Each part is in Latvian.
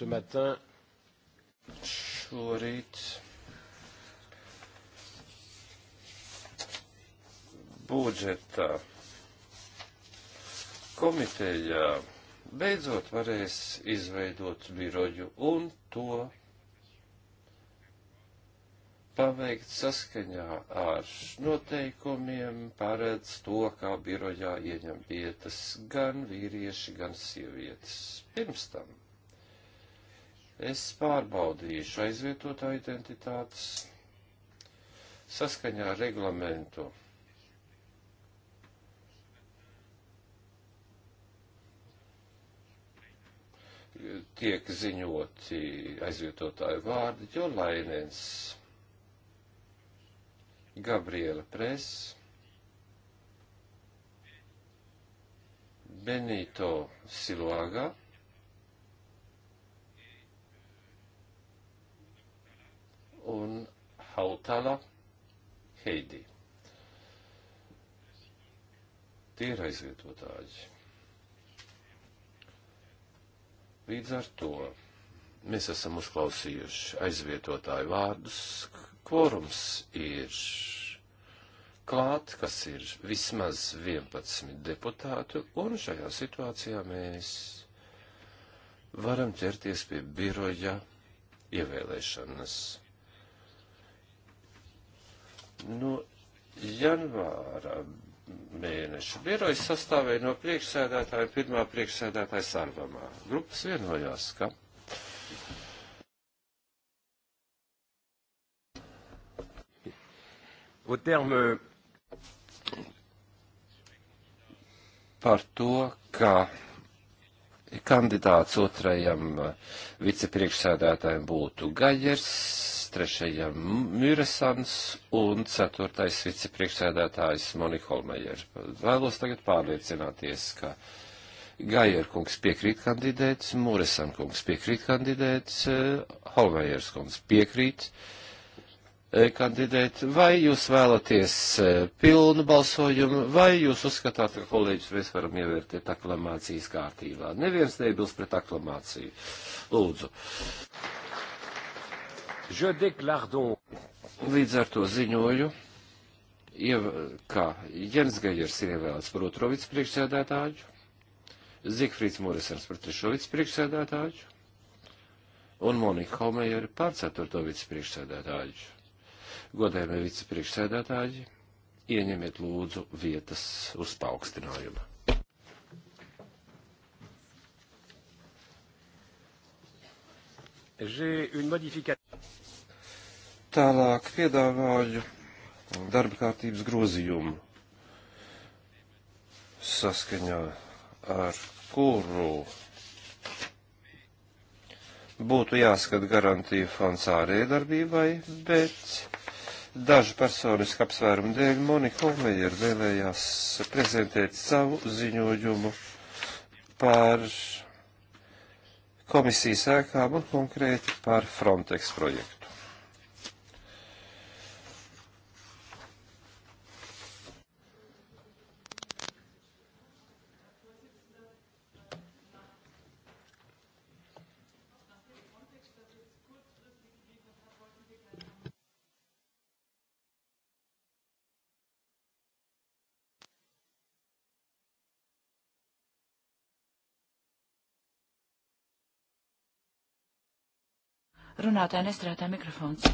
ce matin. Šorīt budžeta komitejā beidzot varēs izveidot biroju un to paveikt saskaņā ar noteikumiem, paredz to, kā birojā ieņem vietas gan vīrieši, gan sievietes. Pirms tam Es pārbaudīšu aizvietotā identitātes saskaņā ar reglamentu. Tiek ziņoti aizvietotāju vārdi Jolainens, Gabriela Press, Benito Siluaga, un Hautala Heidi. Tie ir aizvietotāji. Līdz ar to mēs esam uzklausījuši aizvietotāju vārdus. Kvorums ir klāt, kas ir vismaz 11 deputātu, un šajā situācijā mēs varam ķerties pie biroja ievēlēšanas no nu, janvāra mēneša birojas sastāvēja no priekšsēdētāja pirmā priekšsēdētāja sarvamā. Grupas vienojās, ka Au terme par to, ka kandidāts otrajam eh, vicepriekšsēdētājiem būtu Gaļers, trešajam Miresans un ceturtais vicepriekšsēdētājs Monika Holmejers. Vēlos tagad pārliecināties, ka Gajer kungs piekrīt kandidēts, Muresan kungs piekrīt kandidēts, eh, Holmejers kungs piekrīt kandidēts E, kandidēt, vai jūs vēlaties e, pilnu balsojumu, vai jūs uzskatāt, ka kolēģis mēs varam ievērtēt aklamācijas kārtībā. Neviens neiebilst pret aklamāciju. Lūdzu. Līdz ar to ziņoju, iev, kā Jens Gajers ir ievēlēts par otro vicepriekšsēdētāju, Zigfrīds Morisens par trešo vicepriekšsēdētāju un Monika Homeja ir par ceturto vicepriekšsēdētāju. Godējumie vicepriekšsēdētāji, ieņemiet lūdzu vietas uz paaugstinājumu. Tālāk piedāvāju darba kārtības grozījumu saskaņā ar kuru būtu jāskat garantija fonds ārējdarbībai, bet Dažu personisku apsvērumu dēļ Monika Holmejer vēlējās prezentēt savu ziņojumu par komisijas ēkām un konkrēti par Frontex projektu. Runātāja nestrādā mikrofons.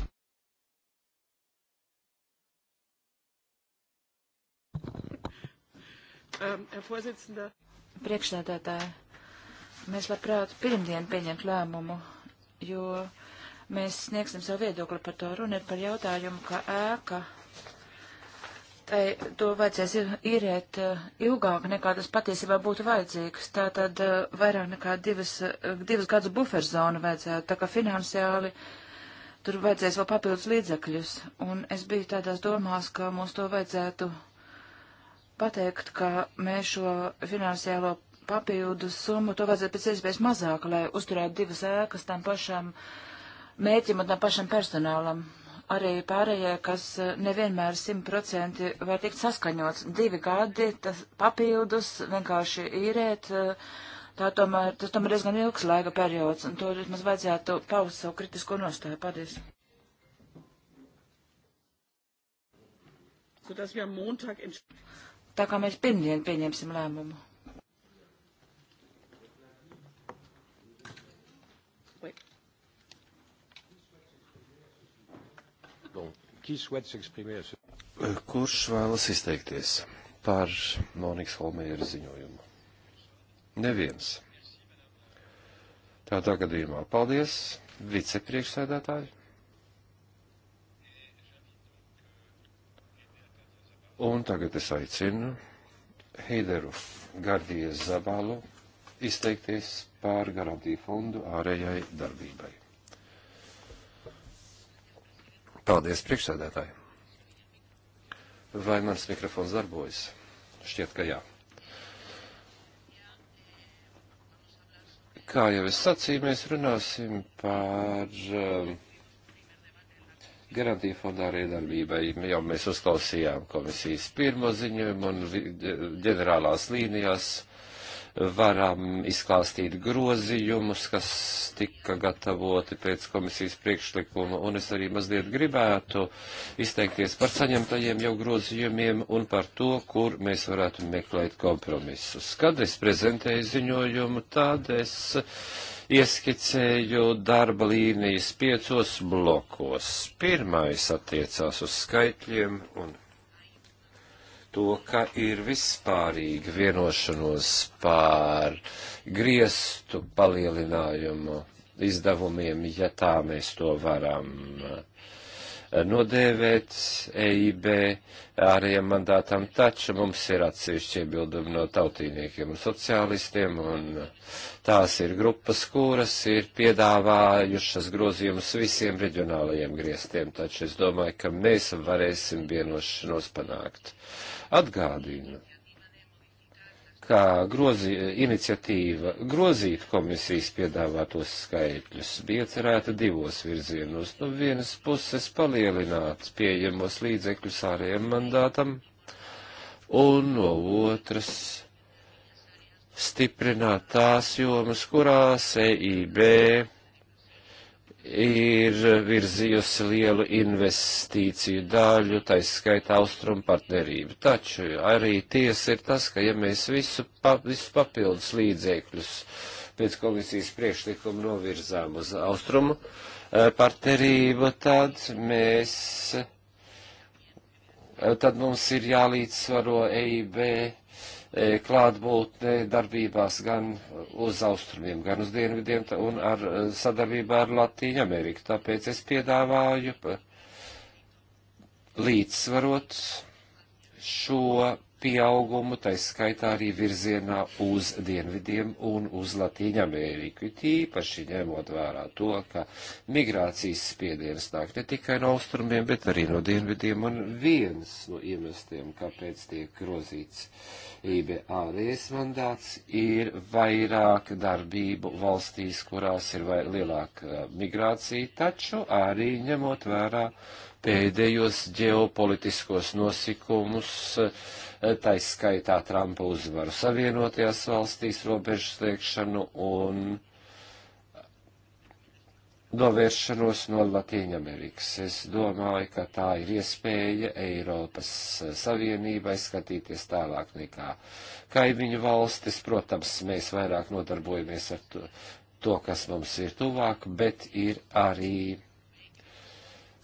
Um, Priekšstādātāja, mēs labprāt pirmdien pieņemt lēmumu, jo mēs sniegsim savu viedokli par to runu, ir par jautājumu, ka ēka tai to vajadzēs ir, īrēt eh, ilgāk nekā tas patiesībā būtu vajadzīgs. Tātad eh, vairāk nekā divas, eh, divas gadus buferzona vajadzētu, tā kā finansiāli tur vajadzēs vēl papildus līdzekļus. Un es biju tādās domās, ka mums to vajadzētu pateikt, ka mēs šo finansiālo papildus summu, to vajadzētu pēc iespējas mazāk, lai uzturētu divas ēkas tam pašam mēķim un tam pašam personālam arī pārējie, kas eh, nevienmēr simtprocenti var tikt saskaņots. Divi gadi, tas papildus, vienkārši īrēt, eh, tā tomēr, tas tomēr ir diezgan ilgs laika periods, un to mums vajadzētu paust savu kritisko nostāju. Paldies. Tā kā mēs pirmdien pieņemsim lēmumu. Kurš vēlas izteikties par Monikas Holmēra ziņojumu? Neviens. Tādā gadījumā paldies, vicepriekšsēdētāji. Un tagad es aicinu Heideru Gardies Zabalu izteikties pār garantiju fondu ārējai darbībai. Paldies, priekšsēdētāji. Vai mans mikrofons darbojas? Šķiet, ka jā. Kā jau es sacīju, mēs runāsim par um, garantiju fondā arī darbībai. Jau mēs uzklausījām komisijas pirmo ziņojumu un ģenerālās līnijās varam izklāstīt grozījumus, kas tika gatavoti pēc komisijas priekšlikuma, un es arī mazliet gribētu izteikties par saņemtajiem jau grozījumiem un par to, kur mēs varētu meklēt kompromisus. Kad es prezentēju ziņojumu, tad es ieskicēju darba līnijas piecos blokos. Pirmais attiecās uz skaitļiem un to, ka ir vispārīga vienošanos pār griestu palielinājumu izdevumiem, ja tā mēs to varam nodēvēt EIB ārējiem mandātam, taču mums ir atsevišķi iebildumi no tautīniekiem un sociālistiem, un tās ir grupas, kuras ir piedāvājušas grozījumus visiem reģionālajiem griestiem, taču es domāju, ka mēs varēsim vienošanos panākt. Uh, Atgādina, kā grozi, iniciatīva grozīt komisijas piedāvātos skaitļus bija cerēta divos virzienos. No vienas puses palielināt pieejamos līdzekļus ārējiem mandātam, un no otras stiprināt tās jomas, kurās EIB ir virzījusi lielu investīciju daļu, tā izskaitā austrumu partnerību. Taču arī tiesa ir tas, ka ja mēs visu, pa, visu papildus līdzēkļus pēc komisijas priekšlikuma novirzām uz austrumu eh, partnerību, tad mēs, eh, tad mums ir jālīdzsvaro EIB E, klātbūtne darbībās gan uz austrumiem, gan uz dienvidiem un ar e, sadarbībā ar Latīņu Ameriku. Tāpēc es piedāvāju līdzsvarot šo pieaugumu, tai skaitā arī virzienā uz dienvidiem un uz Latīņu Ameriku, tīpaši ņemot vērā to, ka migrācijas spiediens nāk ne tikai no austrumiem, bet arī no dienvidiem, un viens no iemestiem, kāpēc tiek grozīts IBADS mandāts, ir vairāk darbību valstīs, kurās ir lielāka migrācija, taču arī ņemot vērā pēdējos ģeopolitiskos nosikumus, uh, taiskaitā Trumpa uzvaru savienotajās valstīs robežu slēgšanu un novēršanos no Latīņamerikas. Es domāju, ka tā ir iespēja Eiropas Savienībai skatīties tālāk nekā kaimiņu valstis. Protams, mēs vairāk nodarbojamies ar to, to kas mums ir tuvāk, bet ir arī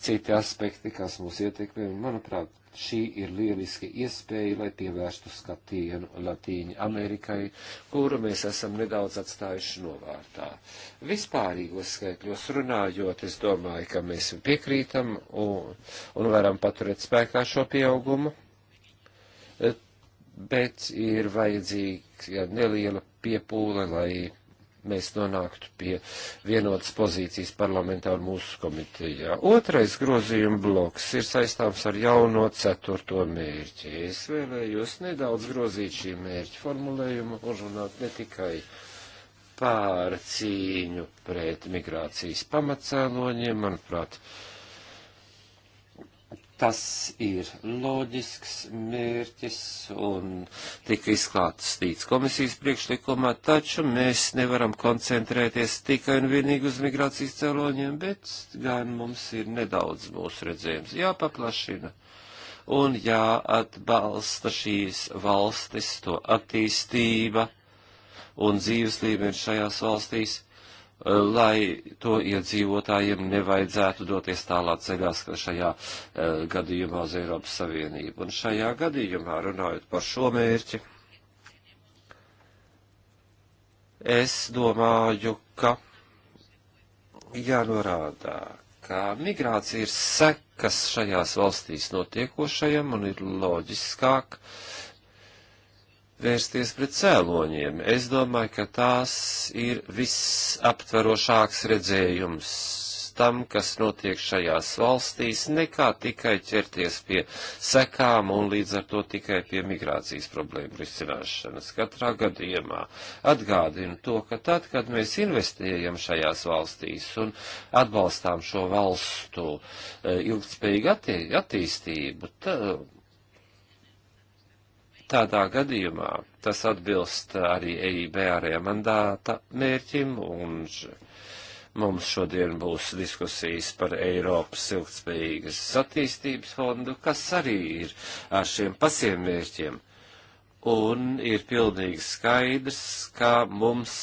citi aspekti, kas mūs ietekmē, un, manuprāt, Šī ir lieliska iespēja, lai pievērstu skatienu Latīņu Amerikai, kuru mēs esam nedaudz atstājuši novārtā. Vispārīgos skaitļos runājot, es domāju, ka mēs piekrītam un, un varam paturēt spēkā šo pieaugumu, bet ir vajadzīga neliela piepūle, lai mēs nonāktu pie vienotas pozīcijas parlamentā un mūsu komitejā. Otrais grozījuma bloks ir saistāms ar jauno ceturto mērķi. Es vēlējos nedaudz grozīt šī mērķa formulējumu un runāt ne tikai pār cīņu pret migrācijas pamatcēloņiem, manuprāt, uh, Tas ir loģisks mērķis un tika izklāstīts komisijas priekšlikumā, taču mēs nevaram koncentrēties tikai un vienīgi uz migrācijas cēloņiem, bet gan mums ir nedaudz mūsu redzējums jāpaplašina un jāatbalsta šīs valstis, to attīstība un dzīves līmenis šajās valstīs lai to iedzīvotājiem nevajadzētu doties tālā ceļā šajā e, gadījumā uz Eiropas Savienību. Un šajā gadījumā, runājot par šo mērķi, es domāju, ka jānorādā, ka migrācija ir sekas šajās valstīs notiekošajam un ir loģiskāk uh, vērsties pret cēloņiem. Es domāju, ka tās ir visaptverošāks redzējums tam, kas notiek šajās valstīs, nekā tikai ķerties pie sekām un līdz ar to tikai pie migrācijas problēmu risināšanas. Katrā gadījumā atgādinu to, ka tad, kad mēs investējam šajās valstīs un atbalstām šo valstu eh, ilgspējīgu attī attīstību, tad Tādā gadījumā tas atbilst arī EIB ārējā mandāta mērķim, un mums šodien būs diskusijas par Eiropas ilgtspējīgas attīstības fondu, kas arī ir ar šiem pasiem mērķiem. Un ir pilnīgi skaidrs, ka mums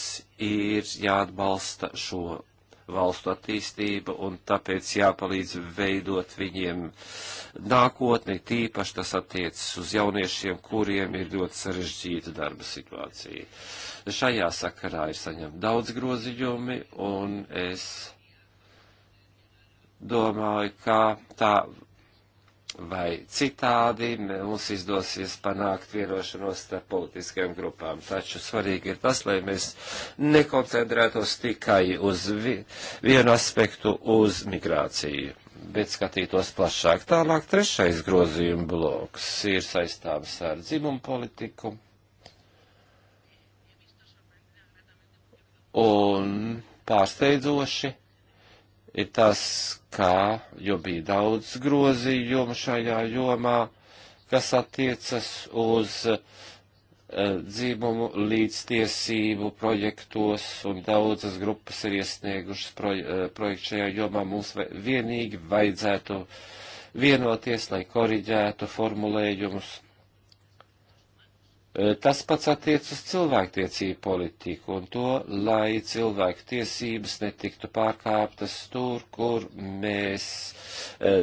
ir jāatbalsta šo valstu attīstība, un tāpēc jāpalīdz veidot viņiem nākotni, tīpaši tas attiecas uz jauniešiem, kuriem ir ļoti sarežģīta darba situācija. Šajā sakarā ir saņemta daudz groziņumi, un es domāju, ka tā vai citādi mums izdosies panākt vienošanos starp politiskajām grupām. Taču svarīgi ir tas, lai mēs nekoncentrētos tikai uz vi vienu aspektu, uz migrāciju, bet skatītos plašāk. Tālāk trešais grozījuma bloks ir saistāms ar dzimumu politiku. Un pārsteidzoši ir tas, kā, jo bija daudz grozījumu šajā jomā, kas attiecas uz uh, eh, dzīmumu līdztiesību projektos, un daudzas grupas ir iesniegušas proj eh, projektu šajā jomā. Mums vienīgi vajadzētu vienoties, lai koriģētu formulējumus Eh, tas pats attiec uz cilvēktiecību politiku un to, lai cilvēku tiesības netiktu pārkāptas tur, kur mēs, eh,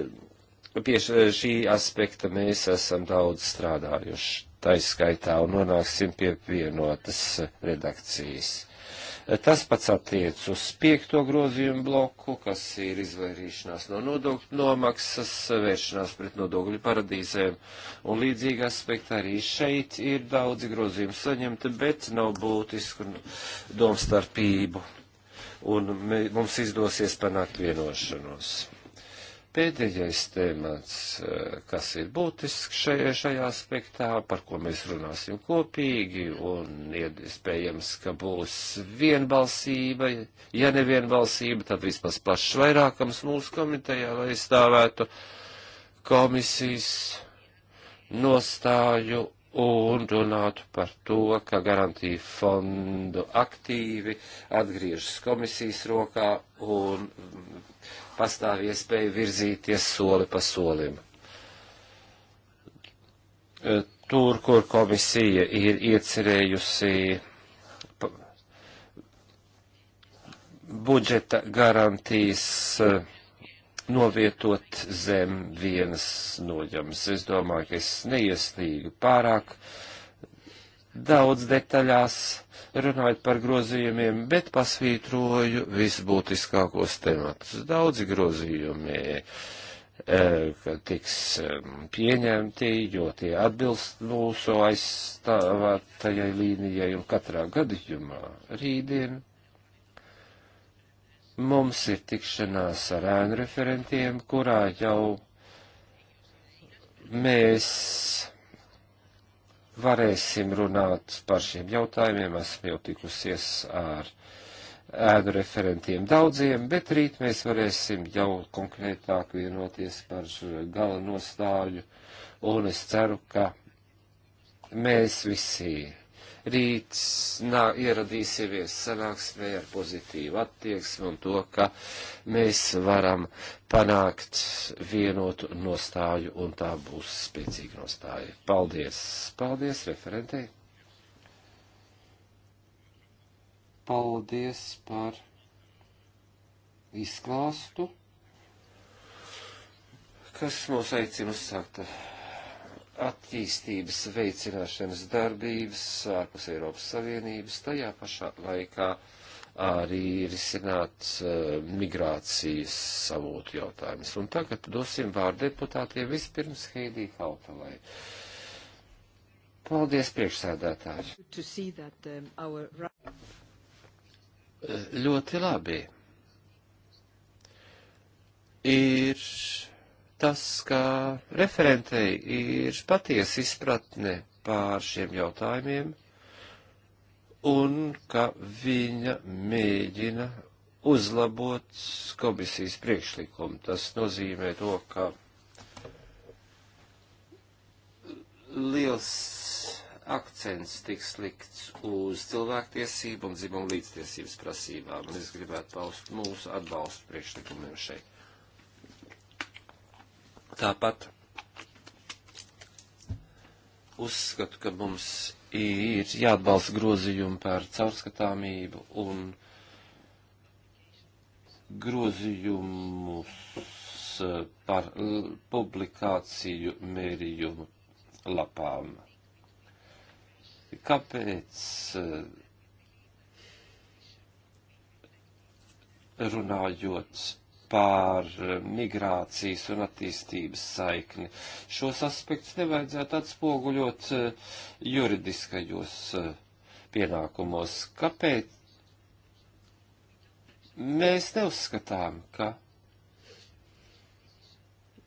pie eh, šī aspekta mēs esam daudz strādājuši taiskaitā un nonāksim pie vienotas redakcijas. Tas pats attiec uz piekto grozījumu bloku, kas ir izvairīšanās no nodokļu nomaksas, vēršanās pret nodokļu paradīzēm, un līdzīgi aspekti arī šeit ir daudzi grozījumi saņemti, bet nav būtisku domstarpību, un mums izdosies panākt vienošanos. Pēdējais temats, eh, kas ir būtisks šajā, šajā aspektā, par ko mēs runāsim kopīgi, un iespējams, ka būs vienbalsība, ja nevienbalsība, tad vismaz plašs vairākums mūsu komitejā, lai stāvētu komisijas nostāju un runātu par to, ka garantija fondu aktīvi atgriežas komisijas rokā un pastāv iespēja virzīties soli pa solim. E, tur, kur komisija ir iecerējusi budžeta garantijas e, novietot zem vienas noģams. Es domāju, ka es neieslīgu pārāk daudz detaļās runājot par grozījumiem, bet pasvītroju visbūtiskākos tematus. Daudzi grozījumi eh, tiks eh, pieņemti, jo tie atbilst mūsu aizstāvētajai līnijai un katrā gadījumā rītdien mums ir tikšanās ar ēnu referentiem, kurā jau mēs varēsim runāt par šiem jautājumiem. Esmu jau tikusies ar ēnu referentiem daudziem, bet rīt mēs varēsim jau konkrētāk vienoties par gala nostāju, un es ceru, ka mēs visi rīt nā, ieradīsimies sanāksmē ar pozitīvu attieksmi un to, ka mēs varam panākt vienotu nostāju un tā būs spēcīga nostāja. Paldies! Paldies referentei! Paldies par izklāstu, kas mūs aicina uzsākt attīstības veicināšanas darbības ārpus Eiropas Savienības, tajā pašā laikā arī risināt uh, migrācijas savotu jautājumus. Un tagad dosim vārdu deputātiem vispirms Heidī Hautalai. Paldies, priekšsēdētāji. That, um, our... Ļoti labi. Ir tas, ka referentei ir patiesa izpratne pār šiem jautājumiem un ka viņa mēģina uzlabot komisijas priekšlikumu. Tas nozīmē to, ka liels akcents tiks likts uz cilvēktiesību un dzimumu līdztiesības prasībām, un es gribētu paust mūsu atbalstu priekšlikumiem šeit. Tāpat uzskatu, ka mums ir jāatbalsta grozījumi par caurskatāmību un grozījumus eh, par eh, publikāciju mērījumu lapām. Kāpēc eh, runājot par eh, migrācijas un attīstības saikni. Šos aspektus nevajadzētu atspoguļot eh, juridiskajos eh, pienākumos. Kāpēc mēs neuzskatām, ka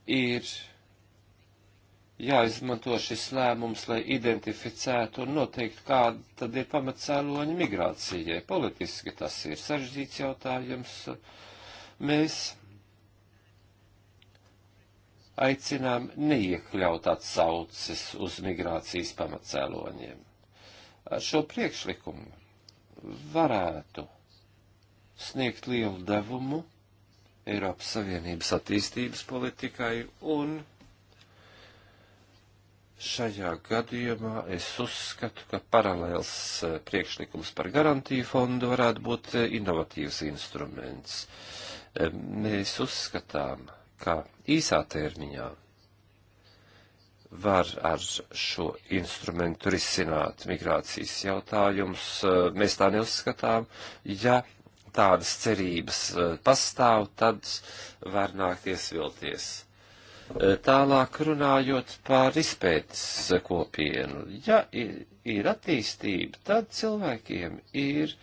ir jāizmanto šis lēmums, lai identificētu un noteiktu, kāda tad ir pamatcēloņa migrācijai. Politiski tas ir sarežģīts jautājums. Uh, Mēs aicinām neiekļaut atsauces uz migrācijas pamatcēloņiem. Ar šo priekšlikumu varētu sniegt lielu devumu Eiropas Savienības attīstības politikai un Šajā gadījumā es uzskatu, ka paralēls eh, priekšlikums par garantiju fondu varētu būt eh, inovatīvs instruments. Uh, Mēs uzskatām, ka īsā termiņā var ar šo instrumentu risināt migrācijas jautājumus. Mēs tā neuzskatām. Ja tādas cerības pastāv, tad var nākt iesvilties. Tālāk runājot par izpētes kopienu. Ja ir, ir attīstība, tad cilvēkiem ir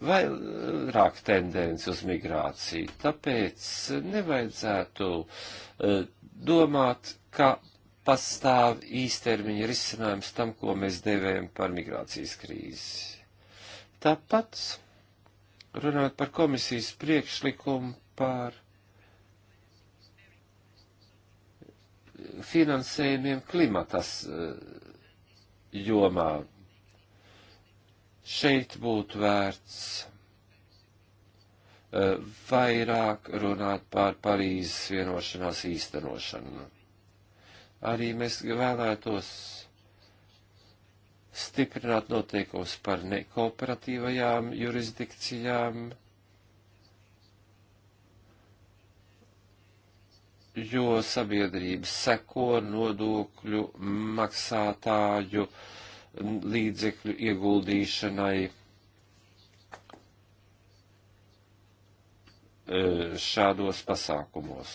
vairāk tendenci uz migrāciju. Tāpēc nevajadzētu eh, domāt, ka pastāv īstermiņa risinājums tam, ko mēs devējam par migrācijas krīzi. Tāpat runājot par komisijas priekšlikumu par finansējumiem klimatas eh, jomā šeit būtu vērts eh, vairāk runāt par Parīzes vienošanās īstenošanu. Arī mēs vēlētos stiprināt noteikums par nekooperatīvajām jurisdikcijām, jo sabiedrība seko nodokļu maksātāju uh, līdzekļu ieguldīšanai e, šādos pasākumos.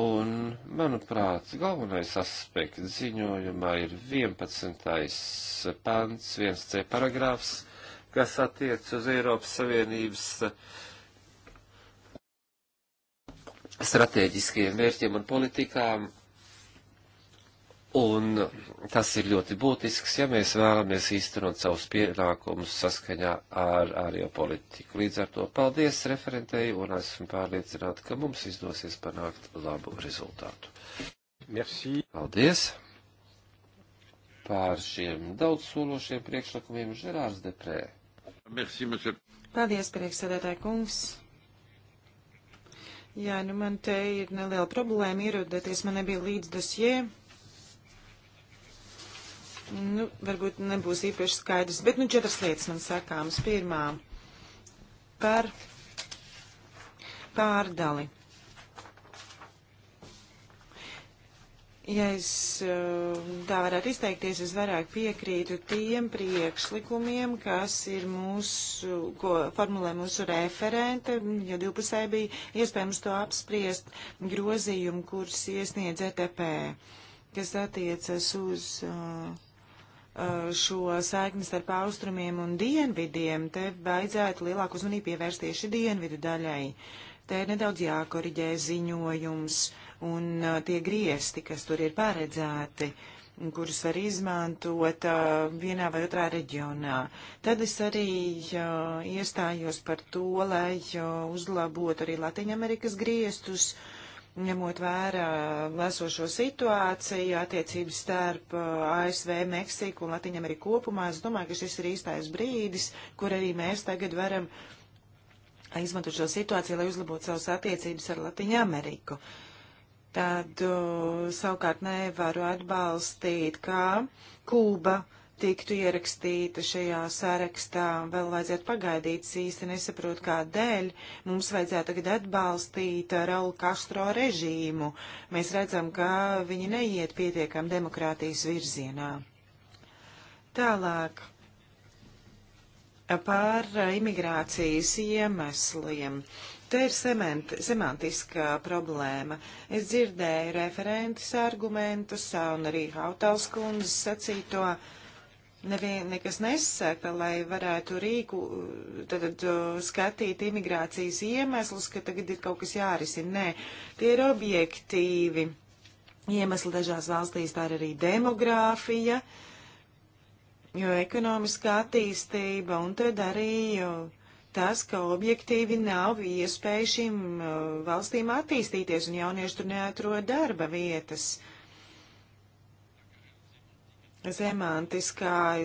Un, manuprāt, galvenais aspekts ziņojumā ir 11. pants, 1C paragrāfs, kas attiec uz Eiropas Savienības stratēģiskajiem mērķiem un politikām Un tas ir ļoti būtisks, ja mēs vēlamies īstenot savus pienākumus saskaņā ar ārējo politiku. Līdz ar to paldies referentēju un esmu pārliecināta, ka mums izdosies panākt labu rezultātu. Merci. Paldies pār šiem daudzsološiem priekšlikumiem Žerārs Deprē. Merci, monsieur. Paldies, priekšsēdētāji kungs. Jā, nu man te ir neliela problēma ierodoties, man nebija līdz dosjē nu, varbūt nebūs īpaši skaidrs, bet nu četras lietas man sakāmas. Pirmā par pārdali. Ja es uh, tā varētu izteikties, es vairāk piekrītu tiem priekšlikumiem, kas ir mūsu, ko formulē mūsu referente, jo divpusē bija iespējams to apspriest grozījumu, kurus iesniedz ETP, kas attiecas uz uh, Eh, šo saikni starp austrumiem un dienvidiem, te vajadzētu lielāku uzmanību pievērst tieši dienvidu daļai. Te ir nedaudz jākoriģē ziņojums un eh, tie griesti, kas tur ir paredzēti kurus var izmantot uh, vienā vai otrā reģionā. Tad es arī uh, iestājos par to, lai uh, uzlabotu arī Latvijas-Amerikas griestus, uh, ņemot vērā lesošo situāciju, attiecības starp uh, ASV, Meksiku un Latviju kopumā, es domāju, ka šis ir īstais brīdis, kur arī mēs tagad varam izmantot šo situāciju, lai uzlabotu savas attiecības ar Latviju Ameriku. Tad uh, savukārt nevaru atbalstīt, kā Kūba tiktu ierakstīta šajā sarakstā, vēl vajadzētu pagaidīt īsti nesaprot, kādēļ mums vajadzētu tagad atbalstīt Raulu Kastro režīmu. Mēs redzam, ka viņi neiet pietiekam demokrātijas virzienā. Tālāk par imigrācijas iemesliem. Te ir sementi, semantiska problēma. Es dzirdēju referentes argumentus un arī Hautals kundzes sacīto. Uh, nevien nekas nesaka, lai varētu rīku, tad, tad skatīt imigrācijas iemeslus, ka tagad ir kaut kas jārisina. Nē, tie ir objektīvi. Iemesli dažās valstīs tā ir arī demogrāfija, jo ekonomiskā attīstība un tad arī tas, ka objektīvi nav iespēja šīm valstīm attīstīties un jaunieši tur neatrod darba vietas. Zemantiskā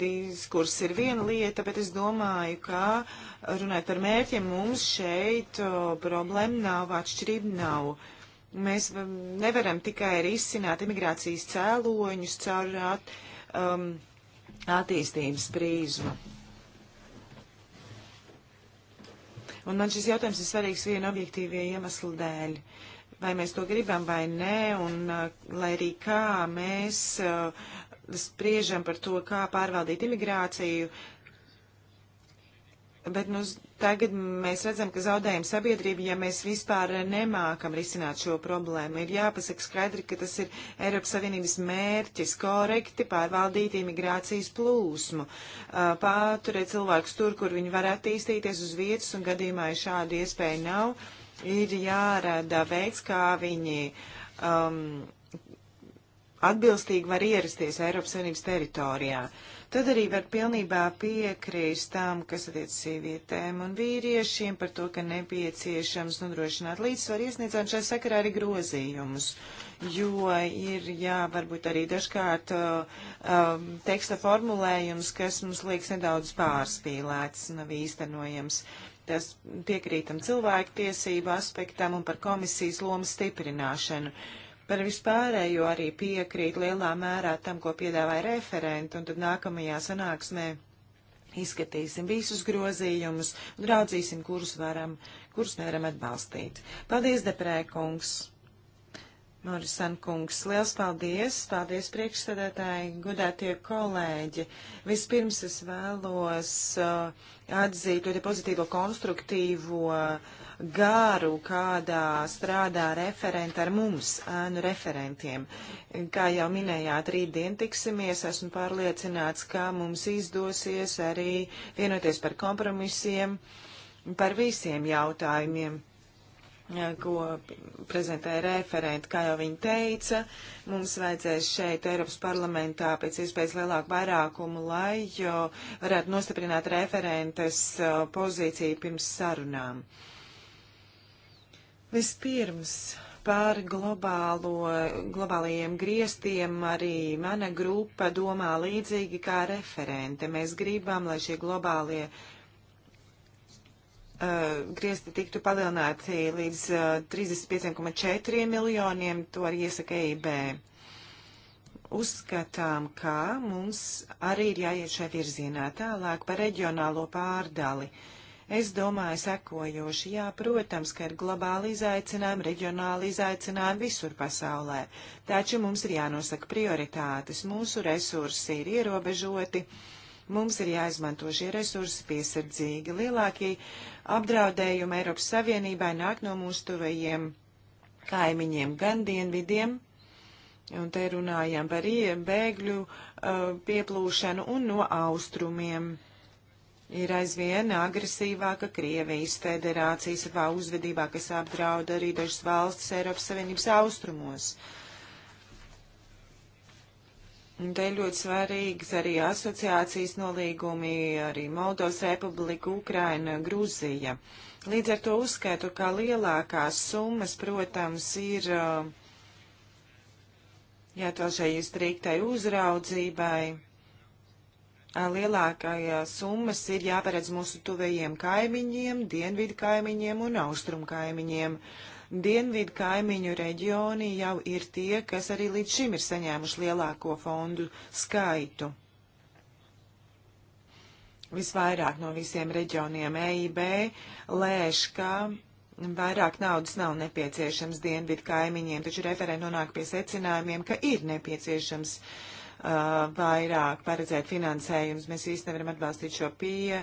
diskurss ir viena lieta, bet es domāju, ka runājot par mērķiem, mums šeit problēma nav, atšķirība nav. Mēs nevaram tikai risināt imigrācijas cēloņus caur at, um, attīstības prīzmu. Un man šis jautājums ir svarīgs viena objektīvie iemesla dēļ. Vai mēs to gribam vai nē, un lai arī kā mēs uh, spriežam par to, kā pārvaldīt imigrāciju, bet nu, tagad mēs redzam, ka zaudējam sabiedrību, ja mēs vispār nemākam risināt šo problēmu. Ir jāpasaka skaidri, ka tas ir Eiropas Savienības mērķis korekti pārvaldīt imigrācijas plūsmu, pāturēt cilvēkus tur, kur viņi var attīstīties uz vietas, un gadījumā, ja šādu iespēju nav, ir jārada veids, kā viņi. Um, atbilstīgi var ierasties Eiropas Savienības teritorijā. Tad arī var pilnībā piekrīst tam, kas attiec sievietēm un vīriešiem par to, ka nepieciešams nodrošināt līdzsvaru iesniedzām šajā sakarā arī grozījumus, jo ir, jā, varbūt arī dažkārt uh, um, teksta formulējums, kas mums liekas nedaudz pārspīlēts, nav īstenojams. Tas piekrītam cilvēku tiesību aspektam un par komisijas lomas stiprināšanu. Uh, Par vispārējo arī piekrīt lielā mērā tam, ko piedāvāja referenti, un tad nākamajā sanāksmē izskatīsim visus grozījumus un raudzīsim, kurus varam, kurus nevaram atbalstīt. Paldies, Deprēkungs! Morisan kungs, liels paldies! Paldies priekšsēdētāji, gudētie kolēģi! Vispirms es vēlos uh, atzīt ļoti pozitīvo, konstruktīvo uh, garu, kādā strādā referenta ar mums, ēnu referentiem. Kā jau minējāt, rītdien tiksimies, esmu pārliecināts, ka mums izdosies arī vienoties par kompromisiem, par visiem jautājumiem ko prezentēja referenti. Kā jau viņi teica, mums vajadzēs šeit Eiropas parlamentā pēc iespējas lielāku vairākumu, lai varētu nostiprināt referentes pozīciju pirms sarunām. Vispirms par globālo, globālajiem griestiem arī mana grupa domā līdzīgi kā referente. Mēs gribam, lai šie globālie uh, griezti tiktu palielināti līdz uh, eh, 35,4 miljoniem, to arī iesaka EIB. Uzskatām, ka mums arī ir jāiet šai virzienā tālāk par reģionālo pārdali. Es domāju sekojoši, jā, protams, ka ir globāli izaicinājumi, reģionāli izaicinājumi visur pasaulē, taču mums ir jānosaka prioritātes, mūsu resursi ir ierobežoti. Uh, Mums ir jāizmanto šie resursi piesardzīgi. Lielākie apdraudējumi Eiropas Savienībai nāk no mūsu tuvajiem kaimiņiem, gan dienvidiem, un te runājam par bēgļu uh, pieplūšanu un no austrumiem. Ir aizvien agresīvāka Krievijas federācija savā uzvedībā, kas apdrauda arī dažas valstis Eiropas Savienības austrumos. Uh, Un te ir ļoti svarīgas arī asociācijas nolīgumi, arī Moldovas republika, Ukraina, Gruzija. Līdz ar to uzskaitu, ka lielākās summas, protams, ir uh, jātvēl šai striktai uzraudzībai. Lielākajās summas ir jāparedz mūsu tuvējiem kaimiņiem, dienvidu kaimiņiem un austrumu kaimiņiem. Uh, Dienvidu kaimiņu reģioni jau ir tie, kas arī līdz šim ir saņēmuši lielāko fondu skaitu. Visvairāk no visiem reģioniem EIB lēš, ka vairāk naudas nav nepieciešams dienvidu kaimiņiem, taču referē nonāk pie secinājumiem, ka ir nepieciešams uh, vairāk paredzēt finansējums. Mēs īsti nevaram atbalstīt šo pieeju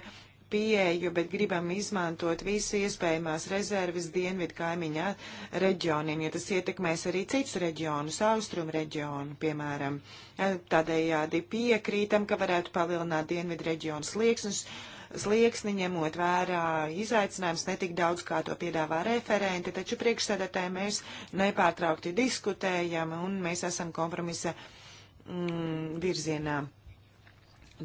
pieeju, bet gribam izmantot visu iespējamās rezerves dienvidu kaimiņā reģioniem, jo tas ietekmēs arī cits reģionus, austrumu reģionu, piemēram. Eh, tādējādi piekrītam, ka varētu palielināt dienvidu reģionu slieksnes, slieksni ņemot vērā izaicinājums netik daudz, kā to piedāvā referenti, taču priekšsēdētāji mēs nepārtraukti diskutējam un mēs esam kompromisa mm, virzienā.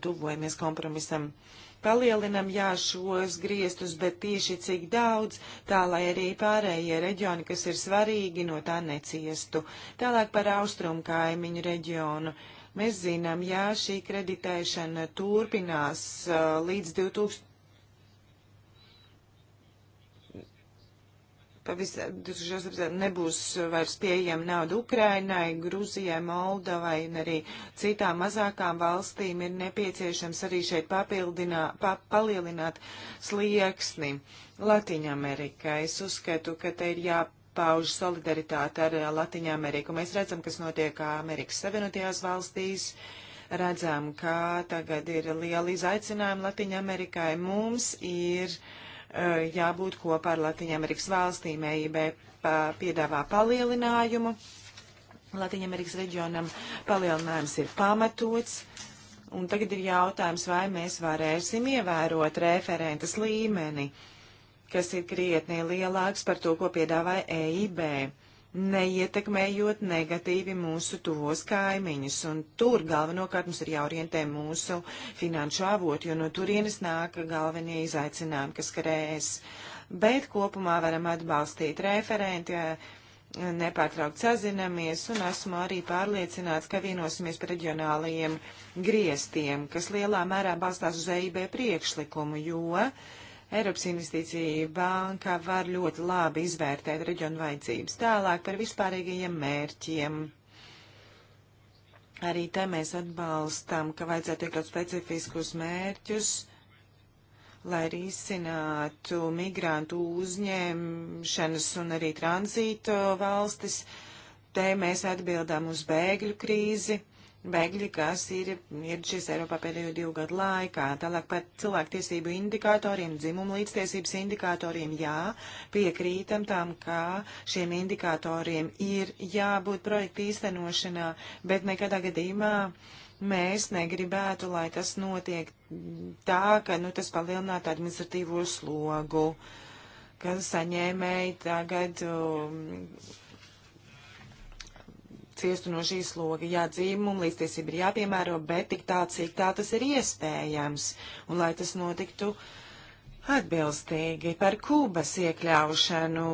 Tuvojamies kompromisam. Uh, palielinam, jā, šos griestus, bet tieši cik daudz, tā lai arī pārējie reģioni, kas ir svarīgi, no tā neciestu. Tālāk par austrumu kaimiņu reģionu. Mēs zinām, jā, šī kreditēšana turpinās uh, līdz 2000. pavisam, nebūs vairs pieejama nauda Ukrainai, Gruzijai, Moldovai un arī citām mazākām valstīm, ir nepieciešams arī šeit pa, palielināt slieksni. Latīņamerikā es uzskatu, ka te ir jā pauž solidaritāti ar Latviju Ameriku. Mēs redzam, kas notiek Amerikas Savienotajās valstīs, redzam, kā tagad ir liela izaicinājuma Latviju Amerikai. Mums ir uh, Eh, jābūt kopā ar Latviju-Amerikas valstīm. EIB piedāvā palielinājumu. Latviju-Amerikas reģionam palielinājums ir pamatots. Un tagad ir jautājums, vai mēs varēsim ievērot referentes līmeni, kas ir krietnī lielāks par to, ko piedāvāja EIB neietekmējot negatīvi mūsu tuvos kaimiņus. Un tur galvenokārt mums ir jāorientē mūsu finanšu avoti, jo no turienes nāk galvenie izaicinājumi, kas karēs. Bet kopumā varam atbalstīt referenti, nepārtraukt sazinamies, un esmu arī pārliecināts, ka vienosimies par reģionālajiem griestiem, kas lielā mērā balstās uz EIB priekšlikumu, jo Eiropas investīcija banka var ļoti labi izvērtēt reģionu vajadzības. Tālāk par vispārīgajiem mērķiem. Arī te mēs atbalstam, ka vajadzētu iekļaut specifiskus mērķus lai risinātu migrantu uzņemšanas un arī tranzīto valstis. Te mēs atbildām uz bēgļu krīzi bēgļi, kas ir ieradušies Eiropā pēdējo divu gadu laikā. Tālāk par cilvēktiesību indikatoriem, dzimumu līdztiesības indikatoriem, jā, piekrītam tam, ka šiem indikatoriem ir jābūt projekta īstenošanā, bet nekādā gadījumā mēs negribētu, lai tas notiek tā, ka nu, tas palielinātu administratīvo slogu, ka saņēmēji tagad. Um, ciestu no šīs sloga. Jā, dzīvumu līdztiesība ir jāpiemēro, bet tik tā, cik tā tas ir iespējams. Un lai tas notiktu atbilstīgi par Kūbas iekļaušanu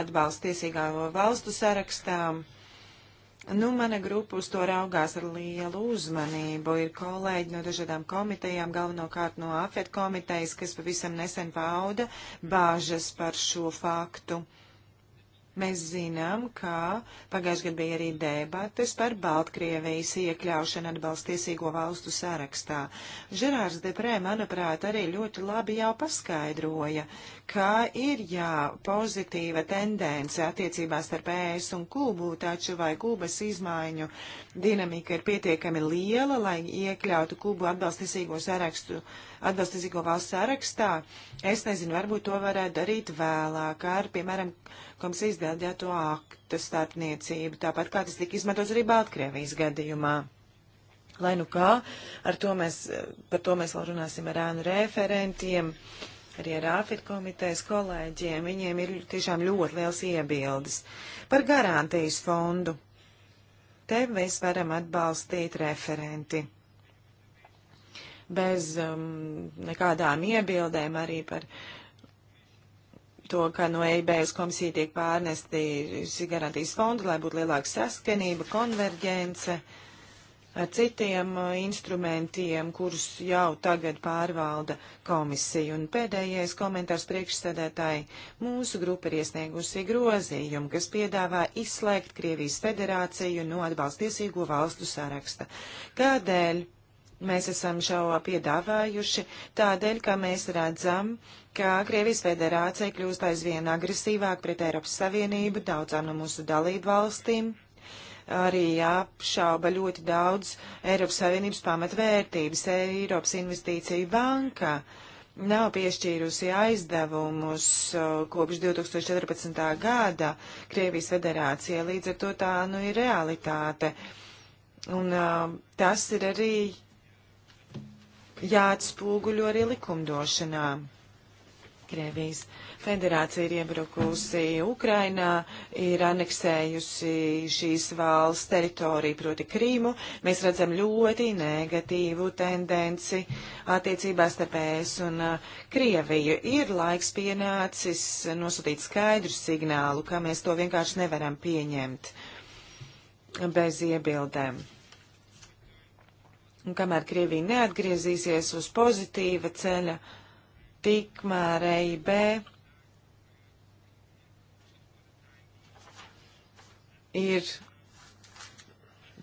atbalstu tiesīgā valstu sarakstām. Nu, mana grupa uz to raugās ar lielu uzmanību. Ir kolēģi no dažādām komitejām, galvenokārt no AFET komitejas, kas pavisam nesen pauda bāžas par šo faktu. Mēs zinām, ka pagājušajā gadā bija arī debates par Baltkrievijas iekļaušanu atbalstiesīgo valstu sarakstā. Žerārs Deprē, manuprāt, arī ļoti labi jau paskaidroja, ka ir jā pozitīva tendence attiecībās starp ES un Kubu, taču vai Kubas izmaiņu dinamika ir pietiekami liela, lai iekļautu Kubu atbalstiesīgo sarakstu, atbalstiesīgo valstu sarakstā, es nezinu, varbūt to varētu darīt vēlāk ar, piemēram, komisijas delegēto aktu starpniecību, tāpat kā tas tika izmantots arī Baltkrievijas gadījumā. Lai nu kā, ar to mēs, par to mēs vēl runāsim ar ēnu referentiem, arī ar ārfit komitejas kolēģiem. Viņiem ir tiešām ļoti liels iebildes par garantijas fondu. Te mēs varam atbalstīt referenti bez um, nekādām iebildēm arī par uh, to, ka no EIB uz komisiju tiek pārnesti garantijas fondu, lai būtu lielāka saskanība, konverģence ar citiem uh, instrumentiem, kurus jau tagad pārvalda komisija. Un pēdējais komentārs priekšsēdētāji. Mūsu grupa ir iesniegusi grozījumu, kas piedāvā izslēgt Krievijas federāciju no atbalstiesīgo valstu saraksta. Kādēļ? Mēs esam šo piedāvājuši tādēļ, ka mēs redzam, ka Krievijas federācija kļūst aizvien agresīvāk pret Eiropas Savienību, daudzām no mūsu dalību valstīm. Arī apšauba ļoti daudz Eiropas Savienības pamatvērtības. Eiropas investīcija banka nav piešķīrusi aizdevumus kopš 2014. gada Krievijas federācija, līdz ar to tā nu ir realitāte. Un uh, tas ir arī jāatspūguļo arī likumdošanā. Krievijas federācija ir iebrukusi Ukrainā, ir aneksējusi šīs valsts teritoriju proti Krīmu. Mēs redzam ļoti negatīvu tendenci attiecībās starp ES un uh, Krieviju. Ir laiks pienācis nosūtīt skaidru signālu, ka mēs to vienkārši nevaram pieņemt bez iebildēm. Un kamēr Krievija neatgriezīsies uz pozitīva ceļa, tikmēr EIB ir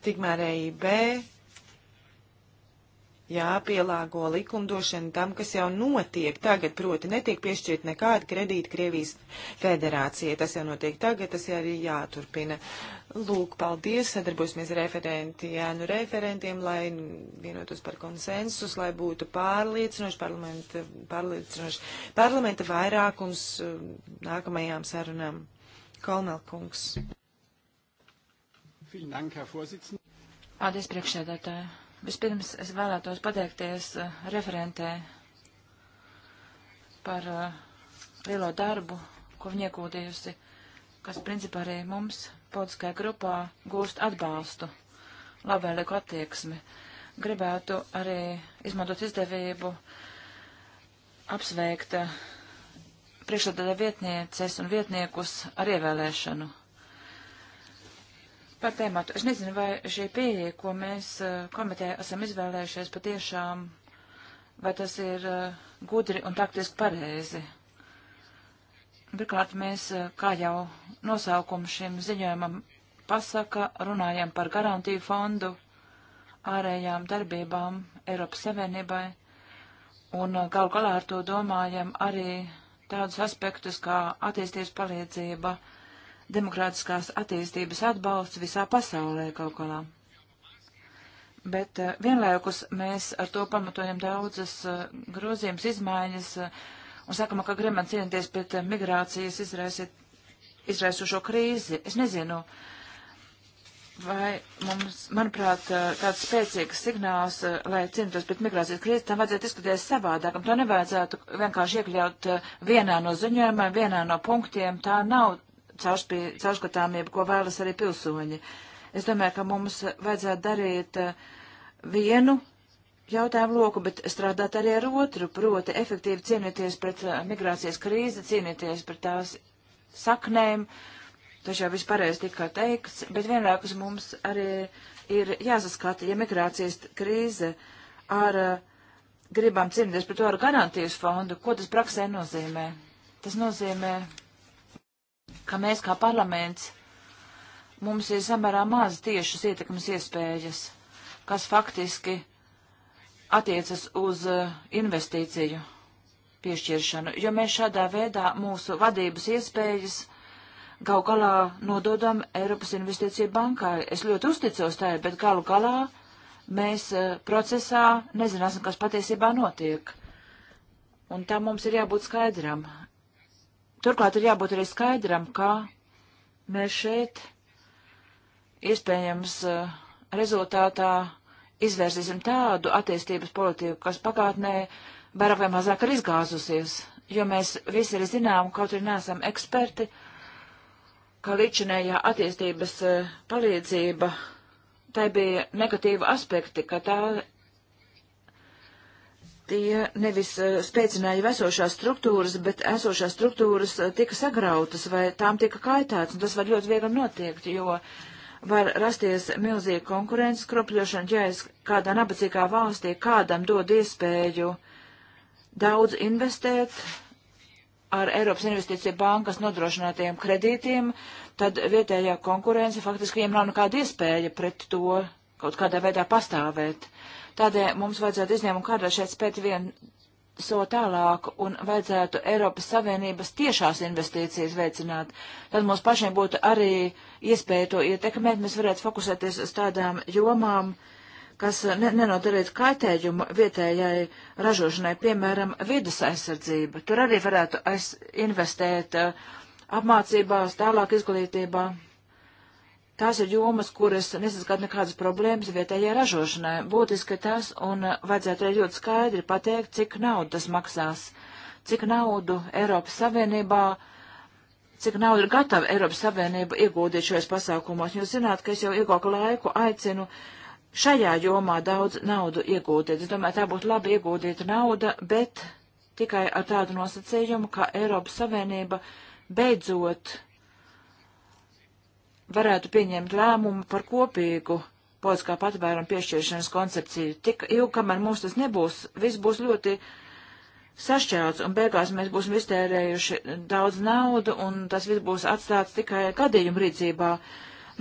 tikmēr EIB jāpielāgo likumdošana tam, kas jau notiek tagad, proti netiek piešķirt nekāda kredīta Krievijas federācija. Tas jau notiek tagad, tas jau arī jāturpina. Lūk, paldies, sadarbosimies referenti, jā, nu referentiem, lai vienotos par konsensus, lai būtu pārliecinoši parlamenta, pārliecinoši parlamenta vairākums um, nākamajām sarunām. Kolmelkungs. Paldies, priekšsēdētāji. Vispirms es vēlētos pateikties eh, referentē par eh, lielo darbu, ko viņa iegūdījusi, kas principā arī mums, politiskajā grupā, gūst atbalstu, labvēlīgu attieksmi. Gribētu arī izmantot izdevību apsveikt eh, priekšsēdētāja vietnieces un vietniekus ar ievēlēšanu par tēmatu. Es nezinu, vai šī pieeja, ko mēs eh, komitē esam izvēlējušies, patiešām, vai tas ir eh, gudri un taktiski pareizi. Pirmkārt, mēs, eh, kā jau nosaukums šim ziņojumam pasaka, runājam par garantiju fondu ārējām darbībām Eiropas Savienībai, un gal galā ar to domājam arī tādus aspektus kā attīstības palīdzība, uh, demokrātiskās attīstības atbalsts visā pasaulē kaut kādā. Bet uh, vienlaikus mēs ar to pamatojam daudzas uh, grozījums, izmaiņas uh, un sakam, ka gribam cīnīties pret migrācijas izraisīt, izraisušo krīzi. Es nezinu, vai mums, manuprāt, tāds spēcīgs signāls, lai cīnītos pret migrācijas krīzi, tam vajadzētu izskatīties savādāk. Un to nevajadzētu vienkārši iekļaut vienā no ziņojumiem, vienā no punktiem. Tā nav caurskatāmību, ko vēlas arī pilsoņi. Es domāju, ka mums vajadzētu darīt eh, vienu jautājumu loku, bet strādāt arī ar otru, proti efektīvi cīnīties pret eh, migrācijas krīzi, cīnīties pret tās saknēm. Tas jau vispareiz tika teikts, bet vienlaikus mums arī ir jāsaskata, ja migrācijas krīze ar eh, gribam cīnīties par to ar garantijas fondu, ko tas praksē nozīmē. Tas nozīmē ka mēs kā parlaments, mums ir samērā maz tiešas ietekmes iespējas, kas faktiski attiecas uz eh, investīciju piešķiršanu, jo mēs šādā veidā mūsu vadības iespējas gal galā nododam Eiropas investīcija bankai. Es ļoti uzticos tai, bet galu galā mēs uh, procesā nezināsim, kas patiesībā notiek. Un tam mums ir jābūt skaidram. Turklāt ir jābūt arī skaidram, ka mēs šeit iespējams eh, rezultātā izvērsīsim tādu attīstības politiku, kas pagātnē vairāk vai mazāk ir izgāzusies, jo mēs visi arī zinām, kaut arī neesam eksperti, ka līdšanējā attīstības eh, palīdzība, tai bija negatīva aspekti, ka tā tie nevis eh, spēcināja esošās struktūras, bet esošās struktūras eh, tika sagrautas vai tām tika kaitēts, un tas var ļoti viegli notiekt, jo var rasties milzīga konkurences kropļošana, ja es kādā nabadzīgā valstī kādam dod iespēju daudz investēt ar Eiropas investīcija bankas nodrošinātajiem kredītiem, tad vietējā konkurence faktiski viņiem nav nekāda iespēja pret to kaut kādā veidā pastāvēt. Uh, Tādēļ mums vajadzētu izņēmumu kādā šeit spēt vien so tālāk un vajadzētu Eiropas Savienības tiešās investīcijas veicināt. Tad mums pašiem būtu arī iespēja to ietekmēt, mēs varētu fokusēties uz tādām jomām, kas ne, nenodarītu kaitējumu vietējai ražošanai, piemēram, vidas aizsardzība. Tur arī varētu aiz investēt uh, apmācībās, tālāk izglītībā. Tās ir jomas, kuras nesaskat nekādas problēmas vietējai ražošanai. Būtiski tas, un vajadzētu arī ļoti skaidri pateikt, cik naudu tas maksās, cik naudu Eiropas Savienībā cik naudu ir gatava Eiropas Savienība ieguldīt šajos pasākumos. Jūs zināt, ka es jau ilgāku laiku aicinu šajā jomā daudz naudu ieguldīt. Es domāju, tā būtu labi ieguldīta nauda, bet tikai ar tādu nosacījumu, ka Eiropas Savienība beidzot varētu pieņemt lēmumu par kopīgu politiskā patvērumu piešķiršanas koncepciju. Tik ilgi, kamēr mums tas nebūs, viss būs ļoti sašķelts, un beigās mēs būsim iztērējuši daudz naudu, un tas viss būs atstāts tikai gadījumu rīcībā,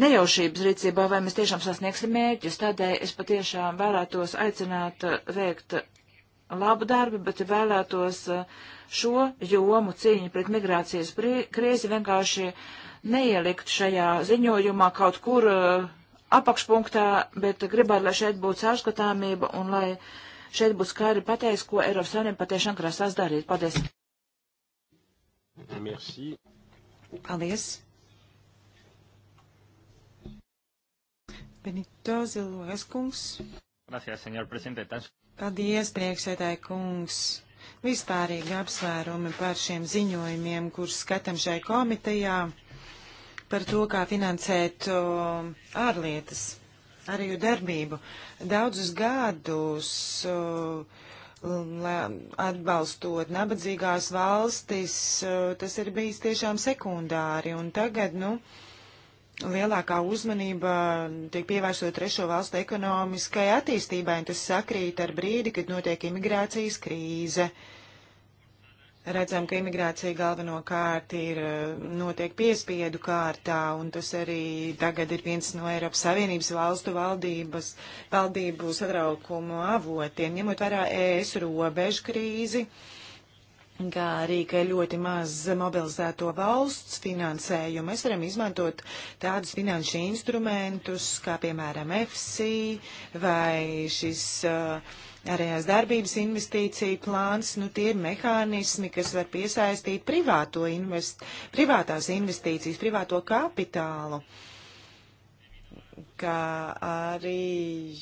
nejaušības rīcībā, vai mēs tiešām sasniegsim mērķus. Tādēļ es patiešām vēlētos aicināt veikt labu darbu, bet vēlētos uh, šo jomu cīņu pret migrācijas krīzi vienkārši uh, neielikt šajā ziņojumā kaut kur uh, apakšpunktā, bet gribētu, lai šeit būtu caurskatāmība un lai šeit būtu skaidri pateicis, ko Eiropas Savienība patiešām krasās darīt. Paldies! Merci. Paldies! Benito Zilojas kungs. Gracias, senor presidente. Paldies, priekšsēdāja kungs vispārīgi apsvērumi par šiem ziņojumiem, kurus skatam šai komitejā par to, kā finansēt ārlietas, arī darbību. Daudzus gadus atbalstot nabadzīgās valstis, tas ir bijis tiešām sekundāri. Un tagad, nu, lielākā uzmanība tiek pievērsot trešo valstu ekonomiskai attīstībai, un tas sakrīt ar brīdi, kad notiek imigrācijas krīze. Uh, redzam, ka imigrācija galvenokārt ir eh, notiek piespiedu kārtā, un tas arī tagad ir viens no Eiropas Savienības valstu valdības, valdību satraukumu avotiem, ņemot vērā ES robežu krīzi, kā arī, ka ļoti maz mobilizēto valsts finansējumu. Mēs varam izmantot tādus finanšu instrumentus, kā piemēram EFSI vai šis uh, arējās darbības investīcija plāns, nu tie ir mehānismi, kas var piesaistīt privāto invest, privātās investīcijas, privāto kapitālu kā arī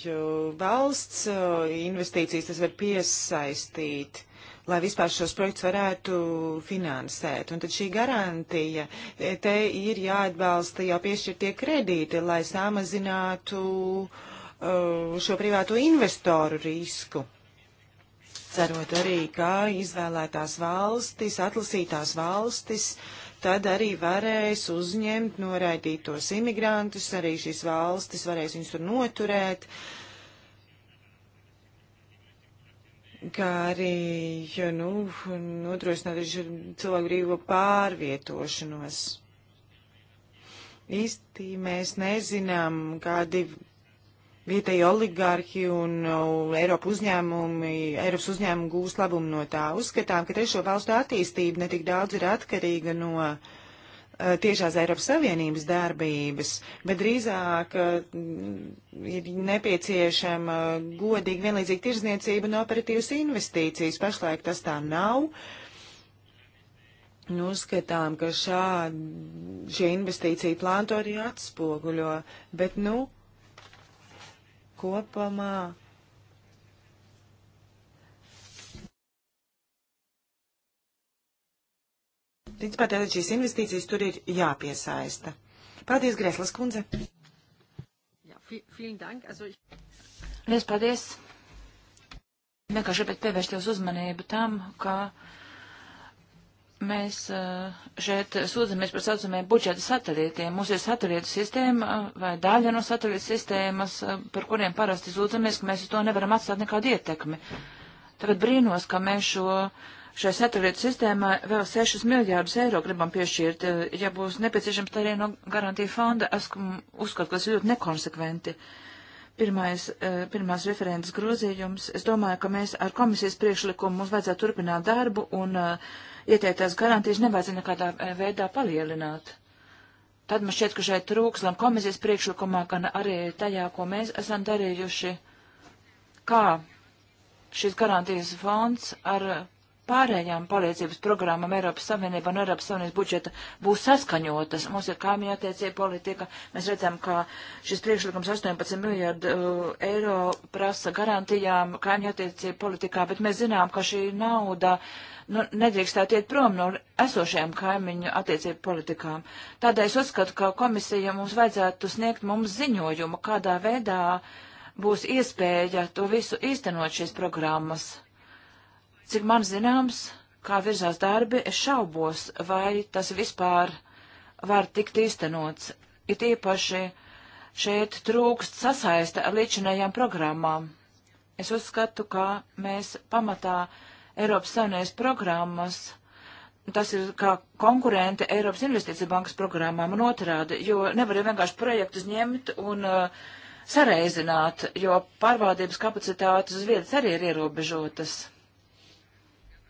valsts investīcijas tas var piesaistīt lai vispār šos projektus varētu finansēt. Un tad šī garantija, te ir jāatbalsta jau piešķirtie kredīti, lai samazinātu uh, Uh, šo privāto investoru risku. Cerot arī, ka izvēlētās valstis, atlasītās valstis, tad arī varēs uzņemt noraidītos imigrantus, arī šīs valstis varēs viņus tur noturēt, kā arī, jo, nu, nodrošināt arī cilvēku brīvo pārvietošanos. Īsti mēs nezinām, kādi vietēji oligārhi un uh, Eiropa uzņēmumi, Eiropas uzņēmumi gūs labumu no tā. Uzskatām, ka trešo valstu attīstība netik daudz ir atkarīga no uh, tiešās Eiropas Savienības darbības, bet drīzāk uh, ir nepieciešama godīga vienlīdzīga tirzniecība un operatīvas investīcijas. Pašlaik tas tā nav. Un nu, uzskatām, ka šā, šie investīcija plāni to arī atspoguļo, bet, nu, uh, kopumā. Principā tātad šīs investīcijas tur ir jāpiesaista. Paldies, Greslas kundze. Jā, vielen dank. Also ich... Lies, paldies. Vienkārši gribētu pievērst jūs uzmanību tam, ka. Kā mēs eh, šeit sūdzamies par saucamiem budžeta satelītiem. Mums ir satelīta sistēma eh, vai daļa no satelīta sistēmas, eh, par kuriem parasti sūdzamies, ka mēs uz to nevaram atstāt nekādu ietekmi. Tagad brīnos, ka mēs šo, šai satelīta sistēmai vēl 6 miljārdus eiro gribam piešķirt, ja būs nepieciešams tā arī no garantija fonda. Es uzskatu, ka tas ir ļoti nekonsekventi. Pirmais, pirmās referentas grozījums. Es domāju, ka mēs ar komisijas priekšlikumu mums vajadzētu turpināt darbu un uh, ieteiktās garantijas nevajadzētu nekādā eh, veidā palielināt. Tad man šķiet, ka šeit trūks gan komisijas priekšlikumā, gan arī tajā, ko mēs esam darījuši, kā šis garantijas fonds ar pārējām palīdzības programmām Eiropas Savienība un Eiropas Savienības budžeta būs saskaņotas. Mums ir kaimiņa attiecība politika. Mēs redzam, ka šis priekšlikums 18 miljardu uh, eiro prasa garantijām kaimiņa attiecība politikā, bet mēs zinām, ka šī nauda nu, nedrīkstētu iet prom no esošajām kaimiņu attiecību politikām. Tādēļ es uzskatu, ka komisija mums vajadzētu sniegt mums ziņojumu, kādā veidā būs iespēja to visu īstenot šīs programmas Cik man zināms, kā virzās darbi, es šaubos, vai tas vispār var tikt īstenots. It īpaši šeit trūkst sasaista ar līdzinējām programmām. Es uzskatu, ka mēs pamatā Eiropas Savienības programmas, tas ir kā konkurente Eiropas Investīcija bankas programmām un otrādi, jo nevar jau vienkārši projektus ņemt un uh, sareizināt, jo pārvaldības kapacitātes uz vietas arī ir ierobežotas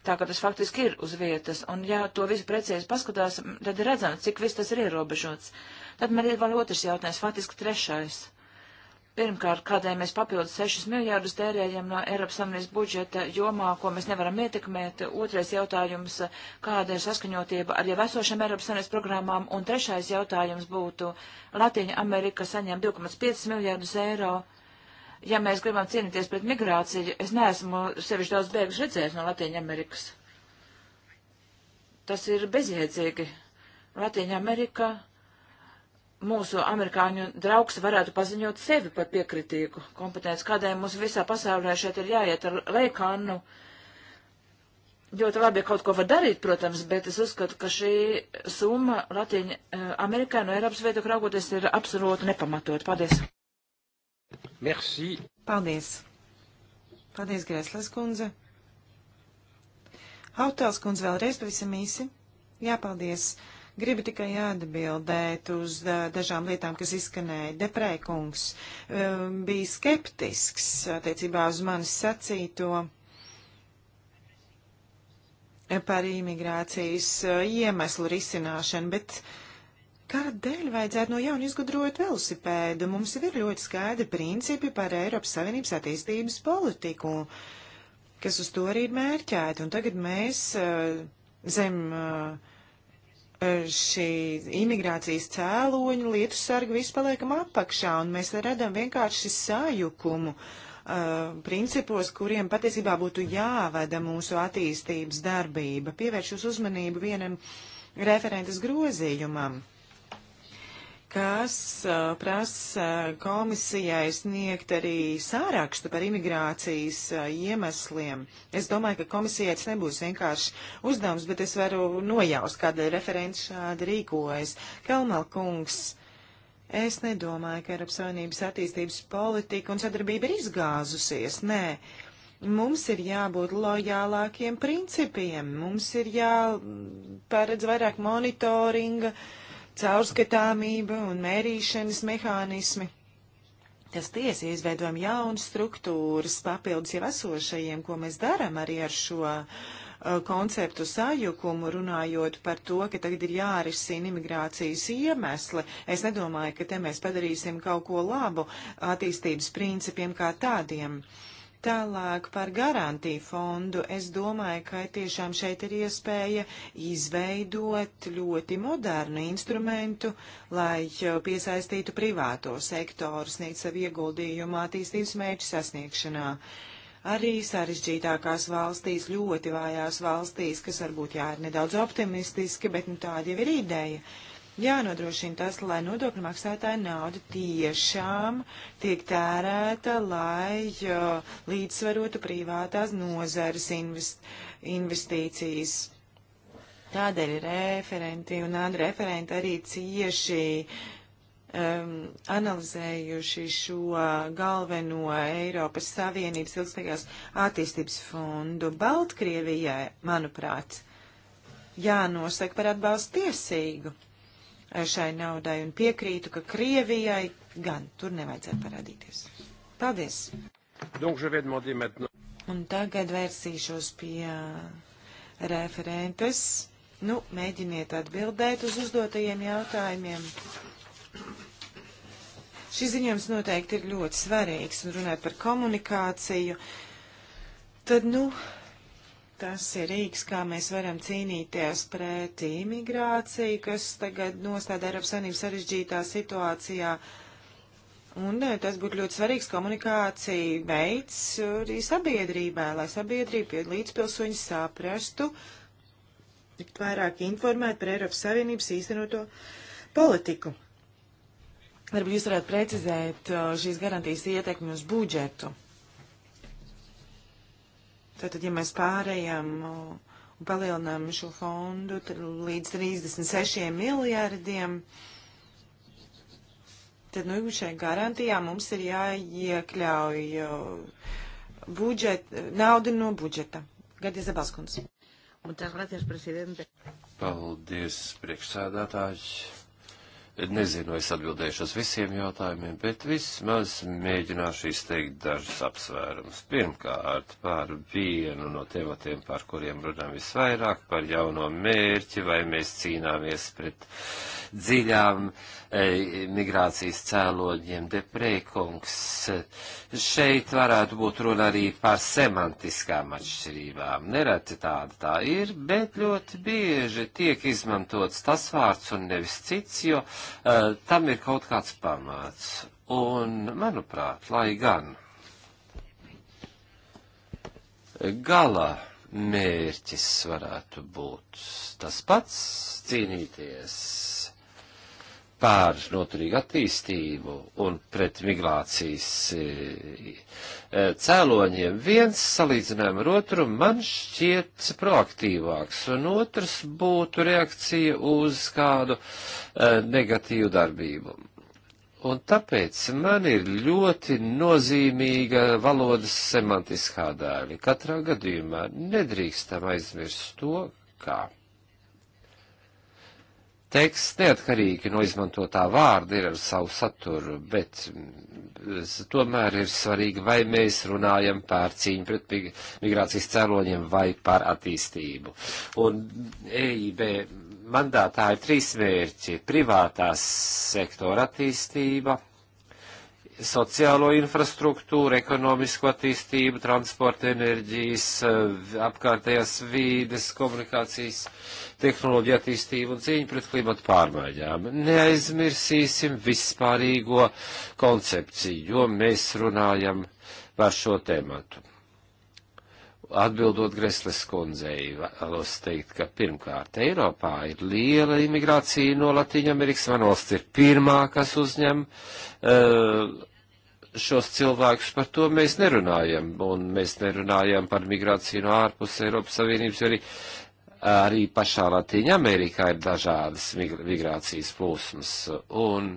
tā ka tas faktiski ir uz vietas, un ja to visu precīzi paskatās, tad ir redzams, cik viss tas ir ierobežots. Tad man ir vēl otrs jautājums, faktiski trešais. Pirmkārt, kādēļ mēs papildus 6 miljārdus tērējam no Eiropas Savienības budžeta jomā, ko mēs nevaram ietekmēt. Otrais jautājums, kāda ir saskaņotība ar jau esošiem Eiropas Savienības programmām. Un trešais jautājums būtu, Latīņa Amerika saņem 2,5 miljārdus eiro ja mēs gribam cīnīties pret migrāciju, es neesmu sevišķi daudz bēgļu redzējis no Latīņa Amerikas. Tas ir bezjēdzīgi. Latīņa Amerika mūsu amerikāņu draugs varētu paziņot sevi par piekritīgu kompetenci, kādēļ mums visā pasaulē šeit ir jāiet ar leikānu. Ļoti labi, ja kaut ko var darīt, protams, bet es uzskatu, ka šī summa Latīņa eh, Amerikā no Eiropas vietu raugoties ir absolūti nepamatot. Paldies! Merci. Paldies. Paldies, Grēslas kundze. Hautels kundze vēlreiz pavisam īsi. Jā, paldies. Gribu tikai atbildēt uz dažām lietām, kas izskanēja. Deprēkungs um, bija skeptisks attiecībā uz manis sacīto par imigrācijas uh, iemeslu risināšanu, bet uh, Tādēļ vajadzētu no jauna izgudrot velosipēdu. Mums ir ļoti skaidri principi par Eiropas Savienības attīstības politiku, kas uz to arī ir mērķēta. Un tagad mēs eh, zem eh, šī imigrācijas cēloņu lietu sargu visu paliekam apakšā, un mēs redam vienkārši sajukumu. Uh, principos, kuriem patiesībā būtu jāvada mūsu attīstības darbība. Pievērš jūs uzmanību vienam referentes grozījumam kas uh, prasa komisijai sniegt arī sārakstu par imigrācijas uh, iemesliem. Es domāju, ka komisijai tas nebūs vienkārši uzdevums, bet es varu nojaust, kādēļ referents šādi rīkojas. Kalmal kungs, es nedomāju, ka Eiropas Savienības attīstības politika un sadarbība ir izgāzusies. Nē. Mums ir jābūt lojālākiem principiem, mums ir jāparedz vairāk monitoringa, uh, caurskatāmība un mērīšanas mehānismi. Tas tiesa izveidojam jaunas struktūras papildus jau esošajiem, ko mēs daram arī ar šo uh, konceptu sajukumu, runājot par to, ka tagad ir jārisina imigrācijas iemesli. Es nedomāju, ka te mēs padarīsim kaut ko labu attīstības principiem kā tādiem. Uh, Tālāk par garantiju fondu. Es domāju, ka tiešām šeit ir iespēja izveidot ļoti modernu instrumentu, lai piesaistītu privāto sektoru, sniegt savu ieguldījumu attīstības mērķu sasniegšanā. Arī sarežģītākās valstīs, ļoti vājās valstīs, kas varbūt jā, ir nedaudz optimistiski, bet nu, tāda jau ir ideja. Uh, Jānodrošina tas, lai nodokļu maksātāja nauda tiešām tiek tērēta, lai līdzsvarotu privātās nozares invest, investīcijas. Tādēļ referenti un referenti arī cieši um, analizējuši šo galveno Eiropas Savienības ilgspējīgās attīstības fondu Baltkrievijai, manuprāt, jānosaka par atbalstu tiesīgu šai naudai un piekrītu, ka Krievijai gan tur nevajadzētu parādīties. Paldies! Donc, un tagad vērsīšos pie referentes. Nu, mēģiniet atbildēt uz uzdotajiem jautājumiem. Šis ziņojums noteikti ir ļoti svarīgs, un runāt par komunikāciju, tad, nu, Tas ir rīks, kā mēs varam cīnīties pret imigrāciju, kas tagad nostāda Eiropas Savienības sarežģītā situācijā. Un eh, tas būtu ļoti svarīgs komunikācija veids eh, arī sabiedrībai, lai sabiedrība līdzpilsoņi saprastu, vairāk informēt par Eiropas Savienības īstenoto politiku. Varbūt jūs varētu precizēt eh, šīs garantijas ietekmi uz budžetu. Tātad, ja mēs pārējām uh, un palielinām šo fondu līdz 36 miljārdiem, tad nu, šai garantijā mums ir jāiekļauj uh, budžet, nauda no budžeta. Gadies Zabalskunds. Paldies, priekšsādātāji. Nezinu, es atbildēšu uz visiem jautājumiem, bet vismaz mēģināšu izteikt dažus apsvērumus. Pirmkārt, par vienu no tematiem, par kuriem runājam visvairāk, par jauno mērķi, vai mēs cīnāmies pret dziļām e, migrācijas cēloņiem, deprēkungs. Šeit varētu būt runa arī par semantiskām atšķirībām. Nereti tāda tā ir, bet ļoti bieži tiek izmantots tas vārds un nevis cits, jo Eh, tam ir kaut kāds pamāts. Un, manuprāt, lai gan galā mērķis varētu būt tas pats - cīnīties pār noturīgu attīstību un pret migrācijas e, e, cēloņiem, viens salīdzinājumu ar otru man šķiet proaktīvāks, un otrs būtu reakcija uz kādu e, negatīvu darbību. Un tāpēc man ir ļoti nozīmīga valodas semantiskā dēļa. Katrā gadījumā nedrīkstam aizmirst to, kā. Ka teksts neatkarīgi no izmantotā vārda ir ar savu saturu, bet mm, tomēr ir svarīgi, vai mēs runājam par cīņu pret migrācijas cēloņiem vai par attīstību. Un EIB mandātā ir trīs mērķi - privātās sektora attīstība sociālo infrastruktūru, ekonomisko attīstību, transporta enerģijas, eh, apkārtējās vīdes, komunikācijas, tehnoloģija attīstību un cīņu pret klimatu pārmaiņām. Neaizmirsīsim vispārīgo koncepciju, jo mēs runājam par šo tēmatu. Atbildot Gresles kundzei, vēlos teikt, ka pirmkārt Eiropā ir liela imigrācija no Latīņa Amerikas, man valsts ir pirmā, kas uzņem uh, šos cilvēkus par to mēs nerunājam, un mēs nerunājam par migrāciju no ārpus Eiropas Savienības, jo arī, arī pašā Latīņa Amerikā ir dažādas migrācijas plūsmas, un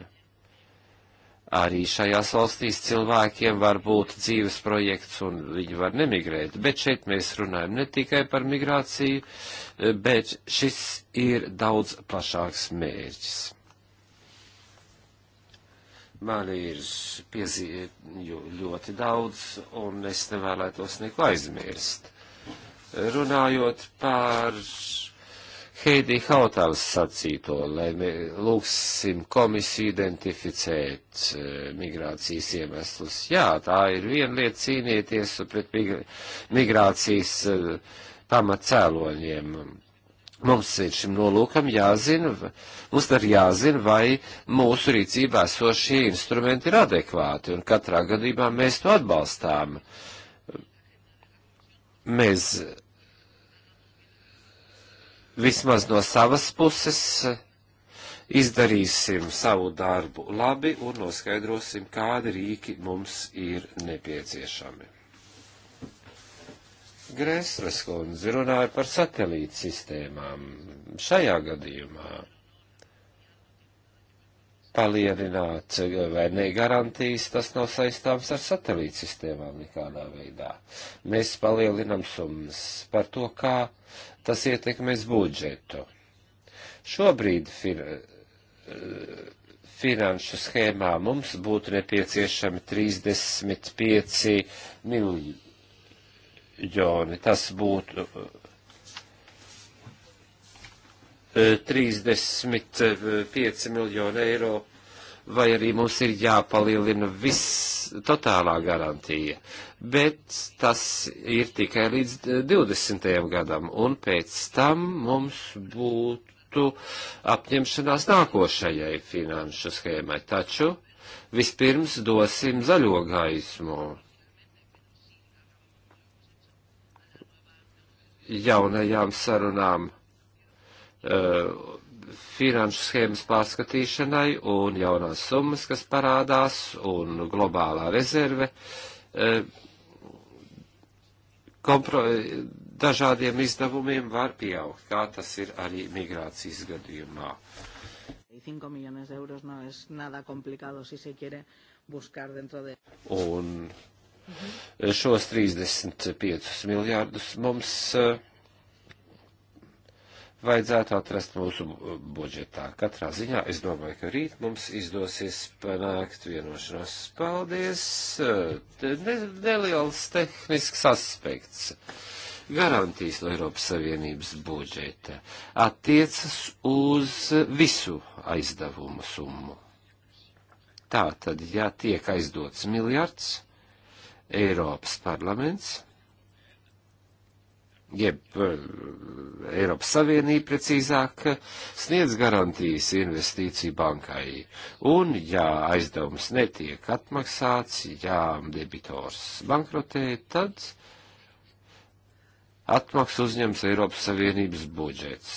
arī šajās valstīs cilvēkiem var būt dzīves projekts un viņi var nemigrēt. Bet šeit mēs runājam ne tikai par migrāciju, bet šis ir daudz plašāks mērķis man ir piezīmju ļoti daudz, un es nevēlētos neko aizmirst. Runājot par Heidi Hautāls sacīto, lai mēs lūgsim komisiju identificēt e, migrācijas iemeslus. Jā, tā ir viena lieta cīnīties pret migrācijas e, pamatcēloņiem. Mums ir šim nolūkam jāzina, mums ir jāzina, vai mūsu rīcībā esošie instrumenti ir adekvāti, un katrā gadījumā mēs to atbalstām. Mēs vismaz no savas puses izdarīsim savu darbu labi un noskaidrosim, kādi rīki mums ir nepieciešami. Gresles kundze runāja par satelīta sistēmām. Šajā gadījumā palielināt eh, vai negarantīs, tas nav saistāms ar satelīta sistēmām nekādā veidā. Mēs palielinam summas par to, kā tas ietekmēs budžetu. Šobrīd fir, eh, finanšu schēmā mums būtu nepieciešami 35 miljoni reģioni. Tas būtu 35 eh, eh, miljoni eiro, vai arī mums ir jāpalielina viss totālā garantija. Bet tas ir tikai līdz 20. Eh, gadam, un pēc tam mums būtu apņemšanās nākošajai finanšu schēmai. Taču vispirms dosim zaļo gaismu jaunajām sarunām uh, finanšu schēmas pārskatīšanai un jaunās summas, kas parādās, un globālā rezerve uh, kompro, dažādiem izdevumiem var pieaugt, kā tas ir arī migrācijas gadījumā. 5 millones de euros no es nada complicado si se quiere buscar dentro de. Un šos 35 miljārdus mums eh, vajadzētu atrast mūsu budžetā. Katrā ziņā es domāju, ka rīt mums izdosies panākt vienošanos. Paldies! Eh, ne, neliels tehnisks aspekts garantijas no Eiropas Savienības budžeta attiecas uz visu aizdevumu summu. Tā tad, ja tiek aizdots miljards, Eiropas parlaments, jeb eh, Eiropas Savienība precīzāk, sniedz garantijas investīciju bankai. Un, ja aizdevums netiek atmaksāts, ja debitors bankrotē, tad atmaksu uzņems Eiropas Savienības budžets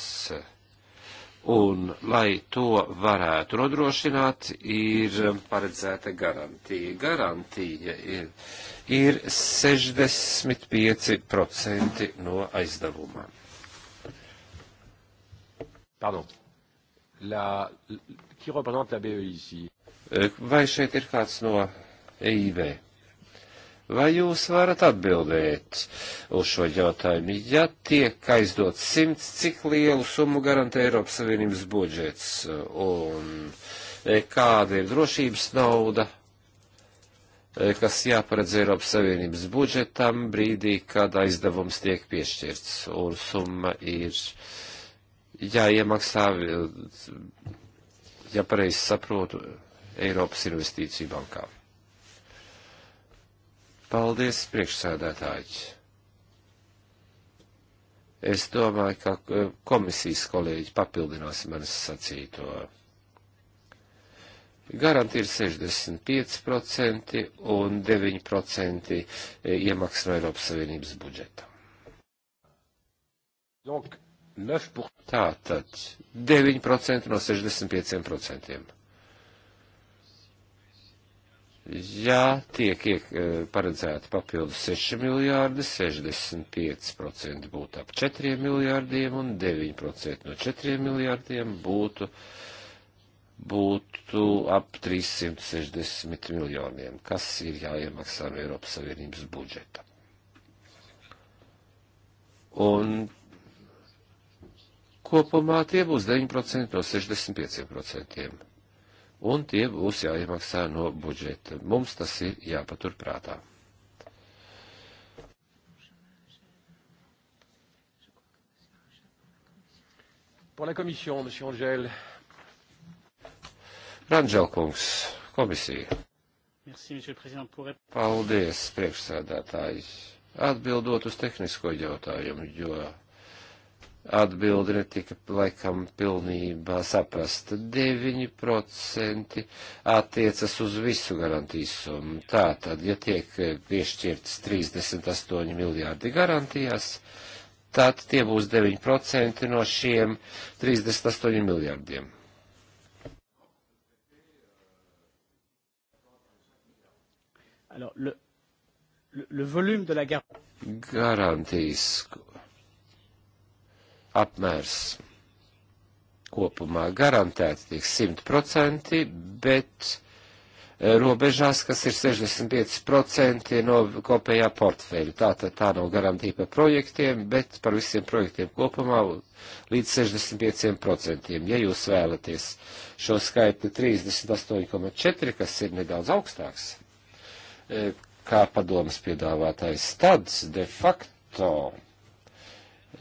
Un, lai to varētu nodrošināt, ir paredzēta garantija. Garantija ir, ir 65% no aizdevuma. Pardon. La, qui représente la BE ici? Vai šeit ir kāds no EIB? Vai jūs varat atbildēt uz šo jautājumu? Ja tiek aizdots simts, cik lielu summu garantē Eiropas Savienības budžets un e, kāda ir drošības nauda, e, kas jāparedz Eiropas Savienības budžetam brīdī, kad aizdevums tiek piešķirts un summa ir jāiemaksā, ja pareizi saprotu, Eiropas investīciju bankām? Paldies, priekšsēdētāji. Es domāju, ka eh, komisijas kolēģi papildinās manis sacīto. Garanti ir 65% un 9% eh, iemaksa no Eiropas Savienības budžeta. Tātad 9% no 65%. Ja tiek iek, e, paredzēta papildus 6 miljārdi, 65% būtu ap 4 miljārdiem un 9% no 4 miljārdiem būtu, būtu ap 360 miljoniem, kas ir jāiemaksā no Eiropas Savienības budžeta. Un kopumā tie būs 9% no 65% un tie būs jāiemaksā no budžeta. Mums tas ir jāpatur prātā. Pour la commission, monsieur Angel. Rangel kungs, komisija. Merci, monsieur le président, pour... Paldies, priekšsēdētājs. Atbildot uz tehnisko jautājumu, jo atbildi netika laikam pilnībā saprasta. 9% attiecas uz visu garantijas summu. Tātad, ja tiek piešķirtas 38 miljārdi garantijās, tad tie būs 9% no šiem 38 miljārdiem. Alors, le, le, le volume de la gar... garantijas apmērs kopumā garantēti tiek 100%, bet eh, robežās, kas ir 65% no kopējā portfeļa. Tā tad tā nav garantija par projektiem, bet par visiem projektiem kopumā līdz 65%. Ja jūs vēlaties šo skaitli 38,4, kas ir nedaudz augstāks, eh, kā padomas piedāvātais, tad de facto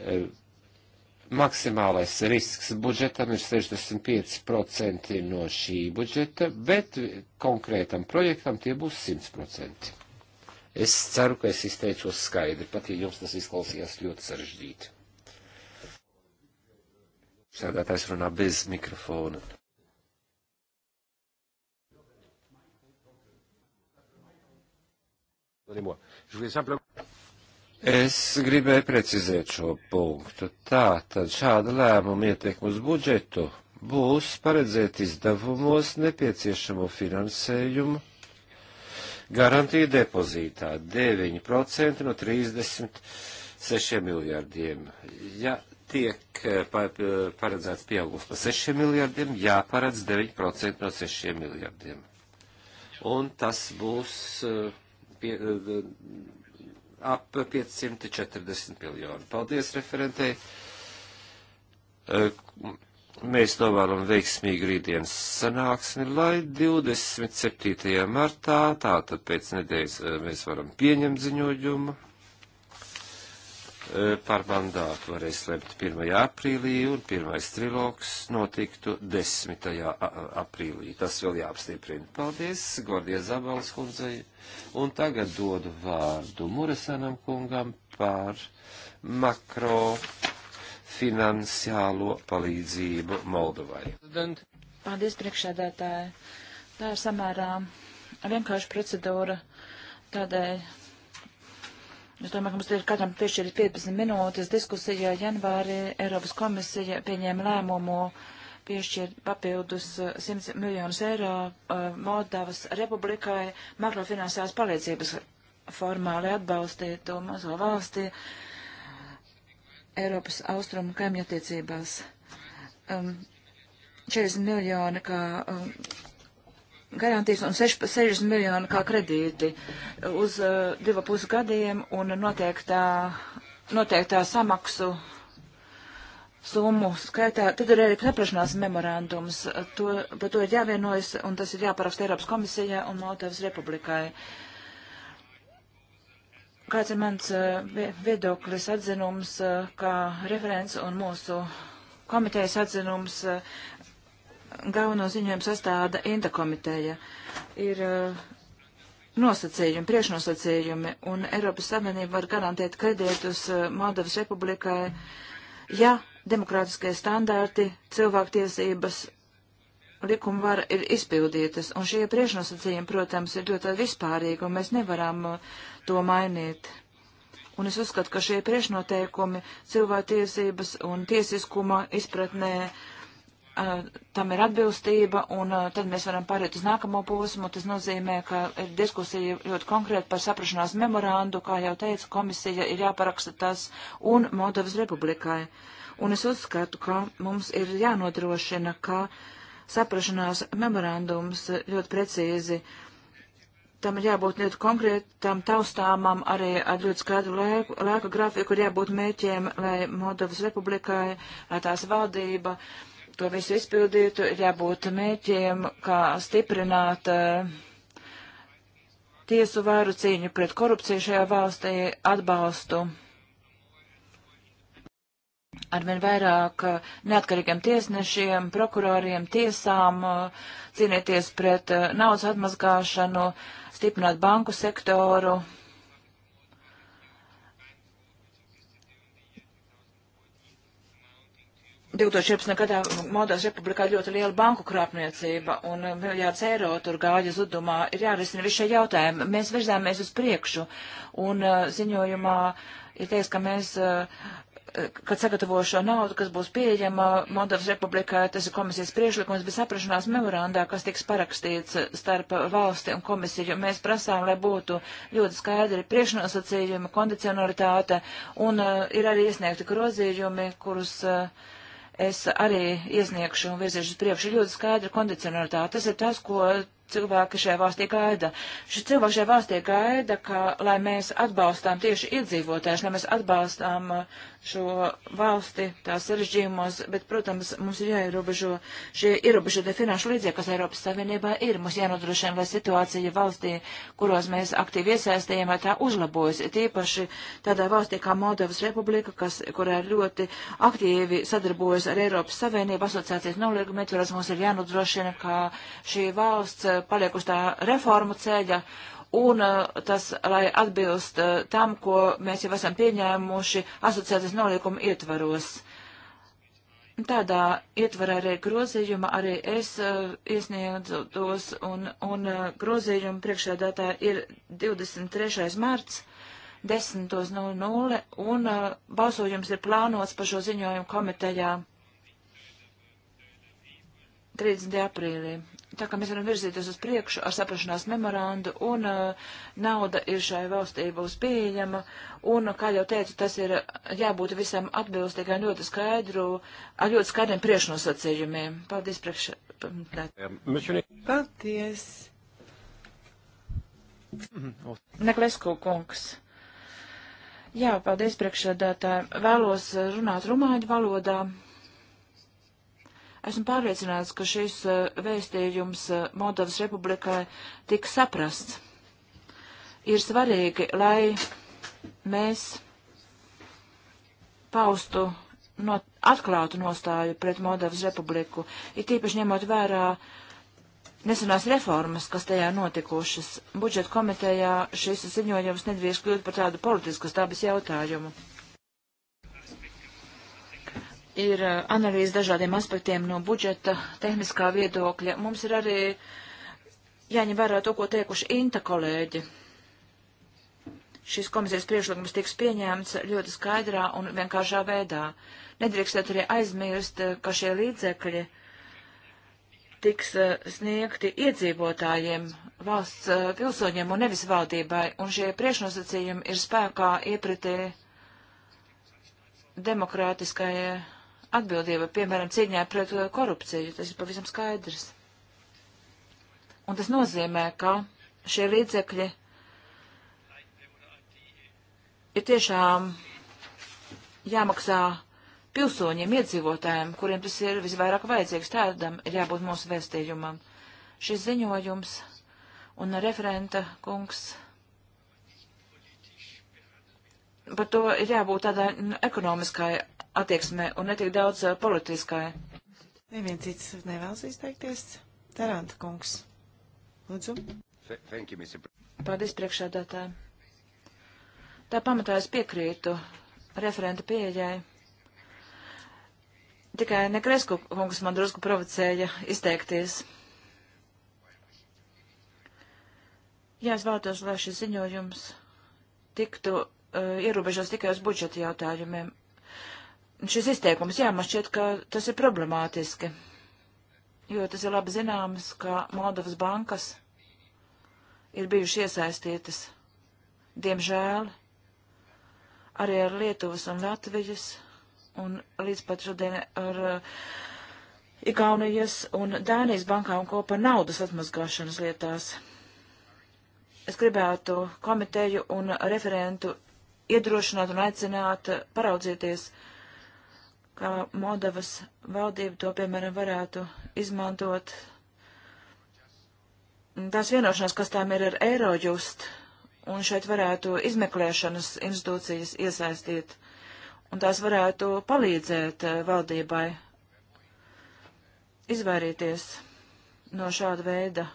eh, maksimālais risks budžetam ir 65% no šī budžeta, bet konkrētam projektam tie būs 100%. Es ceru, ka es izteicos skaidri, pat ja jums tas izklausījās ļoti sarežģīti. Sēdētājs runā bez mikrofona. Donnez-moi. Je voulais simplement. Es gribēju precizēt šo punktu. Tā tad šāda lēmuma ietekme uz budžetu būs paredzēt izdevumos nepieciešamo finansējumu garantija depozītā 9% no 36 miljardiem. Ja tiek eh, paredzēts pieaugums par 6 miljardiem, jāparedz 9% no 6 miljardiem. Un tas būs eh, pie, eh, ap 540 miljonu. Paldies referentei. Mēs novēlam veiksmīgu rītdienas sanāksmi, lai 27. martā, tātad pēc nedēļas, mēs varam pieņemt ziņojumu. Eh, par mandātu varēs lemt 1. aprīlī, un pirmais trilogs notiktu 10. aprīlī. Tas vēl jāapstiprina. Paldies, Gordie Zabals kundzei. Un tagad dodu vārdu Muresanam kungam par makro finansiālo palīdzību Moldovai. Paldies, priekšsēdētāji. Tā ir samērā vienkārša procedūra, tādēļ Es domāju, ka mums ir katram piešķirt 15 minūtes diskusijā. Janvārī Eiropas komisija pieņēma lēmumu piešķirt papildus 100 uh, miljonus eiro uh, Moldavas republikai makrofinansās palīdzības formāli atbalstītu mazo valsti Eiropas austrumu kaimiņattiecībās. Um, 40 miljoni kā um, garantijas un 60 miljonu kā kredīti uz uh, divu pusgadiem un noteiktā, noteiktā samaksu summu skaitā. Tad ir arī saprašanās memorandums. To, par to ir jāvienojas un tas ir jāparaksta Eiropas komisijai un Moldavas republikai. Kāds ir mans uh, viedoklis atzinums, uh, kā referents un mūsu komitejas atzinums uh, galveno ziņojumu sastāda Inta komiteja. Ir uh, nosacījumi, priekšnosacījumi, un Eiropas Savienība var garantēt kredītus uh, Moldavas republikai, ja demokrātiskie standarti, cilvēktiesības, likuma vara ir izpildītas, un šie priekšnosacījumi, protams, ir ļoti vispārīgi, un mēs nevaram uh, to mainīt. Un es uzskatu, ka šie priekšnoteikumi cilvēktiesības un tiesiskuma izpratnē uh, uh, tam ir atbilstība, un uh, tad mēs varam pāriet uz nākamo posmu. Tas nozīmē, ka ir diskusija ļoti konkrēti par saprašanās memorandu, kā jau teicu, komisija ir jāparaksta tas un Moldovas republikai. Un es uzskatu, ka mums ir jānodrošina, ka saprašanās memorandums ļoti precīzi uh, tam ir jābūt ļoti konkrētam, taustāmam, arī ar ļoti skaidru laiku, laika grafiku, ir jābūt mēķiem, lai Moldovas republikai, lai tās valdība uh, to visu izpildītu, ir jābūt mēķiem, kā stiprināt uh, tiesu vāru cīņu pret korupciju šajā valstī atbalstu arvien vairāk eh, neatkarīgiem tiesnešiem, prokuroriem, tiesām, eh, cīnīties pret naudas atmazgāšanu, stiprināt banku sektoru, 2014. gadā Moldovas republikā ļoti liela banku krāpniecība un miljārds eiro tur gāja zudumā. Ir jārisina visi šie jautājumi. Mēs virzāmies uz priekšu un uh, ziņojumā ir teiks, ka mēs, uh, kad sagatavo šo naudu, kas būs pieejama Moldovas republikā, tas ir komisijas priešlikums, bet saprašanās memorandā, kas tiks parakstīts starp valsti un komisiju. Mēs prasām, lai būtu ļoti skaidri priešnosacījumi, kondicionalitāte un uh, ir arī iesniegti grozījumi, kurus uh, es arī iesniegšu un virzīšu uz priekšu ļoti skaidru kondicionalitāti. Tas ir tas, ko cilvēki šajā valstī gaida. Šis cilvēks šajā valstī gaida, ka, lai mēs atbalstām tieši iedzīvotājus, lai mēs atbalstām šo valsti, tās sarežģījumos, bet, protams, mums ir jāierobežo šie ierobežotie finanšu līdzekļi, kas Eiropas Savienībā ir. Mums jānodrošina, lai situācija valstī, kuros mēs aktīvi iesaistījām, tā uzlabojas. Tīpaši tādā valstī kā Moldovas Republika, kas, kurā ļoti aktīvi sadarbojas ar Eiropas Savienību asociācijas nolīgumu ietvaros, mums ir jānodrošina, ka šī valsts paliek uz tā reformu ceļa un uh, tas, lai atbilst uh, tam, ko mēs jau esam pieņēmuši asociētas nolīguma ietvaros. Tādā ietvarā arī grozījuma arī es uh, iesniedzu tos, un, un uh, grozījuma priekšēdētā ir 23. marts 10.00, un uh, balsojums ir plānots par šo ziņojumu komitejā 30. aprīlī tā kā mēs varam virzīties uz priekšu ar saprašanās memorandu, un uh, nauda ir šai valstī būs pieejama, un, kā jau teicu, tas ir jābūt visam atbilstīgai ļoti skaidru, ar ļoti skaidriem priekšnosacījumiem. Paldies, priekš... Paldies. Neklesku kungs. Jā, paldies priekšsēdētāji. Vēlos runāt rumāņu valodā. Esmu pārliecināts, ka šis eh, vēstījums eh, Moldovas republikai tiks saprasts. Ir svarīgi, lai mēs paustu no, atklātu nostāju pret Moldovas republiku, ir tīpaši ņemot vērā nesenās reformas, kas tajā notikušas. Budžeta komitejā šis ziņojums nedrīkst kļūt par tādu politiskas dabas jautājumu ir eh, analīze dažādiem aspektiem no budžeta tehniskā viedokļa. Mums ir arī jāņem vērā to, ko teikuši Inta kolēģi. Šīs komisijas priekšlikums tiks pieņēmts ļoti skaidrā un vienkāršā veidā. Nedrīkstētu arī aizmirst, eh, ka šie līdzekļi tiks eh, sniegti iedzīvotājiem, valsts pilsoņiem un nevis valdībai, un šie priekšnosacījumi ir spēkā iepratē demokrātiskajai atbildība, piemēram, cīņā pret uh, korupciju. Tas ir pavisam skaidrs. Un tas nozīmē, ka šie līdzekļi ir tiešām jāmaksā pilsoņiem, iedzīvotājiem, kuriem tas ir visvairāk vajadzīgs. Tādam ir jābūt mūsu vēstījumam. Šis ziņojums un referenta kungs par to ir jābūt tādai nu, ekonomiskai attieksmē un netiek daudz uh, politiskai. Neviens cits nevēlas izteikties. Taranta kungs. Lūdzu. Thank you, Mr. Paldies priekšādātāji. Tā pamatā es piekrītu referenta pieejai. Tikai Nekresku kungs man drusku provocēja izteikties. Jā, es vēlētos, lai šis ziņojums tiktu Eh, ierobežos tikai uz budžeta jautājumiem. Šis izteikums, jā, man šķiet, ka tas ir problemātiski, jo tas ir labi zināms, ka Moldovas bankas ir bijuši iesaistītas, diemžēl, arī ar Lietuvas un Latvijas, un līdz pat šodien ar uh, Igaunijas un Dānijas bankām kopā naudas atmazgāšanas lietās. Es gribētu komiteju un referentu iedrošināt un aicināt paraudzieties, kā Moldavas valdība to, piemēram, varētu izmantot. Tās vienošanās, kas tām ir ar Eirojust, un šeit varētu izmeklēšanas institūcijas iesaistīt, un tās varētu palīdzēt eh, valdībai izvairīties no šāda veida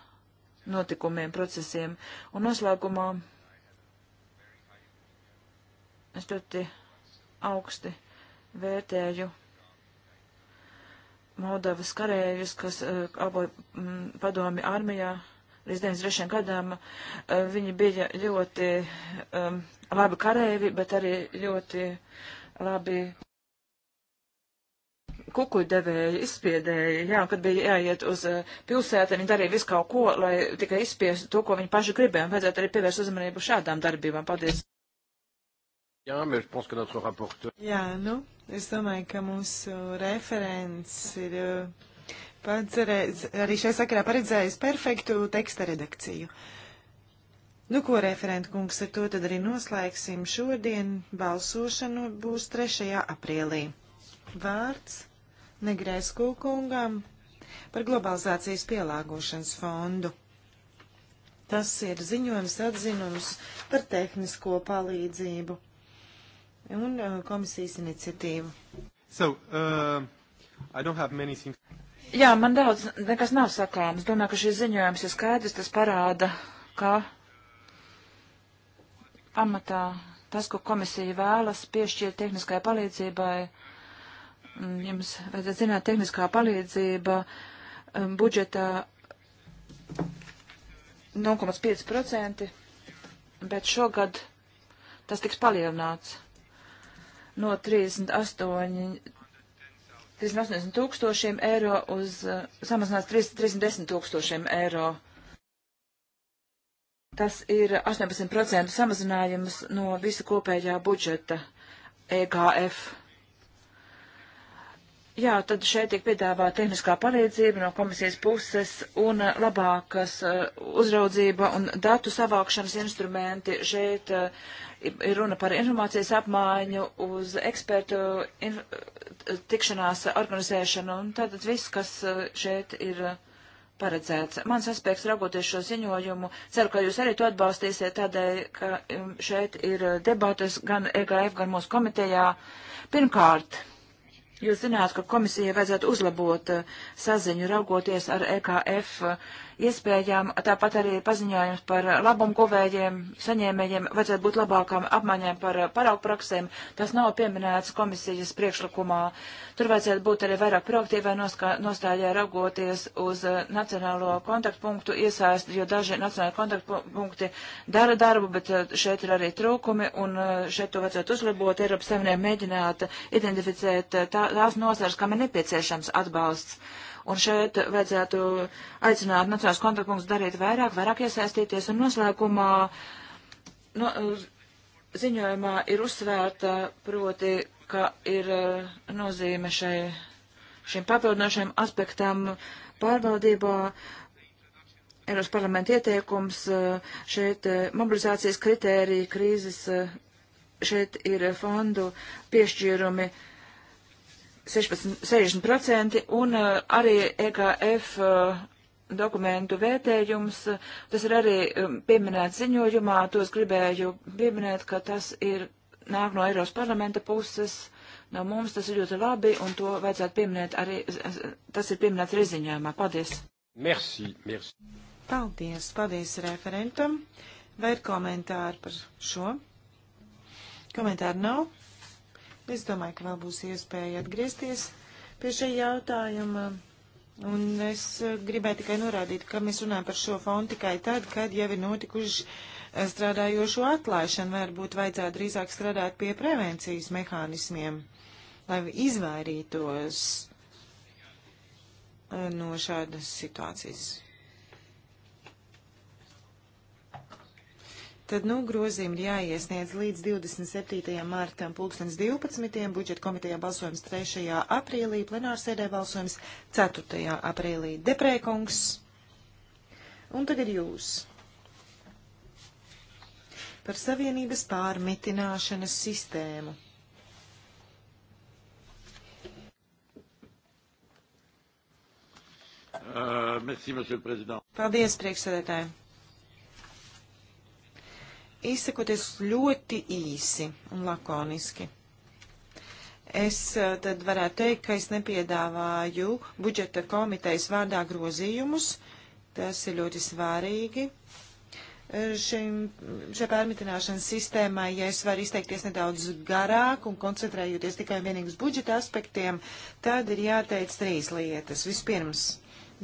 notikumiem, procesiem, un noslēgumā Es ļoti augsti vērtēju Moldavas karējus, kas uh, kalpoja mm, padomi armijā līdz 93. gadam. Uh, viņi bija ļoti um, labi karēji, bet arī ļoti labi kukuļdevēji, izspiedēji. Jā, kad bija jāiet uz uh, eh, pilsētu, viņi darīja visu kaut ko, lai tikai izspiestu to, ko viņi paši gribēja. Vajadzētu arī pievērst uzmanību šādām darbībām. Paldies! Jā, mēs pons, ka notre rapporteur. Jā, nu, es domāju, ka mūsu referents ir uh, padzerējis, arī šai sakarā paredzējis perfektu teksta redakciju. Nu, ko referenta kungs ar to tad arī noslēgsim šodien. Balsošana būs 3. aprīlī. Vārds Negrēsku kungam par globalizācijas pielāgošanas fondu. Tas ir ziņojums atzinums par tehnisko palīdzību un uh, komisijas iniciatīvu. So, uh, I don't have many things. Jā, man daudz nekas nav sakāms. Domāju, ka šis ziņojums ir skaidrs, tas parāda, ka pamatā tas, ko komisija vēlas piešķirt tehniskai palīdzībai, mm, jums vajadzētu zināt, tehniskā palīdzība mm, budžetā 0,5%, bet šogad tas tiks palielināts no 38 380 tūkstošiem eiro uz uh, samazinās 3, 310 tūkstošiem eiro. Tas ir 18% samazinājums no visa kopējā budžeta EKF. Jā, tad šeit tiek piedāvāta tehniskā palīdzība no komisijas puses un labākas uh, uzraudzība un datu savākšanas instrumenti. Šeit uh, ir runa par informācijas apmaiņu uz ekspertu inf uh, tikšanās organizēšanu un tātad viss, kas šeit ir paredzēts. Mans aspekts raugoties šo ziņojumu, ceru, ka jūs arī to atbalstīsiet tādēļ, ka um, šeit ir debates gan EGF, gan mūsu komitejā. Pirmkārt, Jūs zināt, ka komisijai vajadzētu uzlabot uh, saziņu raugoties ar EKF uh, iespējām, tāpat arī paziņojums par labumguvējiem, saņēmējiem, vajadzētu būt labākām apmaiņām par eh, paraugpraksēm. Tas nav pieminēts komisijas priekšlikumā. Tur vajadzētu būt arī vairāk proaktīvai nostājai raugoties uz eh, nacionālo kontaktpunktu iesaistu, jo daži nacionāli kontaktpunkti dara darbu, bet eh, šeit ir arī trūkumi, un šeit to vajadzētu uzlabot. Eiropas Savienībai mēģināt identificēt tā, tās nosars, kam ir nepieciešams atbalsts. Un šeit vajadzētu aicināt nacionālās kontaktpunktus darīt vairāk, vairāk iesaistīties. Un noslēgumā no, ziņojumā ir uzsvērta proti, ka ir eh, nozīme šai, šim papildinošajam aspektam pārvaldībā. Eiros parlamenta ieteikums eh, šeit eh, mobilizācijas kritērija krīzes šeit ir fondu piešķīrumi 16, 60% un uh, arī EKF uh, eh, dokumentu vērtējums. Eh, tas ir arī um, pieminēts ziņojumā, to es gribēju pieminēt, ka tas ir nāk no Eiropas parlamenta puses, no mums tas ir ļoti labi, un to vajadzētu pieminēt arī, tas ir pieminēts arī ziņojumā. Paldies! Merci, merci. Paldies, paldies referentam. Vai ir komentāri par šo? Komentāru nav. Es domāju, ka vēl būs iespēja atgriezties pie šī jautājuma. Un es eh, gribēju tikai norādīt, ka mēs runājam par šo fondu tikai tad, kad jau ir notikuši eh, strādājošo atlaišana. Varbūt vajadzētu drīzāk strādāt pie prevencijas mehānismiem, lai izvairītos eh, no šādas situācijas. Tad, nu, grozījumi ir jāiesniedz līdz 27. martam 2012. budžeta komitejā balsojums 3. aprīlī, plenārsēdē balsojums 4. aprīlī. Deprēkungs. Un tagad jūs. Par savienības pārmitināšanas sistēmu. Uh, merci, Paldies, priekšsēdētāji! izsakoties ļoti īsi un lakoniski. Es eh, tad varētu teikt, ka es nepiedāvāju budžeta komitejas vārdā grozījumus. Tas ir ļoti svārīgi. Eh, šim, šai pārmitināšanas sistēmai, ja es varu izteikties nedaudz garāk un koncentrējoties tikai un vienīgi uz budžeta aspektiem, tad ir jāteic trīs lietas. Vispirms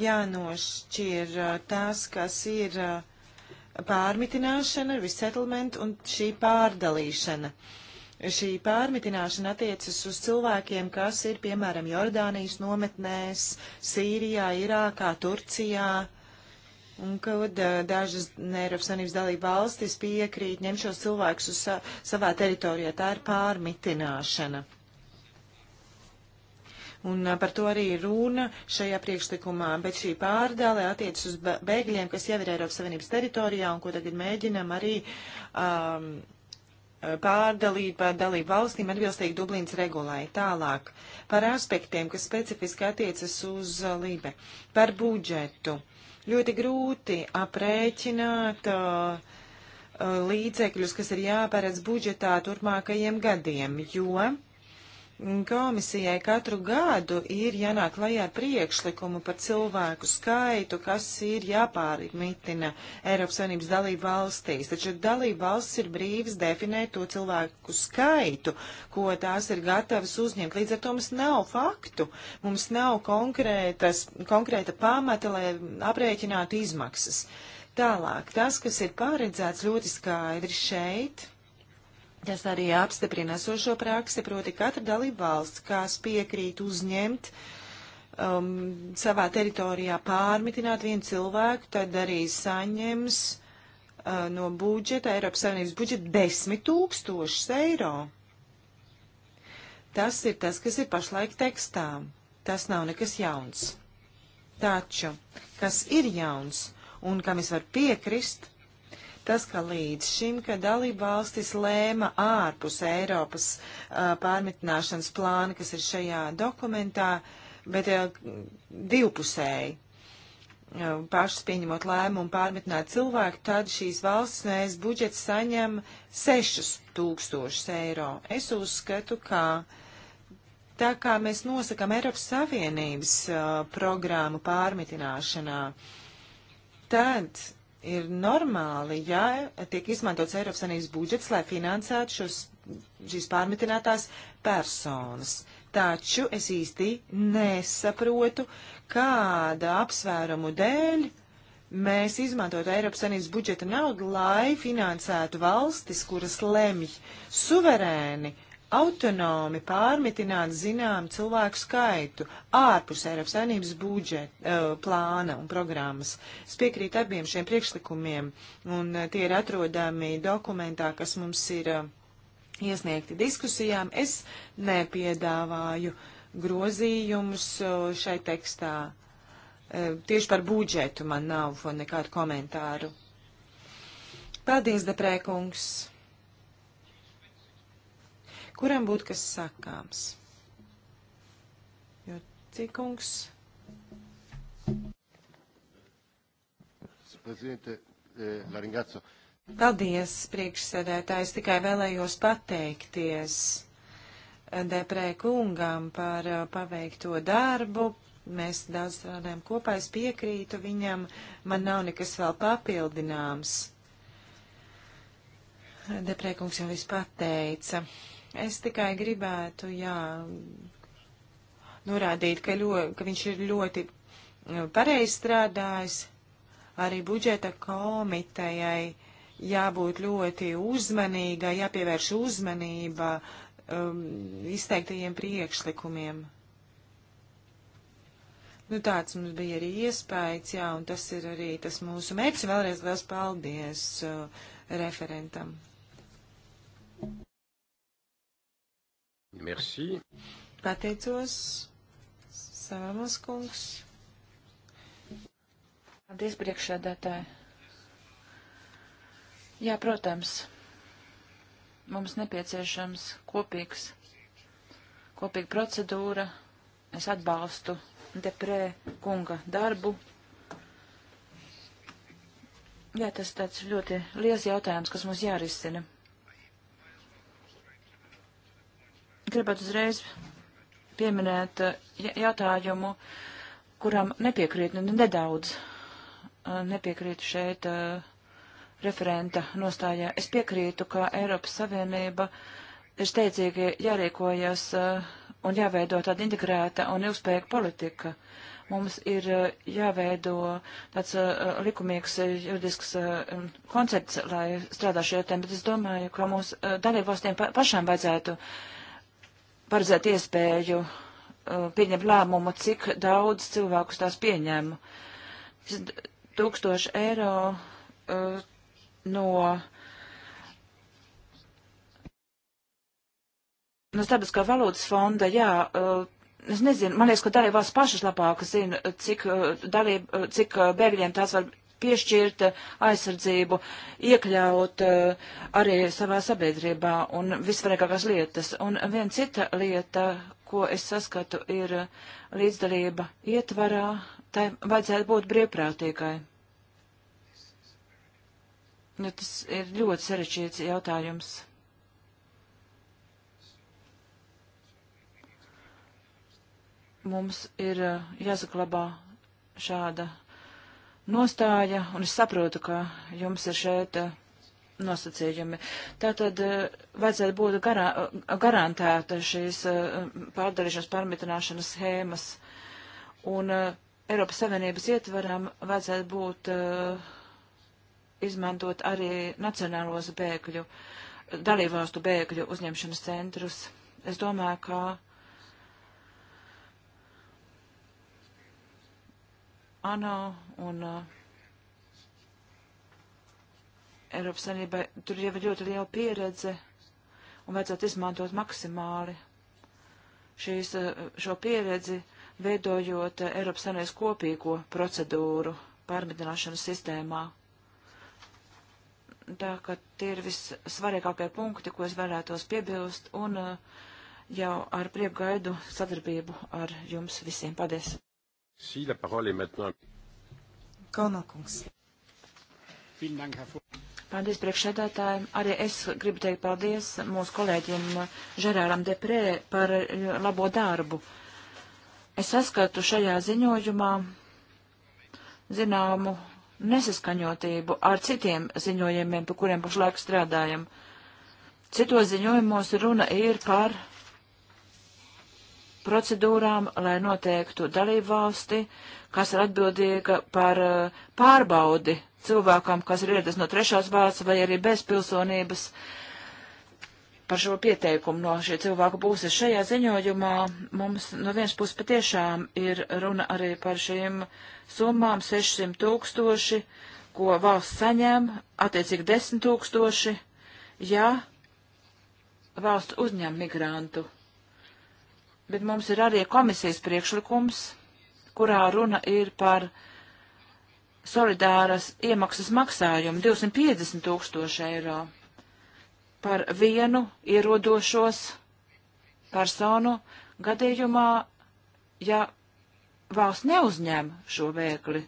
jānošķir eh, tās, kas ir uh, pārmitināšana, resettlement un šī pārdalīšana. Šī pārmitināšana attiecas uz cilvēkiem, kas ir piemēram Jordānijas nometnēs, Sīrijā, Irākā, Turcijā, un ka dažas Eiropas Savienības dalība valstis piekrīt ņem šos cilvēkus uz sa savā teritorijā. Tā ir pārmitināšana. Un par to arī runa šajā priekšlikumā. Bet šī pārdāle attiecas uz bēgļiem, kas jau ir Eiropas Savienības teritorijā un ko tagad mēģinam arī. Um, pārdalīt par dalību valstīm atbilstīgi Dublīnas regulai. Tālāk par aspektiem, kas specifiski attiecas uz Lībe, par budžetu. Ļoti grūti aprēķināt uh, līdzekļus, kas ir jāparedz budžetā turpmākajiem gadiem, jo Komisijai katru gadu ir jānāk lajā ar priekšlikumu par cilvēku skaitu, kas ir jāpārmitina Eiropas Savienības dalību valstīs. Taču dalību valsts ir brīvas definēt to cilvēku skaitu, ko tās ir gatavas uzņemt. Līdz ar to mums nav faktu, mums nav konkrēta pamata, lai aprēķinātu izmaksas. Tālāk, tas, kas ir paredzēts ļoti skaidri šeit Tas arī apstiprina sošo praksi, proti katra dalība valsts, kas piekrīt uzņemt um, savā teritorijā pārmitināt vienu cilvēku, tad arī saņems uh, no budžeta, Eiropas Savienības budžeta, desmit tūkstošus eiro. Tas ir tas, kas ir pašlaik tekstā. Tas nav nekas jauns. Taču, kas ir jauns un kam es varu piekrist, tas, ka līdz šim, ka dalība valstis lēma ārpus Eiropas uh, pārmitināšanas plāna, kas ir šajā dokumentā, bet uh, divpusēji pašas pieņemot lēmumu pārmetināt cilvēku, tad šīs valsts nēs budžets saņem 6000 eiro. Es uzskatu, ka tā kā mēs nosakam Eiropas Savienības uh, programmu pārmitināšanā, tad ir normāli, ja tiek izmantots Eiropas Savienības budžets, lai finansētu šos, šīs pārmitinātās personas. Taču es īsti nesaprotu, kāda apsvērumu dēļ mēs izmantotu Eiropas Savienības budžeta naudu, lai finansētu valstis, kuras lemj suverēni uh, autonomi pārmitināt zinām cilvēku skaitu ārpus Eiropas Savienības budžeta uh, eh, plāna un programmas. Es piekrītu abiem šiem priekšlikumiem, un uh, tie ir atrodami dokumentā, kas mums ir uh, iesniegti diskusijām. Es nepiedāvāju grozījumus šai tekstā. Tieši par budžetu man nav nekādu komentāru. Paldies, Deprēkungs! kuram būtu kas sakāms. Jo cikungs. Eh, Paldies, priekšsēdētājs. Tikai vēlējos pateikties Deprē kungam par eh, paveikto darbu. Mēs daudz strādājam kopā, es piekrītu viņam, man nav nekas vēl papildināms. Deprē kungs jau viss pateica. Es tikai gribētu, jā, norādīt, ka, ļo, ka viņš ir ļoti nu, pareizi strādājis arī budžeta komitejai jābūt ļoti uzmanīgai, jāpievērš uzmanība um, izteiktajiem priekšlikumiem. Nu, tāds mums bija arī iespējas, jā, un tas ir arī tas mūsu mērķis. Vēlreiz liels paldies uh, referentam. Merci. Pateicos, Savamas kungs. Paldies, priekšsēdētāji. Jā, protams, mums nepieciešams kopīgs, kopīga procedūra. Es atbalstu deprē kunga darbu. Jā, tas tāds ļoti liels jautājums, kas mums jārisina. gribētu uzreiz pieminēt uh, jautājumu, kuram nepiekrīt nu, nedaudz. Uh, nepiekrītu šeit uh, referenta nostājā. Es piekrītu, ka Eiropas Savienība ir steidzīgi jārīkojas un jāveido tāda integrēta un ilgspējīga politika. Mums ir jāveido tāds likumīgs juridisks koncepts, lai strādā šajā tēmā, bet es domāju, ka mums dalībvalstīm pašām vajadzētu uh, paredzēt iespēju uh, pieņemt lēmumu, cik daudz cilvēkus tās pieņēma. Tūkstoši eiro uh, no. No starptautiskā valūtas fonda, jā, uh, es nezinu, man liekas, ka dalībās pašas labāk zina, cik, uh, dalība, uh, cik uh, bēgļiem tās var piešķirt eh, aizsardzību, iekļaut eh, arī savā sabiedrībā un visvarīgākās lietas. Un viena cita lieta, ko es saskatu, ir eh, līdzdalība ietvarā, tai vajadzētu būt brīvprātīgai. Nu, tas ir ļoti sarežģīts jautājums. Mums ir jāsaklabā šāda nostāja, un es saprotu, ka jums ir šeit eh, nosacījumi. Tātad eh, vajadzētu būt garā, garantēta šīs eh, pārdarīšanas pārmitināšanas schēmas, un Eiropas Savienības ietvaram vajadzētu būt izmantot arī nacionālos bēgļu, dalībvalstu bēgļu uzņemšanas centrus. Es domāju, ka ANO un uh, Eiropas Savienībai tur jau ir ļoti liela pieredze un vajadzētu izmantot maksimāli šīs, uh, šo pieredzi, veidojot uh, Eiropas Savienības kopīgo procedūru pārmidināšanas sistēmā. Tā ka tie ir vissvarīgākie punkti, ko es varētos piebilst, un uh, jau ar prieku gaidu sadarbību ar jums visiem. Paldies! Si, la parole est maintenant. Kalnakungs. Paldies priekšsēdētājiem. Arī es gribu teikt paldies mūsu kolēģiem Žerāram Deprē par labo darbu. Es saskatu šajā ziņojumā zināmu nesaskaņotību ar citiem ziņojumiem, pie kuriem pašlaik strādājam. Citos ziņojumos runa ir par procedūrām, lai noteiktu dalību valsti, kas ir atbildīga par eh, pārbaudi cilvēkam, kas ir ieradies no trešās valsts vai arī bez pilsonības par šo pieteikumu no šī cilvēku puses. Šajā ziņojumā mums no vienas puses patiešām ir runa arī par šīm summām 600 tūkstoši, ko valsts saņem, attiecīgi 10 tūkstoši, ja valsts uzņem migrantu bet mums ir arī komisijas priekšlikums, kurā runa ir par solidāras iemaksas maksājumu 250 tūkstoši eiro par vienu ierodošos personu gadījumā, ja valsts neuzņem šo vēkli.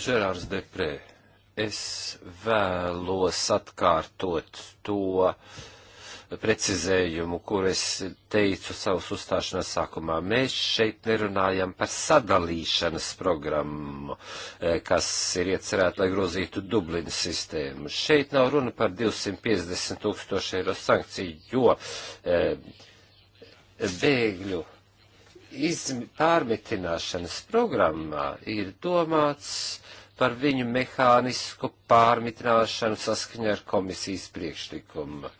Žerārs Deprē, Es vēlos atkārtot to precizējumu, kur es teicu savus uzstāšanās sākumā. Mēs šeit nerunājam par sadalīšanas programmu, eh, kas ir iecerēta, lai grozītu Dublinas sistēmu. Šeit nav runa par 250 tūkstoši eiro sankciju, jo eh, bēgļu izm, pārmitināšanas programmā ir domāts par viņu mehānisku pārmitināšanu saskaņā ar komisijas priekšlikumu.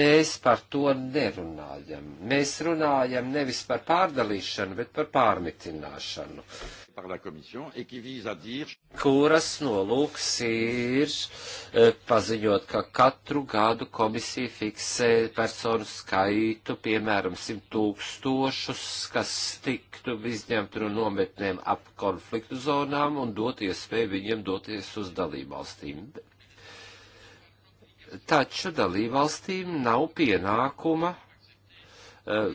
Mēs par to nerunājam. Mēs runājam nevis par pārdalīšanu, bet par pārmitināšanu. Uh, par la Commission et qui vise à dire. Kuras nolūks ir eh, paziņot, ka katru gadu komisija fiksē personu skaitu, piemēram, simt tūkstošus, kas tiktu izņemti no nometnēm ap konfliktu zonām un dot iespēju viņiem doties uz dalībvalstīm. Taču dalībvalstīm nav pienākuma. Uh,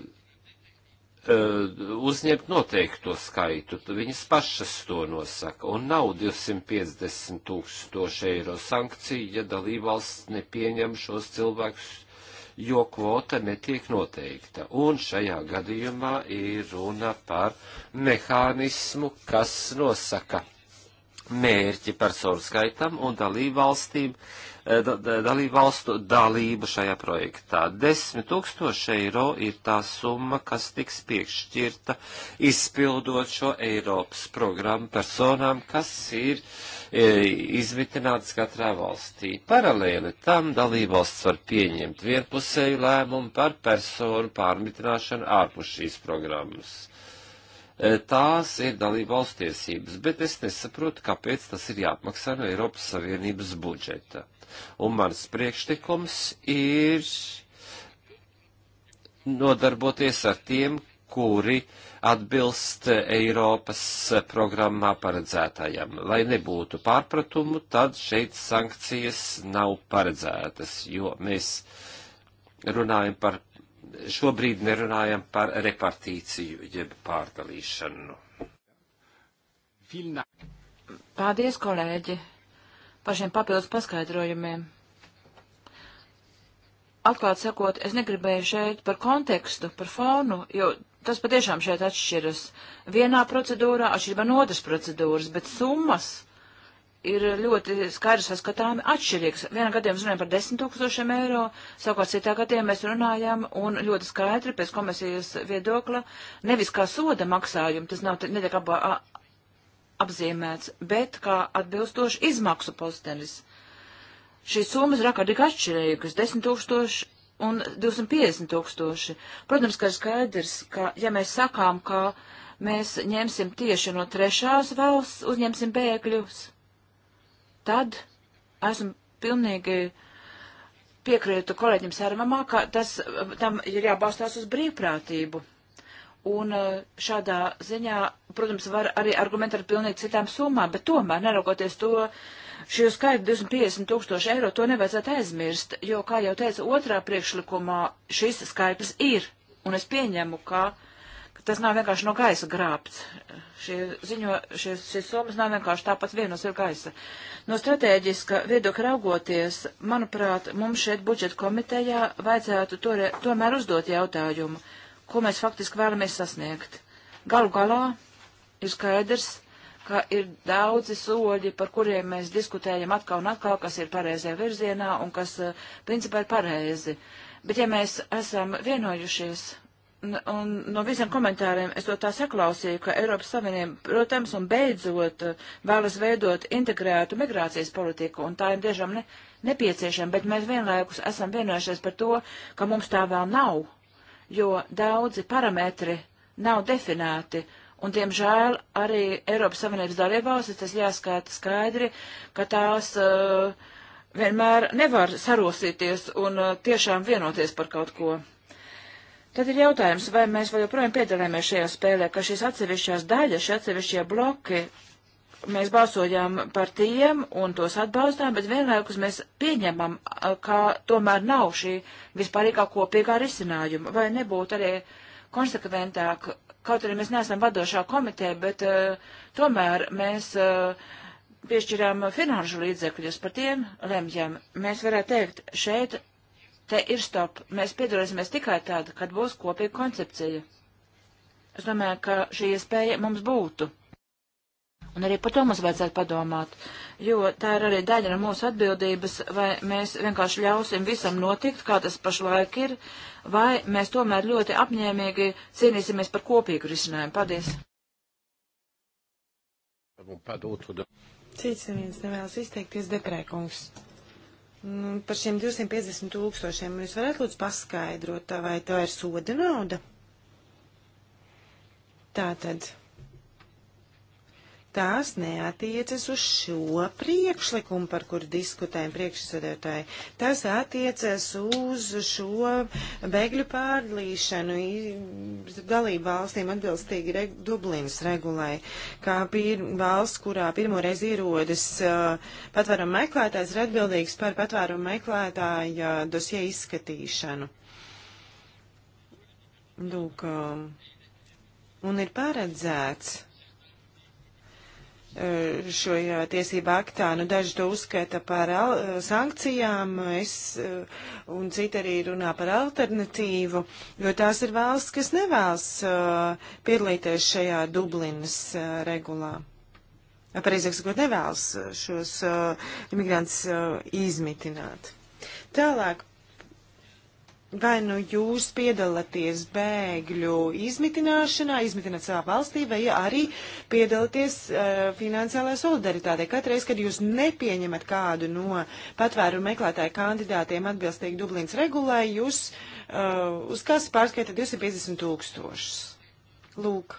Uh, uzņemt noteikto skaitu. Viņas pašas to nosaka. Un nav 250 tūkstoši eiro sankciju, ja dalībvalsts nepieņem šos cilvēkus, jo kvota netiek noteikta. Un šajā gadījumā ir runa par mehānismu, kas nosaka mērķi personu skaitam un dalībvalstīm Eh, dalību valstu dalību šajā projektā. 10 tūkstoši eiro ir tā summa, kas tiks piekšķirta izpildot šo Eiropas programmu personām, kas ir eh, izmitināts katrā valstī. Paralēli tam dalību valsts var pieņemt vienpusēju lēmumu par personu pārmitināšanu ārpus šīs programmas Eh, tās ir dalība valsts tiesības, bet es nesaprotu, kāpēc tas ir jāapmaksā no Eiropas Savienības budžeta. Un mans priekšlikums ir nodarboties ar tiem, kuri atbilst Eiropas programmā paredzētajam. Lai nebūtu pārpratumu, tad šeit sankcijas nav paredzētas, jo mēs runājam par šobrīd nerunājam par repartīciju, jeb pārdalīšanu. Paldies, kolēģi, par šiem papildus paskaidrojumiem. Atklāt sakot, es negribēju šeit par kontekstu, par fonu, jo tas patiešām šeit atšķiras. Vienā procedūrā atšķirība no otras procedūras, bet summas ir ļoti skaidri saskatāmi atšķirīgs. Vienā gadījumā runājam par 10 tūkstošiem eiro, savukārt citā gadījumā mēs runājam un ļoti skaidri pēc komisijas viedokļa, nevis kā soda maksājumu, tas nav netiek ap, apzīmēts, bet kā atbilstoši izmaksu postenis. Šīs summas ir ārkārtīgi atšķirīgas - 10 tūkstoši un 250 tūkstoši. Protams, ka ir skaidrs, ka ja mēs sakām, ka mēs ņemsim tieši no trešās valsts, uzņemsim bēgļus tad esmu pilnīgi piekrītu kolēģim Sērmamā, ka tas, tam ir jābalstās uz brīvprātību. Un eh, šādā ziņā, protams, var arī argumentēt ar pilnīgi citām summām, bet tomēr, neraugoties to, šī skaita 250 tūkstoši eiro, to nevajadzētu aizmirst, jo, kā jau teica, otrā priekšlikumā šis skaitlis ir. Un es pieņemu, ka uh, tas nav vienkārši no gaisa grābts. Šie ziņo, šie, šīs summas nav vienkārši tāpat vienos ir gaisa. No strateģiska viedokļa raugoties, manuprāt, mums šeit budžeta komitejā vajadzētu tore, tomēr uzdot jautājumu, ko mēs faktiski vēlamies sasniegt. Galu galā ir skaidrs, ka ir daudzi soļi, par kuriem mēs diskutējam atkal un atkal, kas ir pareizajā virzienā un kas eh, principā ir pareizi. Bet ja mēs esam vienojušies un no visiem komentāriem es to tā saklausīju, ka Eiropas Savienība, protams, un beidzot uh, vēlas veidot integrētu migrācijas politiku, un tā ir tiešām ne, nepieciešama, bet mēs vienlaikus esam vienojušies par to, ka mums tā vēl nav, jo daudzi parametri nav definēti. Un, diemžēl, arī Eiropas Savienības dalībvalstis, tas jāskata skaidri, ka tās uh, vienmēr nevar sarosīties un uh, tiešām vienoties par kaut ko. Tad ir jautājums, vai mēs vēl joprojām piedalāmies šajā spēlē, ka šīs atsevišķās daļas, šie atsevišķie bloki, mēs balsojām par tiem un tos atbalstām, bet vienlaikus mēs pieņemam, ka tomēr nav šī vispārīgā kopīgā risinājuma, vai nebūtu arī konsekventāk, kaut arī mēs neesam vadošā komiteja, bet uh, tomēr mēs. Uh, piešķirām finanšu līdzekļus, par tiem lemjam. Mēs varētu teikt, šeit Te ir stop. Mēs piedalīsimies tikai tad, kad būs kopīga koncepcija. Es domāju, ka šī iespēja mums būtu. Un arī par to mums vajadzētu padomāt, jo tā ir arī daļa no mūsu atbildības, vai mēs vienkārši ļausim visam notikt, kā tas pašlaik ir, vai mēs tomēr ļoti apņēmīgi cīnīsimies par kopīgu risinājumu. Paldies! Cits neviens nevēlas izteikties deprēkungs. Nu, par šiem 250 tūkstošiem jūs varat lūdzu paskaidrot, vai tā ir soda nauda? Tātad. tad tās neatiecas uz šo priekšlikumu, par kuru diskutējam priekšsēdētāji. Tas attiecas uz šo bēgļu pārlīšanu dalību valstīm atbilstīgi reg Dublinas regulai, kā pir valsts, kurā pirmoreiz ierodas uh, patvērumu meklētājs, ir atbildīgs par patvērumu meklētāja dosie izskatīšanu. Lūk, um, un ir paredzēts Eh, šajā tiesība aktā. Nu, daži to uzskata par eh, sankcijām, es eh, un citi arī runā par alternatīvu, jo tās ir valsts, kas nevēlas piedalīties šajā Dublinas regulā. Pareizāk sakot, nevēlas šos imigrantus izmitināt. Tālāk Vai nu jūs piedalāties bēgļu izmitināšanā, izmitināt savā valstī, vai arī piedalāties uh, finansiālā solidaritātē? Katreiz, kad jūs nepieņemat kādu no patvēru meklētāju kandidātiem atbilstīgi Dublīns regulai, jūs uh, uz kasu pārskaitat 250 tūkstošus. Lūk,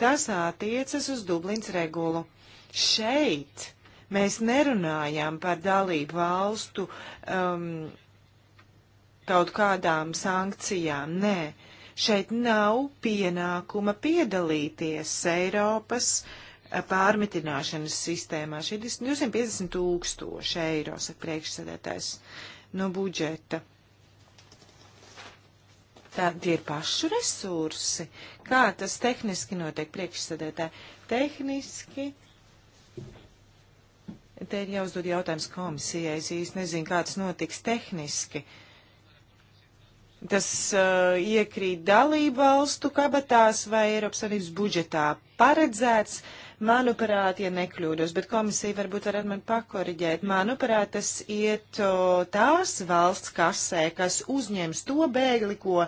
tas attiecas uz Dublīns regulu. Šeit mēs nerunājām par dalību valstu. Um, kaut kādām sankcijām. Nē, šeit nav pienākuma piedalīties Eiropas eh, pārmitināšanas sistēmā. Šeit ir 250 tūkstoši eiro, saka priekšsēdētājs, no budžeta. Tādi ir pašu resursi. Kā tas tehniski notiek priekšsēdētāji? Tehniski. Te ir jāuzdod jautājums komisijai. Es īsti nezinu, kā tas notiks tehniski. Uh, Tas uh, iekrīt dalību valstu kabatās vai Eiropas Savienības budžetā paredzēts, manuprāt, ja nekļūdos, bet komisija varbūt varat man pakoriģēt. Manuprāt, tas iet uh, tās valsts kasē, kas uzņems to bēgli, ko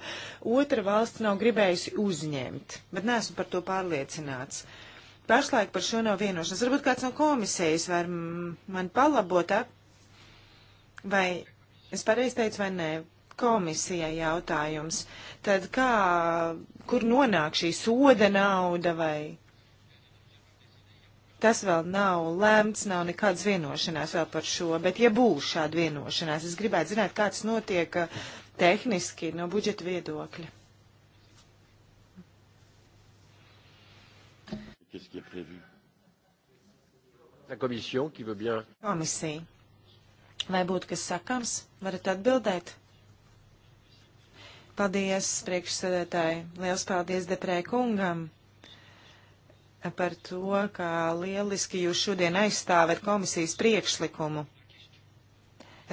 otra valsts nav gribējusi uzņemt, bet neesmu par to pārliecināts. Pašlaik par šo nav vienošanās. Varbūt kāds no komisijas var man palabot, vai es pareizi teicu vai nē komisijai jautājums. Tad kā, kur nonāk šī soda nauda vai? Tas vēl nav lēmts, nav nekādas vienošanās vēl par šo, bet ja būs šāda vienošanās, es gribētu zināt, kā tas notiek uh, tehniski no budžeta viedokļa. Qu'est-ce qui est prévu La commission qui veut bien. Komisija. Vai būtu kas sakams? Varat atbildēt? Paldies, priekšsēdētāji. Liels paldies Deprē kungam par to, ka lieliski jūs šodien aizstāvat komisijas priekšlikumu.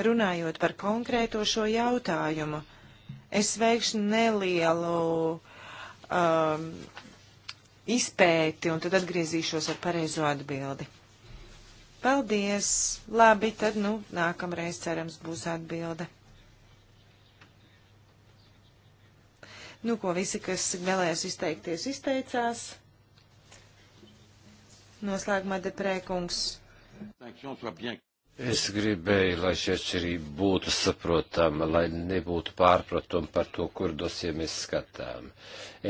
Runājot par konkrēto šo jautājumu, es veikšu nelielu um, izpēti un tad atgriezīšos ar pareizo atbildi. Paldies! Labi, tad, nu, nākamreiz cerams būs atbilde. Nu, ko visi, kas vēlējās izteikties, izteicās. Noslēgumā deprēkungs. Es gribēju, lai šī atšķirība būtu saprotama, lai nebūtu pārpratuma par to, kur dosie mēs skatām.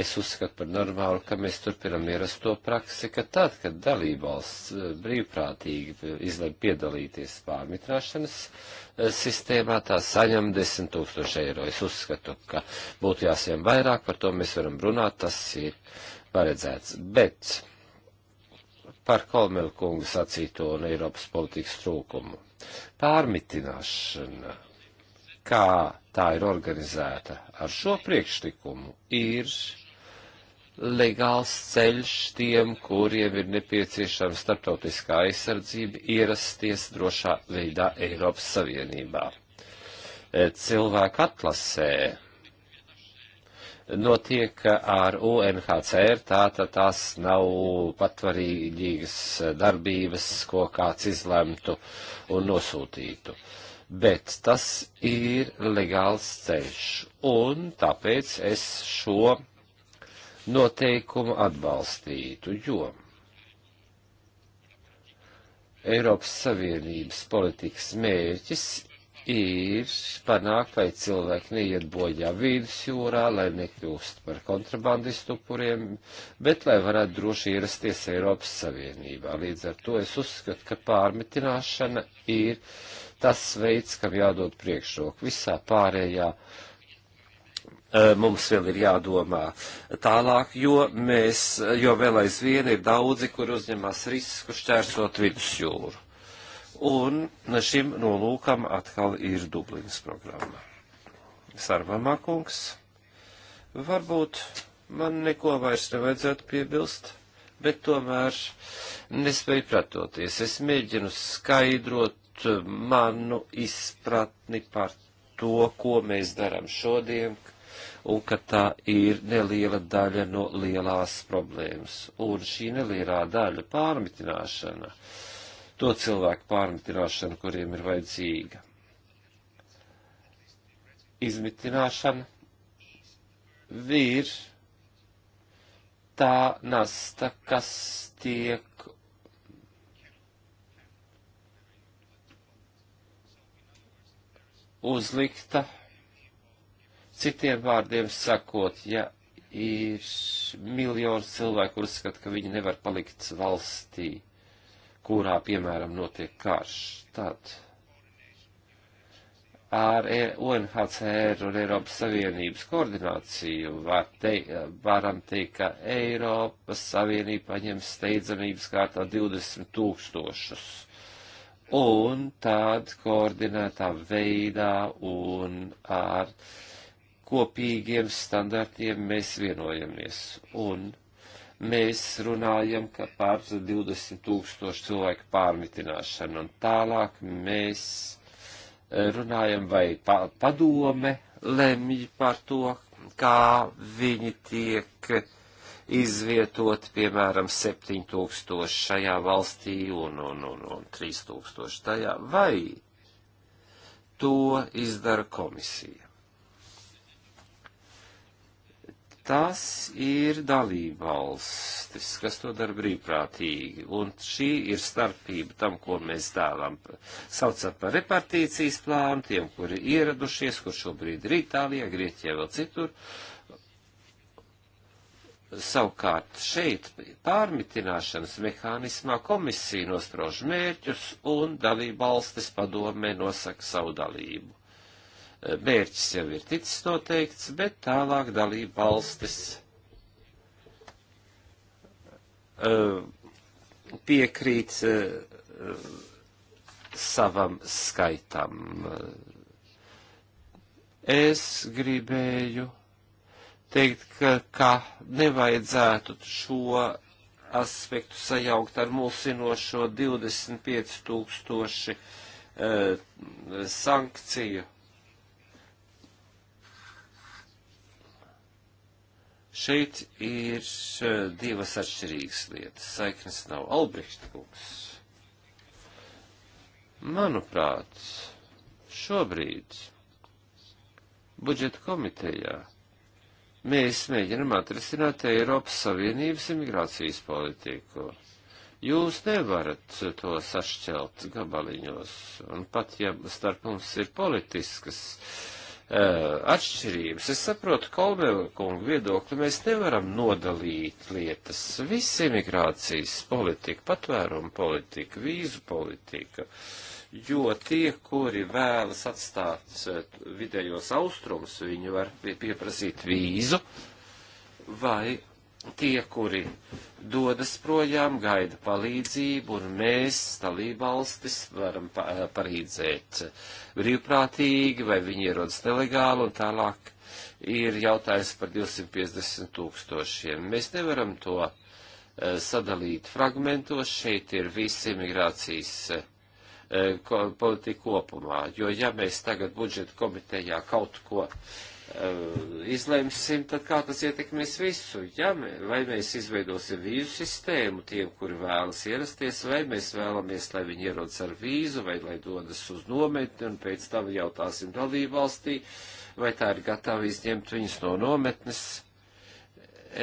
Es uzskatu par normālu, ka mēs turpinam ierasto praksi, ka tad, kad dalībvalsts eh, brīvprātīgi eh, izlem piedalīties pārmitrāšanas eh, sistēmā, tā saņem 10 tūkstoši eiro. Es uzskatu, ka būtu jāsiem vairāk, par to mēs varam runāt, tas ir paredzēts. Bet par Kolmelkungu sacīto un Eiropas politikas trūkumu. Pārmitināšana, kā tā ir organizēta ar šo priekšlikumu, ir legāls ceļš tiem, kuriem ir nepieciešama starptautiskā aizsardzība, ierasties drošā veidā Eiropas Savienībā. Cilvēku atlasē notiek ar UNHCR, tātad tās nav patvarīgas darbības, ko kāds izlemtu un nosūtītu. Bet tas ir legāls ceļš, un tāpēc es šo noteikumu atbalstītu, jo Eiropas Savienības politikas mērķis ir panākt, lai cilvēki neiet bojā vīdus jūrā, lai nekļūst par kontrabandistu upuriem, bet lai varētu droši ierasties Eiropas Savienībā. Līdz ar to es uzskatu, ka pārmitināšana ir tas veids, kam jādod priekšroku visā pārējā. E, mums vēl ir jādomā tālāk, jo mēs, jo vēl aizvien ir daudzi, kur uzņemas risku šķērsot vidusjūru. Un šim nolūkam atkal ir Dublinas programma. Sarvamā kungs, varbūt man neko vairs nevajadzētu piebilst, bet tomēr nespēju pratoties. Es mēģinu skaidrot manu izpratni par to, ko mēs darām šodien, un ka tā ir neliela daļa no lielās problēmas. Un šī nelielā daļa pārmitināšana. Uh, to cilvēku pārmitināšanu, kuriem ir vajadzīga izmitināšana, ir tā nasta, kas tiek uzlikta, citiem vārdiem sakot, ja ir miljoni cilvēku, kur uzskata, ka viņi nevar palikt valstī kurā, piemēram, notiek karš. Tad ar e, UNHCR un Eiropas Savienības koordināciju var te, varam teikt, ka Eiropas Savienība paņems steidzamības kārtā 20 tūkstošus. Un tād koordinētā veidā un ar kopīgiem standartiem mēs vienojamies. Un mēs runājam par 20 tūkstošu cilvēku pārmitināšanu un tālāk mēs eh, runājam, vai pa, padome lemj par to, kā viņi tiek izvietot, piemēram, 7000 šajā valstī un, un, un, un 3000 tajā, vai to izdara komisija. tas ir dalībvalstis, kas to dara brīvprātīgi, un šī ir starpība tam, ko mēs dāvām. Saucam par repartīcijas plānu tiem, kuri ieradušies, kur šobrīd ir Itālijā, Grieķijā vēl citur. Savukārt šeit pārmitināšanas mehānismā komisija nostrauž mērķus un dalībvalstis padomē nosaka savu dalību mērķis jau ir ticis noteikts, bet tālāk dalība valstis eh, piekrīt eh, savam skaitam. Es gribēju teikt, ka, ka nevajadzētu šo aspektu sajaukt ar mulsinošo 25 tūkstoši e, sankciju Šeit ir eh, divas atšķirīgas lietas. Saiknes nav Albrehta kungs. Manuprāt, šobrīd budžeta komitejā mēs mēģinam atrisināt Eiropas Savienības imigrācijas politiku. Jūs nevarat to sašķelt gabaliņos, un pat ja starp mums ir politiskas uh, Eh, atšķirības. Es saprotu Kolmela kungu viedokli, mēs nevaram nodalīt lietas. Viss imigrācijas politika, patvērumu politika, vīzu politika, jo tie, kuri vēlas atstāt eh, vidējos austrums, viņi var pieprasīt vīzu vai tie, kuri dodas projām, gaida palīdzību, un mēs, dalībvalstis, varam palīdzēt eh, brīvprātīgi, vai viņi ierodas nelegāli, un tālāk ir jautājums par 250 tūkstošiem. Mēs nevaram to eh, sadalīt fragmentos, šeit ir visi migrācijas eh, politika kopumā, jo ja mēs tagad budžeta komitejā kaut ko uh, Eh, izlemsim, tad kā tas ietekmēs visu. Ja, mē, vai mēs izveidosim vīzu sistēmu tiem, kuri vēlas ierasties, vai mēs vēlamies, lai viņi ierodas ar vīzu, vai lai dodas uz nometni, un pēc tam jautāsim dalību valstī, vai tā ir gatava izņemt viņus no nometnes.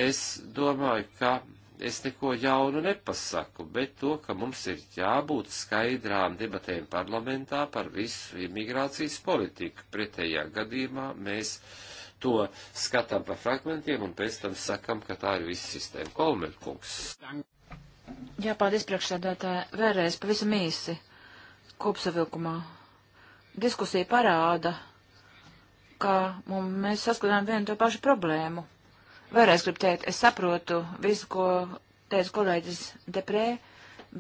Es domāju, ka es neko jaunu nepasaku, bet to, ka mums ir jābūt skaidrām debatēm parlamentā par visu imigrācijas politiku. Pretējā gadījumā mēs to skatām pa fragmentiem un pēc tam sakam, ka tā ir visa sistēma. Kolmerkungs. Jā, paldies priekšsēdētāji. Vēlreiz pavisam īsi kopsavilkumā. Diskusija parāda, ka mums, mēs saskatām vienu to pašu problēmu Vēlreiz gribu teikt, es saprotu visu, ko teica kolēģis Deprē,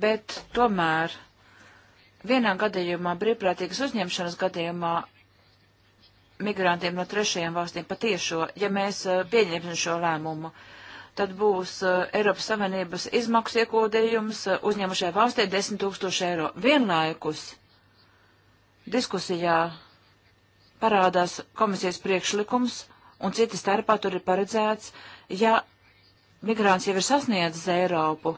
bet tomēr vienā gadījumā, brīvprātīgas uzņemšanas gadījumā, migrantiem no trešajām valstīm patiešo, ja mēs eh, pieņemsim šo lēmumu, tad būs eh, Eiropas Savienības izmaksu iekūdījums eh, uzņemušajai valstī 10 tūkstoši eiro. Vienlaikus diskusijā parādās komisijas priekšlikums un cita starpā tur ir paredzēts, ja migrāns jau ir sasniedzis Eiropu,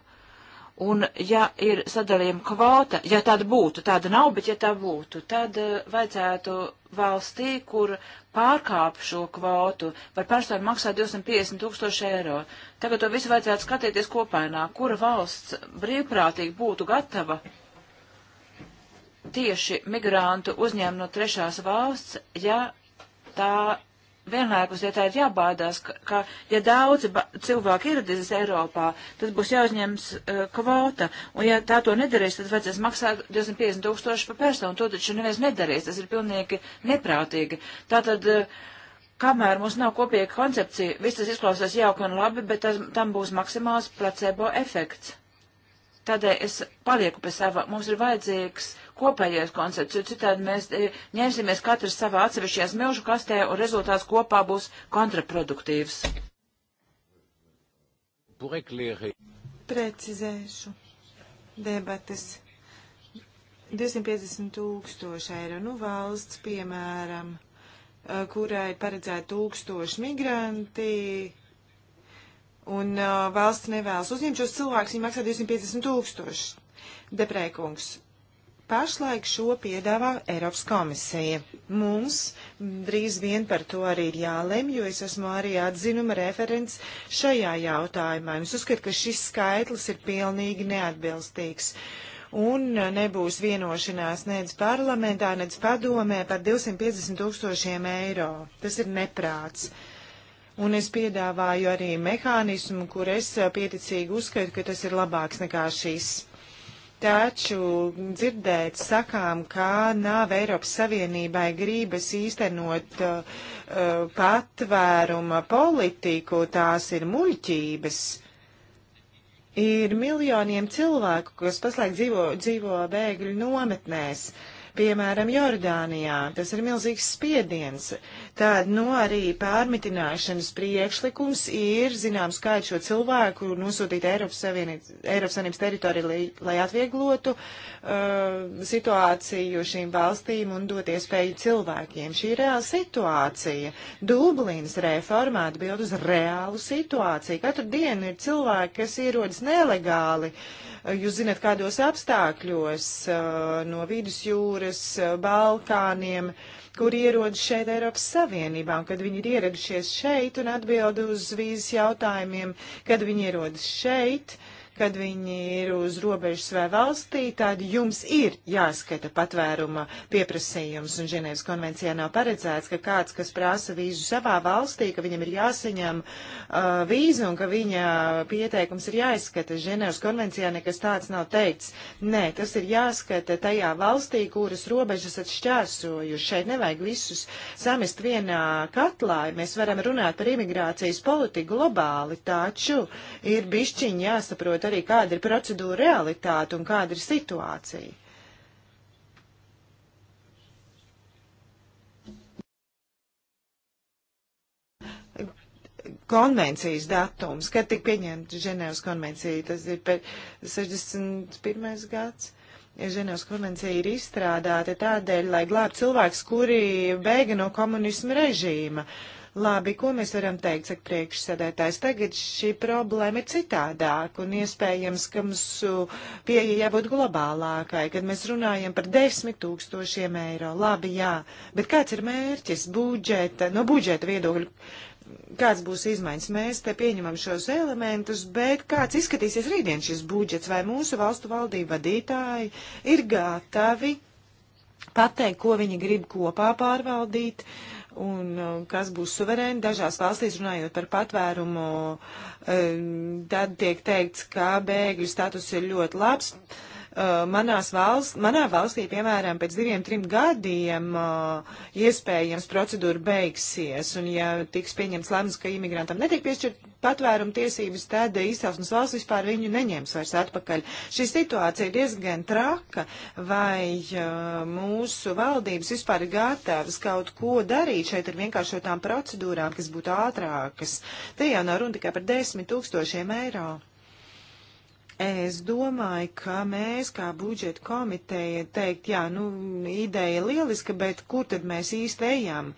un ja ir sadalījuma kvota, ja tāda būtu, tāda nav, bet ja tā būtu, tad uh, vajadzētu valstī, kur pārkāp šo kvotu, par personu maksā 250 tūkstoši eiro. Tagad to visu vajadzētu skatīties kopainā, kura valsts brīvprātīgi būtu gatava tieši migrantu uzņēma no trešās valsts, ja tā vienlaikus, ja tā ir jābādās, ka, ka ja daudzi cilvēki ieradīsies Eiropā, tad būs jāuzņems uh, kvota, un ja tā to nedarīs, tad vajadzēs maksāt 250 tūkstoši par personu, to taču neviens nedarīs, tas ir pilnīgi neprātīgi. Tātad, uh, kamēr mums nav kopīga koncepcija, viss tas izklausās jauki un labi, bet tas, tam būs maksimāls placebo efekts. Tādēļ es palieku pie sava. Mums ir vajadzīgs kopējais koncepts, jo citādi mēs e, ņemsimies katrs savā atsevišķajā smilšu kastē un rezultāts kopā būs kontraproduktīvs. Precizēšu debatas. 250 tūkstoši eiro, nu valsts, piemēram, e, kurai paredzēta tūkstoši migranti, Un uh, valsts nevēlas uzņemt šos cilvēkus, viņi maksā 250 tūkstoši. Deprēkungs. Pašlaik šo piedāvā Eiropas komisija. Mums drīz vien par to arī ir jālem, jo es esmu arī atzinuma referents šajā jautājumā. Es uzskatu, ka šis skaitlis ir pilnīgi neatbilstīgs. Un uh, nebūs vienošanās nec parlamentā, nec padomē par 250 tūkstošiem eiro. Tas ir neprāts. Uh, Un es piedāvāju arī mehānismu, kur es eh, pieticīgi uzskatu, ka tas ir labāks nekā šis. Taču dzirdēt sakām, kā nav Eiropas Savienībai grības īstenot uh, patvēruma politiku, tās ir muļķības. Ir miljoniem cilvēku, kas paslēg dzīvo, dzīvo bēgļu nometnēs, piemēram, Jordānijā. Tas ir milzīgs spiediens. Tad, nu, arī pārmitināšanas priekšlikums ir, zinām, skaits šo cilvēku nosūtīt Eiropas, Savienības, Eiropas Savienības teritoriju, lai, lai atvieglotu uh, situāciju šīm valstīm un dot iespēju cilvēkiem. Šī ir reāla situācija. Dublīnas reforma atbild uz reālu situāciju. Katru dienu ir cilvēki, kas ierodas nelegāli. Jūs zināt, kādos apstākļos uh, no vidusjūras, uh, Balkāniem. Uh, kuri ierodas šeit Eiropas Savienībā, un kad viņi ir ieradušies šeit un atbild uz vīzes jautājumiem, kad viņi ierodas šeit, uh, kad viņi ir uz robežas vai valstī, tad jums ir jāskata patvēruma pieprasījums. Un Ženēvas konvencijā nav paredzēts, ka kāds, kas prasa vīzu savā valstī, ka viņam ir jāsaņem uh, vīzu un ka viņa pieteikums ir jāizskata. Ženēvas konvencijā nekas tāds nav teikts. Nē, tas ir jāskata tajā valstī, kuras robežas atšķērsojuši. Šeit nevajag visus samest vienā katlā. Mēs varam runāt par imigrācijas politiku globāli, taču ir bišķiņi jāsaprot arī, kāda ir procedūra realitāte un kāda ir situācija. Konvencijas datums, kad tika pieņemta Ženēvas konvencija, tas ir 61. gads. Ženēvas konvencija ir izstrādāta tādēļ, lai glābtu cilvēkus, kuri bēga no komunismu režīma. Uh, Labi, ko mēs varam teikt, saka priekšsēdētājs. Tagad šī problēma ir citādāk un iespējams, ka mums pieeja jābūt globālākai, kad mēs runājam par desmit tūkstošiem eiro. Labi, jā, bet kāds ir mērķis budžeta, no budžeta viedokļa? Kāds būs izmaiņas? Mēs te pieņemam šos elementus, bet kāds izskatīsies rītdien šis budžets vai mūsu valstu valdību vadītāji ir gatavi pateikt, ko viņi grib kopā pārvaldīt? Uh, un uh, kas būs suverēni. Dažās valstīs runājot par patvērumu, uh, tad tiek teikts, ka bēgļu status ir ļoti labs. Uh, Uh, manās valsts, manā valstī, piemēram, pēc diviem, trim gadiem uh, iespējams procedūra beigsies, un ja tiks pieņemts lēmums, ka imigrantam netiek piešķirt patvērumu tiesības, tad izcelsmes valsts vispār viņu neņems vairs atpakaļ. Šī situācija ir diezgan traka, vai uh, mūsu valdības vispār ir gatavas kaut ko darīt šeit ar vienkāršotām procedūrām, kas būtu ātrākas. Te jau nav runa tikai par desmit tūkstošiem eiro. Es domāju, ka mēs kā budžeta komiteja teikt, jā, nu, ideja lieliska, bet kur tad mēs īsti ejam?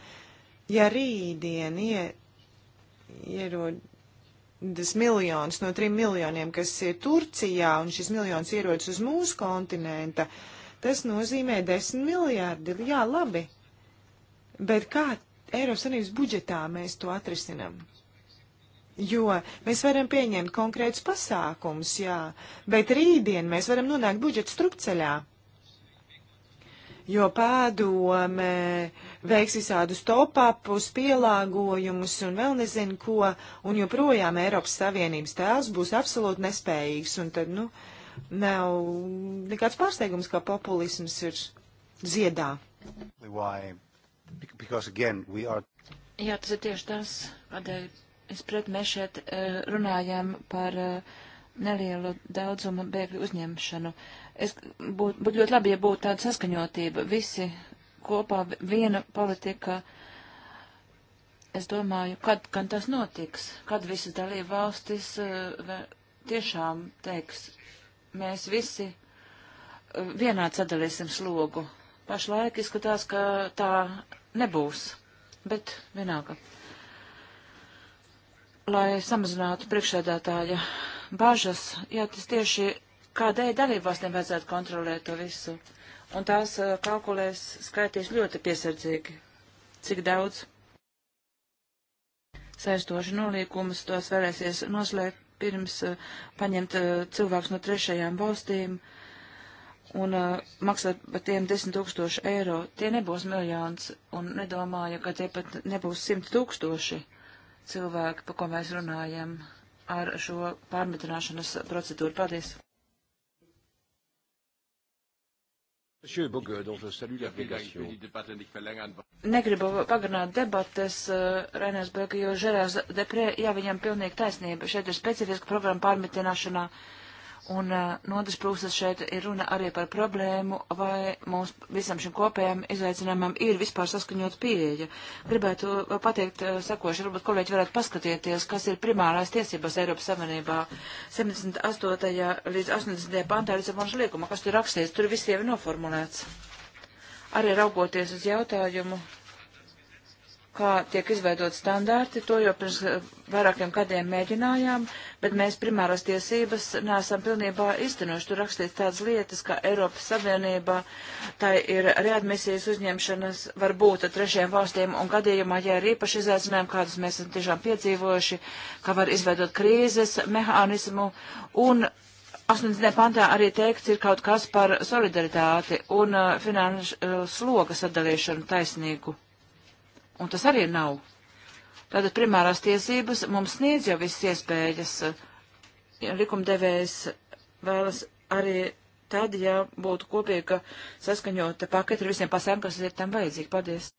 Ja rītdien ie, ierodas miljons no trim miljoniem, kas ir Turcijā, un šis miljons ierodas uz mūsu kontinenta, tas nozīmē desmit miljārdi. Jā, labi. Bet kā Eiropas Savienības budžetā mēs to atrisinam? Jo mēs varam pieņemt konkrētus pasākumus, jā, bet rītdien mēs varam nonākt budžeta strupceļā jo pādome veiks visādus topapus, pielāgojumus un vēl nezinu ko, un joprojām Eiropas Savienības tēls būs absolūti nespējīgs, un tad, nu, nav nekāds pārsteigums, ka populisms ir ziedā. Why? Because, again, we are... Jā, tas ir tieši tas, kādēļ Es pret mēs šeit e, runājām par e, nelielu daudzumu bēgļu uzņemšanu. Es būtu būt ļoti labi, ja būtu tāda saskaņotība. Visi kopā viena politika. Es domāju, kad gan tas notiks, kad visas dalība valstis e, tiešām teiks, mēs visi vienādi sadalīsim slogu. Pašlaik izskatās, ka tā nebūs, bet vienalga lai samazinātu priekšsēdētāja bažas, jā, tas tieši kādēļ dalībvalstīm vajadzētu kontrolēt to visu. Un tās eh, kalkulēs skaitīs ļoti piesardzīgi. Cik daudz saistošu nolīkumus tos vēlēsies noslēgt pirms eh, paņemt eh, cilvēks no trešajām valstīm un maksāt par tiem 10 tūkstoši eiro. Tie nebūs miljons un nedomāju, ka tie pat nebūs 100 tūkstoši eiro cilvēki, pa ko mēs runājam ar šo pārmetināšanas procedūru. Paldies! Negribu pagarināt debates, eh, Rainēs Bēka, jo Žerārs Deprē, jā, viņam pilnīgi taisnība. Šeit ir specifiska programma pārmetināšanā. Uh, Un uh, no otras puses šeit ir runa arī par problēmu, vai mums visam šim kopējam izaicinājumam ir vispār saskaņot pieeja. Gribētu pateikt uh, sekoši, varbūt kolēģi varētu paskatīties, kas ir primārās tiesības Eiropas Savienībā 78. līdz 80. pantā Lisabonas līguma, kas tur rakstīts, tur viss jau ir noformulēts. Arī raugoties uz jautājumu kā tiek izveidot standārti, to jau pirms eh, vairākiem gadiem mēģinājām, bet mēs primāras tiesības neesam pilnībā iztenoši. Tur rakstīts tādas lietas, kā Eiropas Savienība, tā ir readmisijas uzņemšanas var būt trešiem valstīm, un gadījumā, ja ir īpaši izaicinājumi, kādus mēs esam tiešām piedzīvojuši, ka var izveidot krīzes mehānismu, un 80. pantā arī teikts ir kaut kas par solidaritāti un eh, finanšu eh, sloga sadalīšanu taisnīgu un tas arī nav. Tātad primārās tiesības mums sniedz jau visas iespējas. Ja likumdevējs vēlas arī tad, ja būtu kopīga saskaņota paketa ar visiem pasēm, kas ir tam vajadzīgi. Paldies.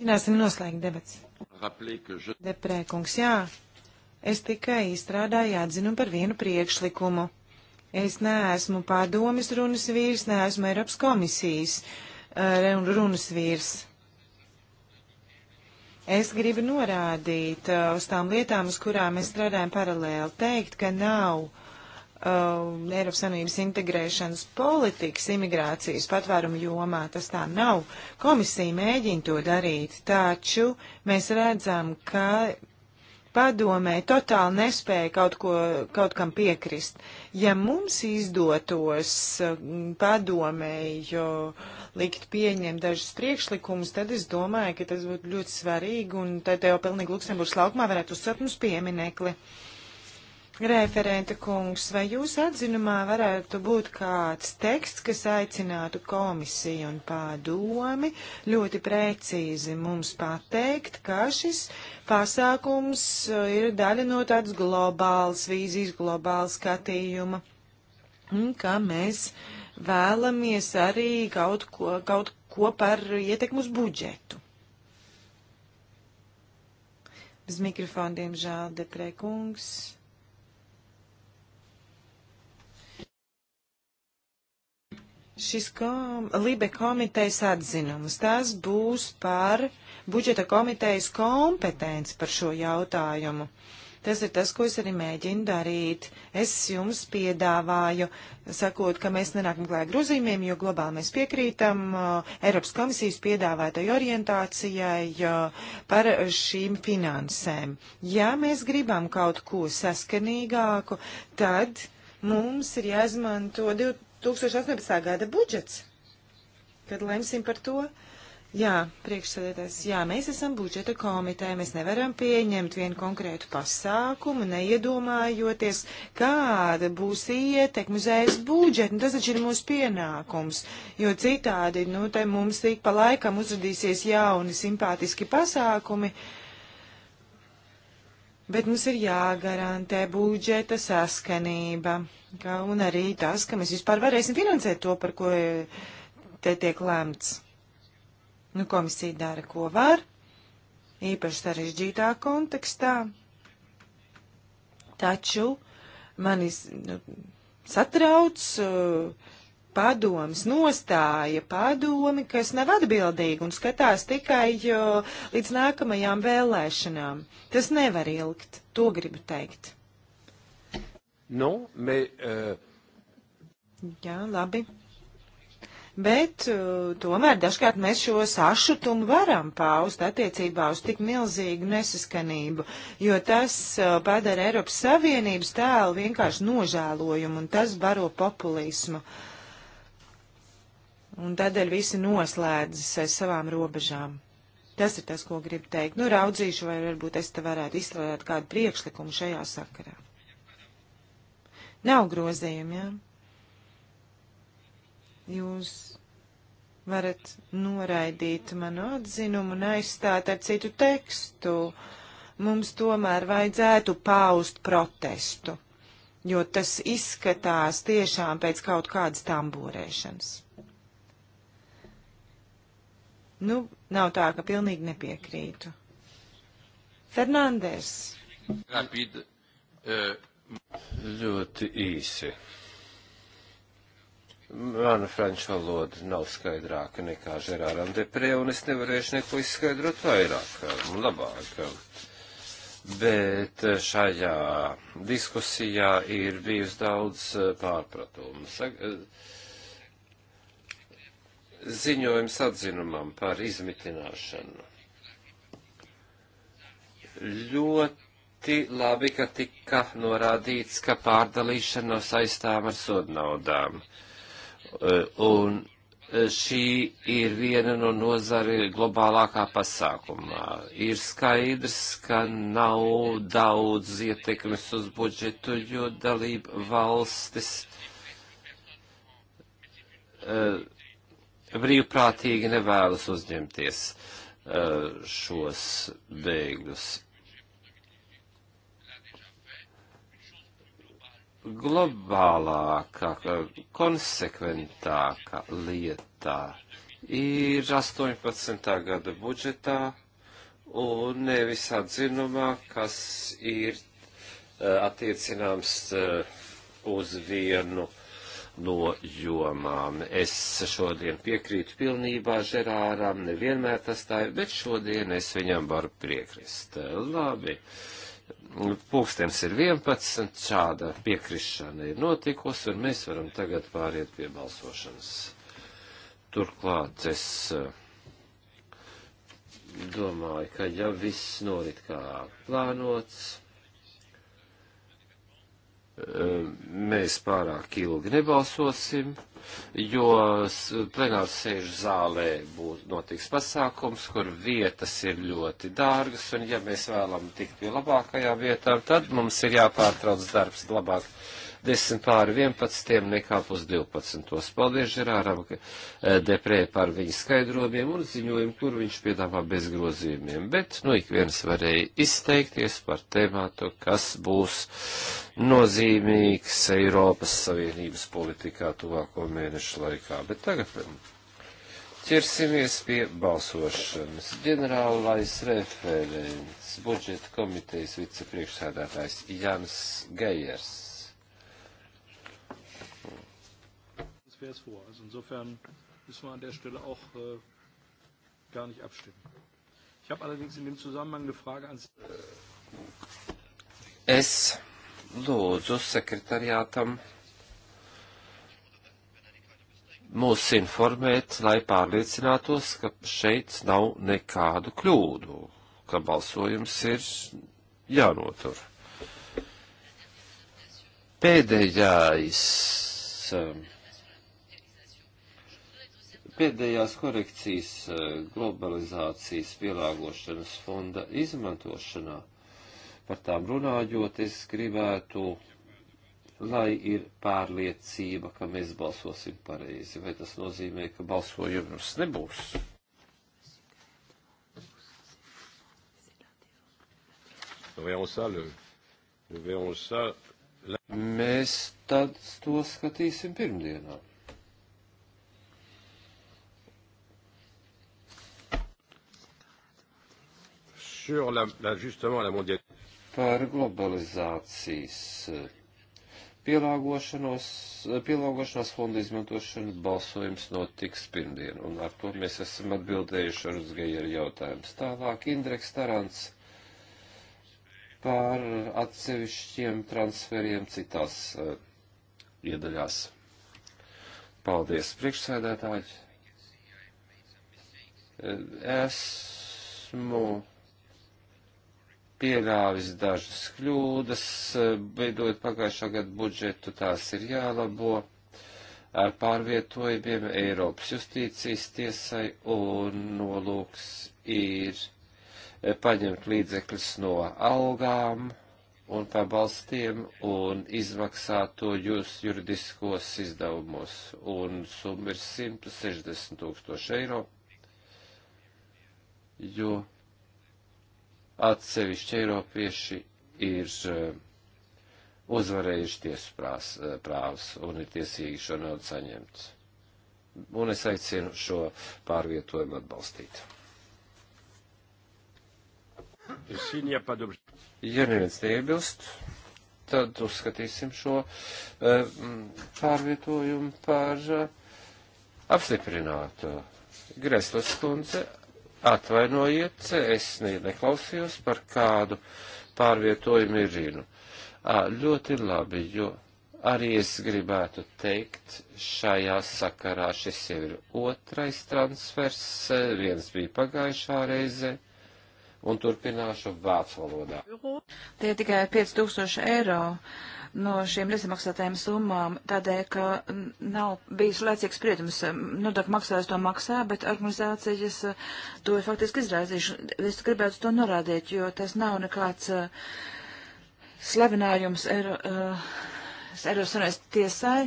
Mēģināsim ah, noslēgt debats. Deprēkungs, jā. Es tikai izstrādāju atzinu par vienu priekšlikumu. Es neesmu pārdomis runas vīrs, neesmu Eiropas komisijas uh, runas vīrs. Es gribu norādīt uh, uz tām lietām, uz kurām mēs strādājam paralēli, teikt, ka nav uh, Eiropas Savienības integrēšanas politikas imigrācijas patvērumu jomā. Tas tā nav. Komisija mēģina to darīt, taču mēs redzam, ka padomē totāli nespēja kaut, ko, kaut kam piekrist. Ja mums izdotos mm, padomēju likt pieņemt dažus priekšlikumus, tad es domāju, ka tas būtu ļoti svarīgi un tad jau pilnīgi Luksemburgas laukumā varētu uzsākt mums pieminekli. Uh, Referenta kungs, vai jūs atzinumā varētu būt kāds teksts, kas aicinātu komisiju un pārdomi ļoti precīzi mums pateikt, ka šis pasākums uh, ir daļa no tādas globālas vīzijas, globāla skatījuma, un ka mēs vēlamies arī kaut ko, kaut ko par ietekmu uz budžetu? Bez mikrofona, diemžēl, deprē kungs. šis kom, Libe komitejas atzinums. Tas būs par budžeta komitejas kompetenci par šo jautājumu. Tas ir tas, ko es arī mēģinu darīt. Es jums piedāvāju, sakot, ka mēs nenākam klāt grozījumiem, jo globāli mēs piekrītam uh, Eiropas komisijas piedāvātai orientācijai uh, par šīm finansēm. Ja mēs gribam kaut ko saskanīgāku, tad mums ir jāizmanto 20. 2018. gada budžets, kad lemsim par to. Jā, priekšsēdētājs, jā, mēs esam budžeta komiteja, mēs nevaram pieņemt vienu konkrētu pasākumu, neiedomājoties, kāda būs ietekme uz ēst budžetu. Nu, tas taču ir mūsu pienākums, jo citādi, nu, te mums tik pa laikam uzradīsies jauni simpātiski pasākumi. Uh, Bet mums ir jāgarantē budžeta saskanība, kā un arī tas, ka mēs vispār varēsim finansēt to, par ko e, te tiek lemts. Nu, komisija dara, ko var, īpaši sarežģītā kontekstā. Taču manis nu, satrauc uh, padomas nostāja, padomi, kas nav atbildīgi un skatās tikai jo, līdz nākamajām vēlēšanām. Tas nevar ilgt, to gribu teikt. Non, nu, mais, euh... Jā, labi. Bet uh, tomēr dažkārt mēs šo sašutumu varam paust attiecībā uz tik milzīgu nesaskanību, jo tas uh, padara Eiropas Savienības tēlu vienkārši nožēlojumu un tas baro populismu. Uh, un tādēļ visi noslēdzas aiz savām robežām. Tas ir tas, ko gribu teikt. Nu, raudzīšu, vai varbūt es te varētu izstrādāt kādu priekšlikumu šajā sakarā. Nav grozījumi, jā. Ja? Jūs varat noraidīt manu atzinumu un aizstāt ar citu tekstu. Mums tomēr vajadzētu paust protestu, jo tas izskatās tiešām pēc kaut kādas tamborēšanas. Nu, nav tā, ka pilnīgi nepiekrītu. Fernandes. Rapid, uh... Ļoti īsi. Mana franču valoda nav skaidrāka nekā Žerāram Deprē, un es nevarēšu neko izskaidrot vairāk un labāk. Bet šajā diskusijā ir bijis daudz e, pārpratumu. Sag e, ziņojums atzinumam par izmitināšanu. Ļoti labi, ka tika norādīts, ka pārdalīšana nav saistām ar sodnaudām. Eh, un eh, šī ir viena no nozari globālākā pasākumā. Ir skaidrs, ka nav daudz ietekmes uz budžetu, jo dalība valstis uh, brīvprātīgi nevēlas uzņemties uh, šos bēgļus. Globālākā, konsekventākā lietā ir 18. gada budžetā un nevis atzinumā, kas ir uh, attiecināms uh, uz vienu uh, no jomām. Es šodien piekrītu pilnībā Žerāram, nevienmēr tas tā ir, bet šodien es viņam varu piekrist. Labi. Pūkstens ir 11, šāda piekrišana ir notikusi, un mēs varam tagad pāriet pie balsošanas. Turklāt es eh, domāju, ka ja viss norit kā plānots, mēs pārāk ilgi nebalsosim, jo plenārs sēžu zālē būs notiks pasākums, kur vietas ir ļoti dārgas, un ja mēs vēlam tikt pie labākajām vietām, tad mums ir jāpārtrauc darbs labāk 10 pāri 11 nekā pus 12. Paldies Žerāram eh, Deprē par viņa skaidrojumiem un ziņojumu, kur viņš piedāvā bez grozījumiem, bet nu ik viens varēja izteikties par tēmātu, kas būs nozīmīgs Eiropas Savienības politikā tuvāko mēnešu laikā. Bet tagad ķersimies pie balsošanas. Ģenerālais referents, budžeta komitejas vicepriekšsēdētājs Jans Gejers. wäre es vor. Also insofern müssen wir an der Stelle auch äh, gar nicht abstimmen. Ich habe allerdings in dem Zusammenhang eine Frage an Sie. Es lūdzu sekretariātam mūs informēt, lai pārliecinātos, ka šeit nav nekādu kļūdu, ka balsojums ir jānotur. Pēdējais. Um, pēdējās korekcijas eh, globalizācijas pielāgošanas fonda izmantošanā, par tām runājot, es gribētu, lai ir pārliecība, ka mēs balsosim pareizi, vai tas nozīmē, ka balsojums nebūs. Mēs tad to skatīsim pirmdienā. sur l'ajustement à la mondialisation. Par globalizācijas eh, pielāgošanos, eh, pielāgošanās fonda izmantošanu balsojums notiks pirmdien, un ar to mēs esam atbildējuši ar uzgaieri jautājumus. Tālāk Indreks Tarants par atsevišķiem transferiem citās uh, iedaļās. Paldies, priekšsēdētāji! Esmu pieļāvis dažas kļūdas, beidot pagājušā gada budžetu, tās ir jālabo ar pārvietojumiem Eiropas justīcijas tiesai un nolūks ir paņemt līdzekļus no algām un pabalstiem un izmaksāt to jūs juridiskos izdevumos. Un summa ir 160 tūkstoši eiro, jo atsevišķi eiropieši ir eh, uzvarējuši tiesu eh, prāvas un ir tiesīgi šo naudu saņemt. Un es aicinu šo pārvietojumu atbalstīt. Ja neviens neiebilst, tad uzskatīsim šo eh, pārvietojumu par apstiprinātu. Greslas kundze Atvainojiet, es ne, neklausījos par kādu pārvietojumu Irīnu. À, ļoti labi, jo arī es gribētu teikt, šajā sakarā šis jau ir otrais transfers, viens bija pagājušā reize, un turpināšu vācu valodā. Tie tikai 5000 eiro. Uh, no šiem nesamaksātajām summām, tādēļ, ka nav bijis laicīgs spriedums. Nodokļu maksājums to maksā, bet organizācijas to ir faktiski izrādījuši. Es gribētu to norādīt, jo tas nav nekāds eh, slavinājums. Er, uh, Eiropas Savienības tiesai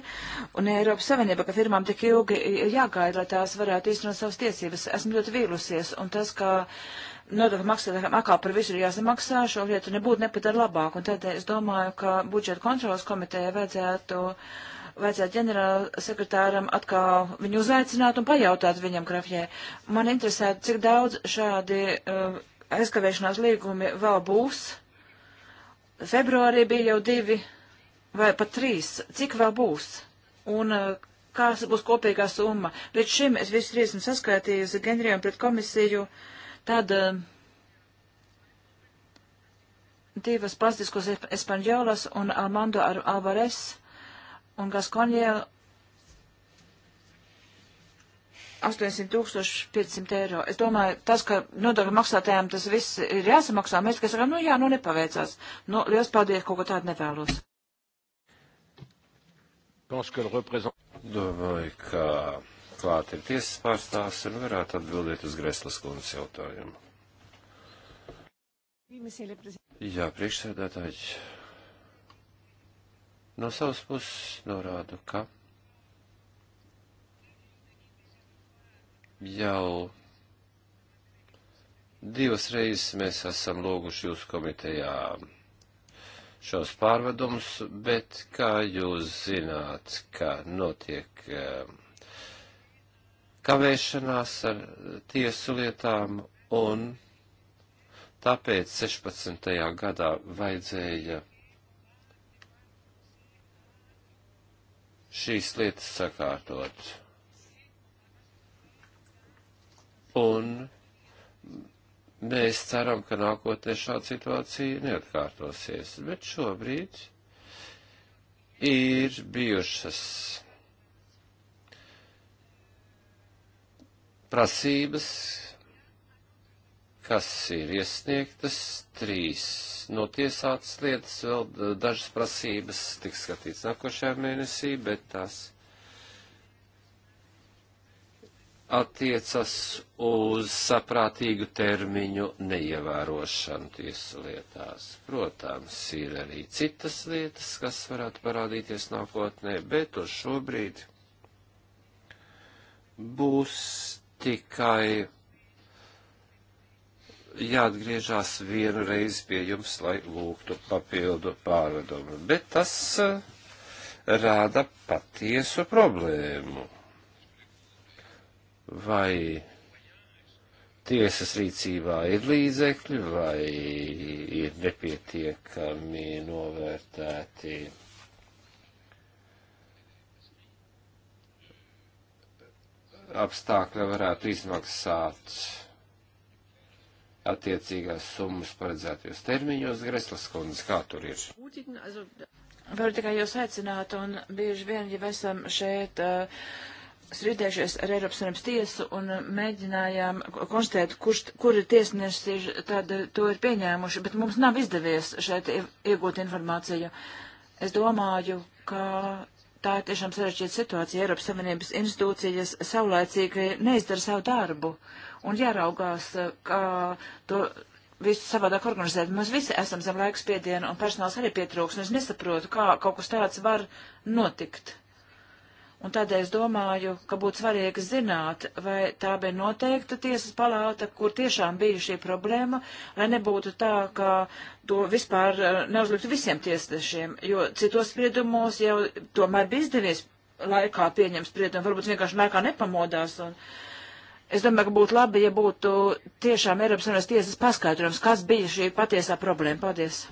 un Eiropas Savienība, ka firmām tik ilgi jāgaida, lai tās varētu īstenot savas tiesības. Esmu ļoti vīlusies, un tas, ka nodokļu maksātājiem atkal par visu ir jāsamaksā, šo lietu nebūtu nepadara labāk, un tādēļ es domāju, ka budžeta kontrolas komiteja vajadzētu vajadzētu ģenerālsekretāram atkal viņu uzaicināt un pajautāt viņam grafjē. Man interesē, cik daudz šādi uh, aizkavēšanās līgumi vēl būs. Februārī bija jau divi vai pat trīs, cik vēl būs un uh, kāds būs kopīgā summa. Līdz šim es visu trīs esmu saskaitījusi Genrijam pret komisiju, tad uh, divas plastiskos espaņģolas un Armando Ar Alvarez un Gaskonjē 800 eiro. Es domāju, tas, ka nodokļu maksātājiem tas viss ir jāsamaksā, mēs tikai sakām, nu jā, nu nepaveicās. Nu, liels paldies, kaut ko tādu nevēlos. Domāju, ka klāt ir tiesas pārstāvs un varētu atbildēt uz Greslas kundas jautājumu. Jā, priekšsēdētāji, no savas puses norādu, ka jau divas reizes mēs esam lūguši jūsu komitejā šos pārvedumus, bet kā jūs zināt, ka notiek eh, kavēšanās ar tiesu lietām un tāpēc 16. gadā vajadzēja šīs lietas sakārtot. Un Mēs ceram, ka nākotnē šāda situācija neatkārtosies, bet šobrīd ir bijušas prasības, kas ir iesniegtas, trīs notiesātas lietas, vēl dažas prasības tiks skatīts nākošajā mēnesī, bet tās attiecas uz saprātīgu termiņu neievērošanu tiesu lietās. Protams, ir arī citas lietas, kas varētu parādīties nākotnē, bet uz šobrīd būs tikai jāatgriežās vienu reizi pie jums, lai lūgtu papildu pārvedumu. Bet tas eh, rāda patiesu problēmu vai tiesas rīcībā ir līdzekļi, vai ir nepietiekami novērtēti apstākļi varētu izmaksāt attiecīgās summas paredzētajos termiņos. Greslas kundze, kā tur ir? Varu tikai jūs aicināt, un bieži vien, ja esam šeit uh, strīdējušies ar Eiropas Savienības tiesu un uh, mēģinājām konstatēt, kurš, kuri tiesneši ir, tad, uh, to ir pieņēmuši, bet mums nav izdevies šeit iegūt informāciju. Es domāju, ka tā ir tiešām sarežģīta situācija. Eiropas Savienības institūcijas saulēcīgi neizdara savu darbu un jāraugās, uh, kā to visu savādāk organizēt. Mēs visi esam zem laiks piedienu un personāls arī pietrūks, un es nesaprotu, kā kaut kas tāds var notikt. Un tādēļ es domāju, ka būtu svarīgi zināt, vai tā bija noteikta tiesas palāta, kur tiešām bija šī problēma, lai nebūtu tā, ka to vispār eh, neuzliktu visiem tiesnešiem, jo citos spriedumos jau tomēr bija izdevies laikā pieņemt spriedumu, varbūt vienkārši mērkā nepamodās. Un es domāju, ka būtu labi, ja būtu tiešām Eiropas Savienības tiesas paskaidrojums, kas bija šī patiesā problēma. Paldies!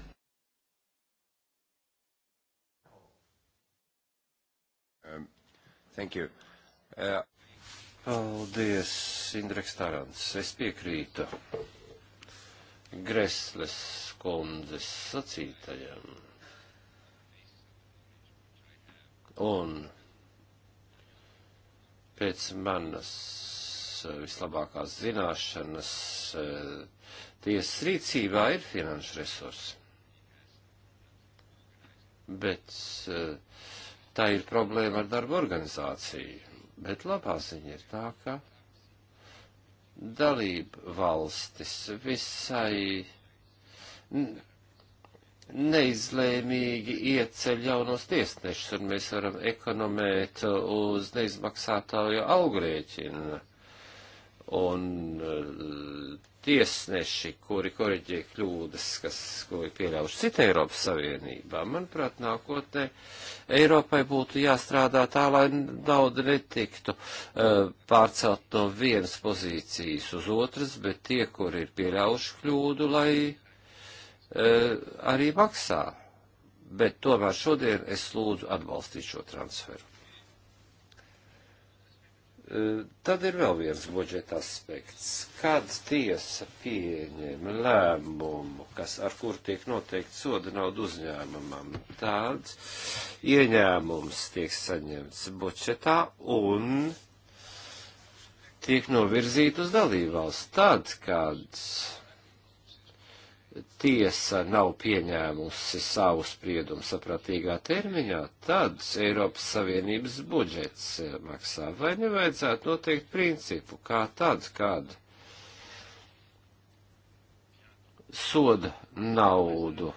Thank you. Uh... Paldies, Indreks Tarants. Es piekrītu Gresles kundzes sacītajam. Un pēc manas uh, vislabākās zināšanas uh, tiesas rīcībā ir finanšu resursi. Bet uh, tā ir problēma ar darbu organizāciju. Bet labā ziņa ir tā, ka dalība valstis visai neizlēmīgi ieceļ jaunos tiesnešus, un mēs varam ekonomēt uz neizmaksātāju algrēķinu. Un tiesneši, kuri koriģē kļūdas, kas, ko ir pieļaujuši cita Eiropas Savienībā. Manuprāt, nākotnē Eiropai būtu jāstrādā tā, lai daudz netiktu uh, pārcelt no vienas pozīcijas uz otras, bet tie, kuri ir pieļaujuši kļūdu, lai uh, arī maksā. Bet tomēr šodien es lūdzu atbalstīt šo transferu. Tad ir vēl viens budžeta aspekts. Kad tiesa pieņem lēmumu, kas ar kur tiek noteikti soda naudu uzņēmumam, tāds ieņēmums tiek saņemts budžetā un tiek novirzīt uz dalībvalsts. Tad, kad tiesa nav pieņēmusi savu spriedumu sapratīgā termiņā, tad Eiropas Savienības budžets maksā. Vai nevajadzētu noteikt principu, kā tad, kad soda naudu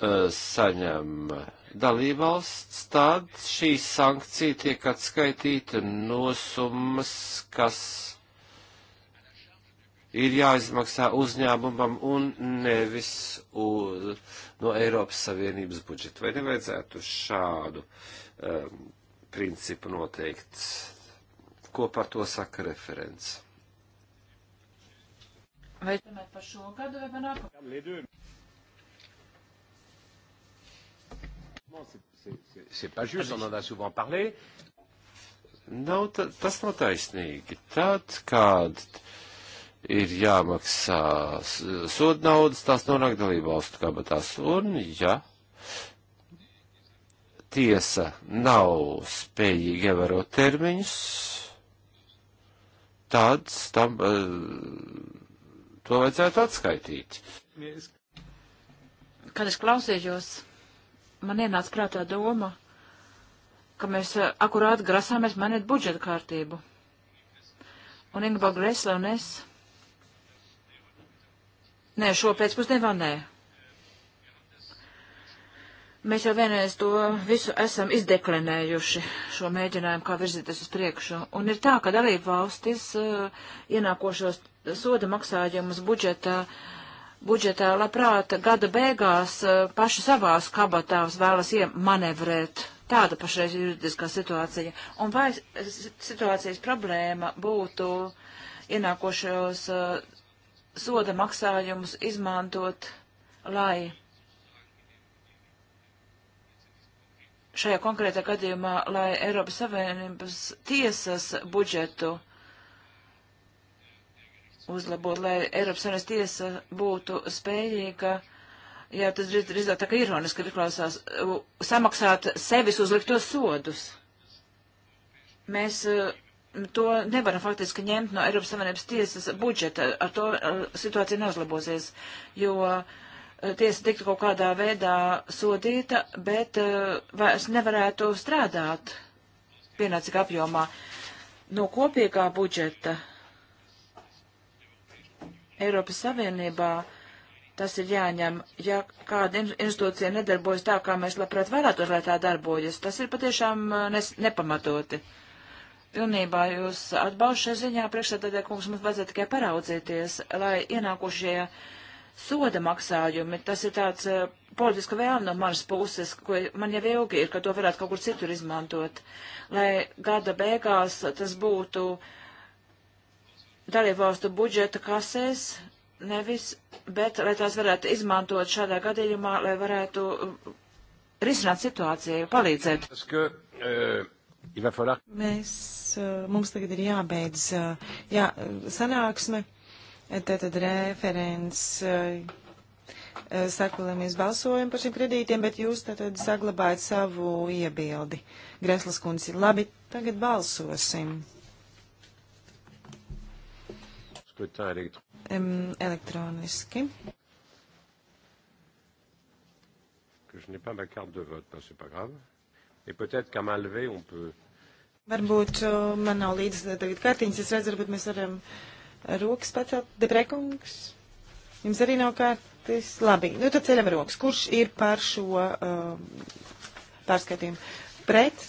eh, saņem dalībvalsts, tad šī sankcija tiek atskaitīta no summas, kas ir jāizmaksā uzņēmumam un nevis uz, no Eiropas Savienības budžeta. Vai nevajadzētu šādu um, principu noteikt? Ko par to saka referents? Vai tomēr par šo gadu vai par nākamo? C'est pas juste, on en a souvent parlé. Nav, tas nav taisnīgi. Tad, kad uh, ir jāmaksā sodu naudas, tās nonāk dalību valstu kabatās. Un, ja tiesa nav spējīga ievērot termiņus, tad tam, eh, to vajadzētu atskaitīt. Kad es klausījos, man ienāca prātā doma, ka mēs eh, akurāt grasāmies mainīt budžeta kārtību. Un Ingeborg Gresla un es Nē, šo pēcpusdienu vēl nē. Mēs jau vienreiz to visu esam izdeklinējuši, šo mēģinājumu, kā virzīties uz priekšu. Un ir tā, ka dalību valstis uh, ienākošos soda maksājumus budžeta, budžetā labprāt gada beigās uh, paši savās kabatās vēlas iemanevrēt. Tāda pašreiz juridiskā situācija. Un vai situācijas problēma būtu ienākošos uh, soda maksājumus izmantot, lai šajā konkrētā gadījumā, lai Eiropas Savienības tiesas budžetu uzlabot, lai Eiropas Savienības tiesa būtu spējīga, ja tas drīzāk tā kā ironiski klausās, samaksāt sevis uzliktos sodus. Mēs uh, to nevaram faktiski ņemt no Eiropas Savienības tiesas budžeta. Ar to uh, situācija neuzlabosies, jo uh, tiesa tiktu kaut kādā veidā sodīta, bet uh, vairs nevarētu strādāt pienācīgā apjomā no kopīgā budžeta. Eiropas Savienībā tas ir jāņem, ja kāda institūcija nedarbojas tā, kā mēs labprāt vēlētos, lai tā darbojas. Tas ir patiešām nes, nepamatoti. Uh, Pilnībā jūs atbalstu šajā ziņā priekšsēdētāja kungs mums vajadzētu tikai paraudzīties, lai ienākušie soda maksājumi, tas ir tāds uh, politiska vēlme no manas puses, ko man jau ilgi ir, ka to varētu kaut kur citur izmantot, lai gada beigās tas būtu dalībvalstu budžeta kasēs, nevis, bet lai tās varētu izmantot šādā gadījumā, lai varētu eh, risināt situāciju, palīdzēt. Tas, ka, uh... Mēs, eh, mums tagad ir jābeidz eh, jā, eh, sanāksme, tātad referents saka, lai mēs balsojam par šiem kredītiem, bet jūs tātad saglabājat savu iebildi. Greslas kundze, labi, tagad balsosim. Um, elektroniski. Que je n'ai pas ma carte de vote, mais c'est pas grave. Et peut-être qu'à main levée, on peut. Varbūt uh, man nav līdz tagad kartiņas, es redzu, varbūt mēs varam rokas pacelt. Deprekungs, jums arī nav kartis? Labi, nu tad ceļam rokas. Kurš ir par šo uh, pārskatījumu? Pret?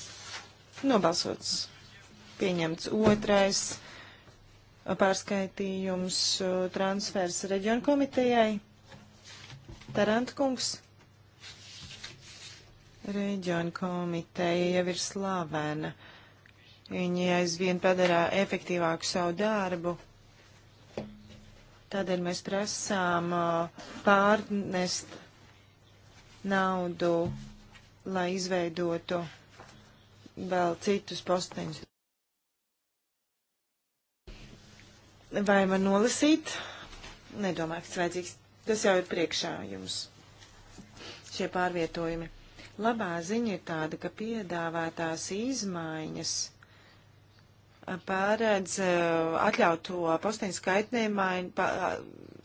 Nobalsots. Pieņemts otrais uh, pārskaitījums uh, transfers reģionu komitejai. Tarantkungs. kungs. Reģiona komiteja jau ir slavena. Viņi aizvien padarā efektīvāku savu darbu. Tādēļ mēs prasām uh, pārnest naudu, lai izveidotu vēl citus posteņus. Vai man nolasīt? Nedomāju, ka tas vajadzīgs. Tas jau ir priekšā jums šie pārvietojumi. Labā ziņa ir tāda, ka piedāvātās izmaiņas pārēdz atļaut to posteņu skaitu nemain, pa,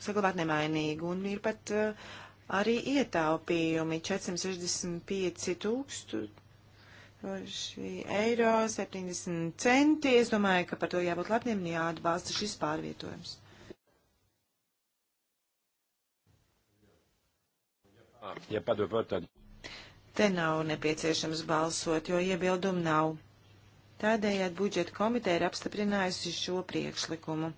saglabāt nemainīgu un ir pat arī ietaupījumi 465 tūkstoši eiro 70 centi. Es domāju, ka par to jābūt lepniem un jāatbalsta šis pārvietojums. Ja padomāt, tad Te nav nepieciešams balsot, jo iebildumu nav. Tādējādi budžeta komiteja ir apstiprinājusi šo priekšlikumu.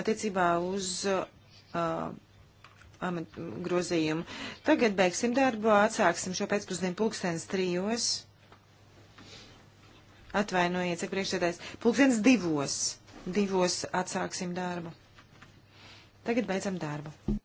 Attiecībā uz uh, amat, grozījumu. Tagad beigsim darbu, atsāksim šo pēcpusdienu pulkstens trijos. Atvainojiet, cik priekšsēdājs. Pulkstens divos. Divos atsāksim darbu. Tagad beidzam darbu.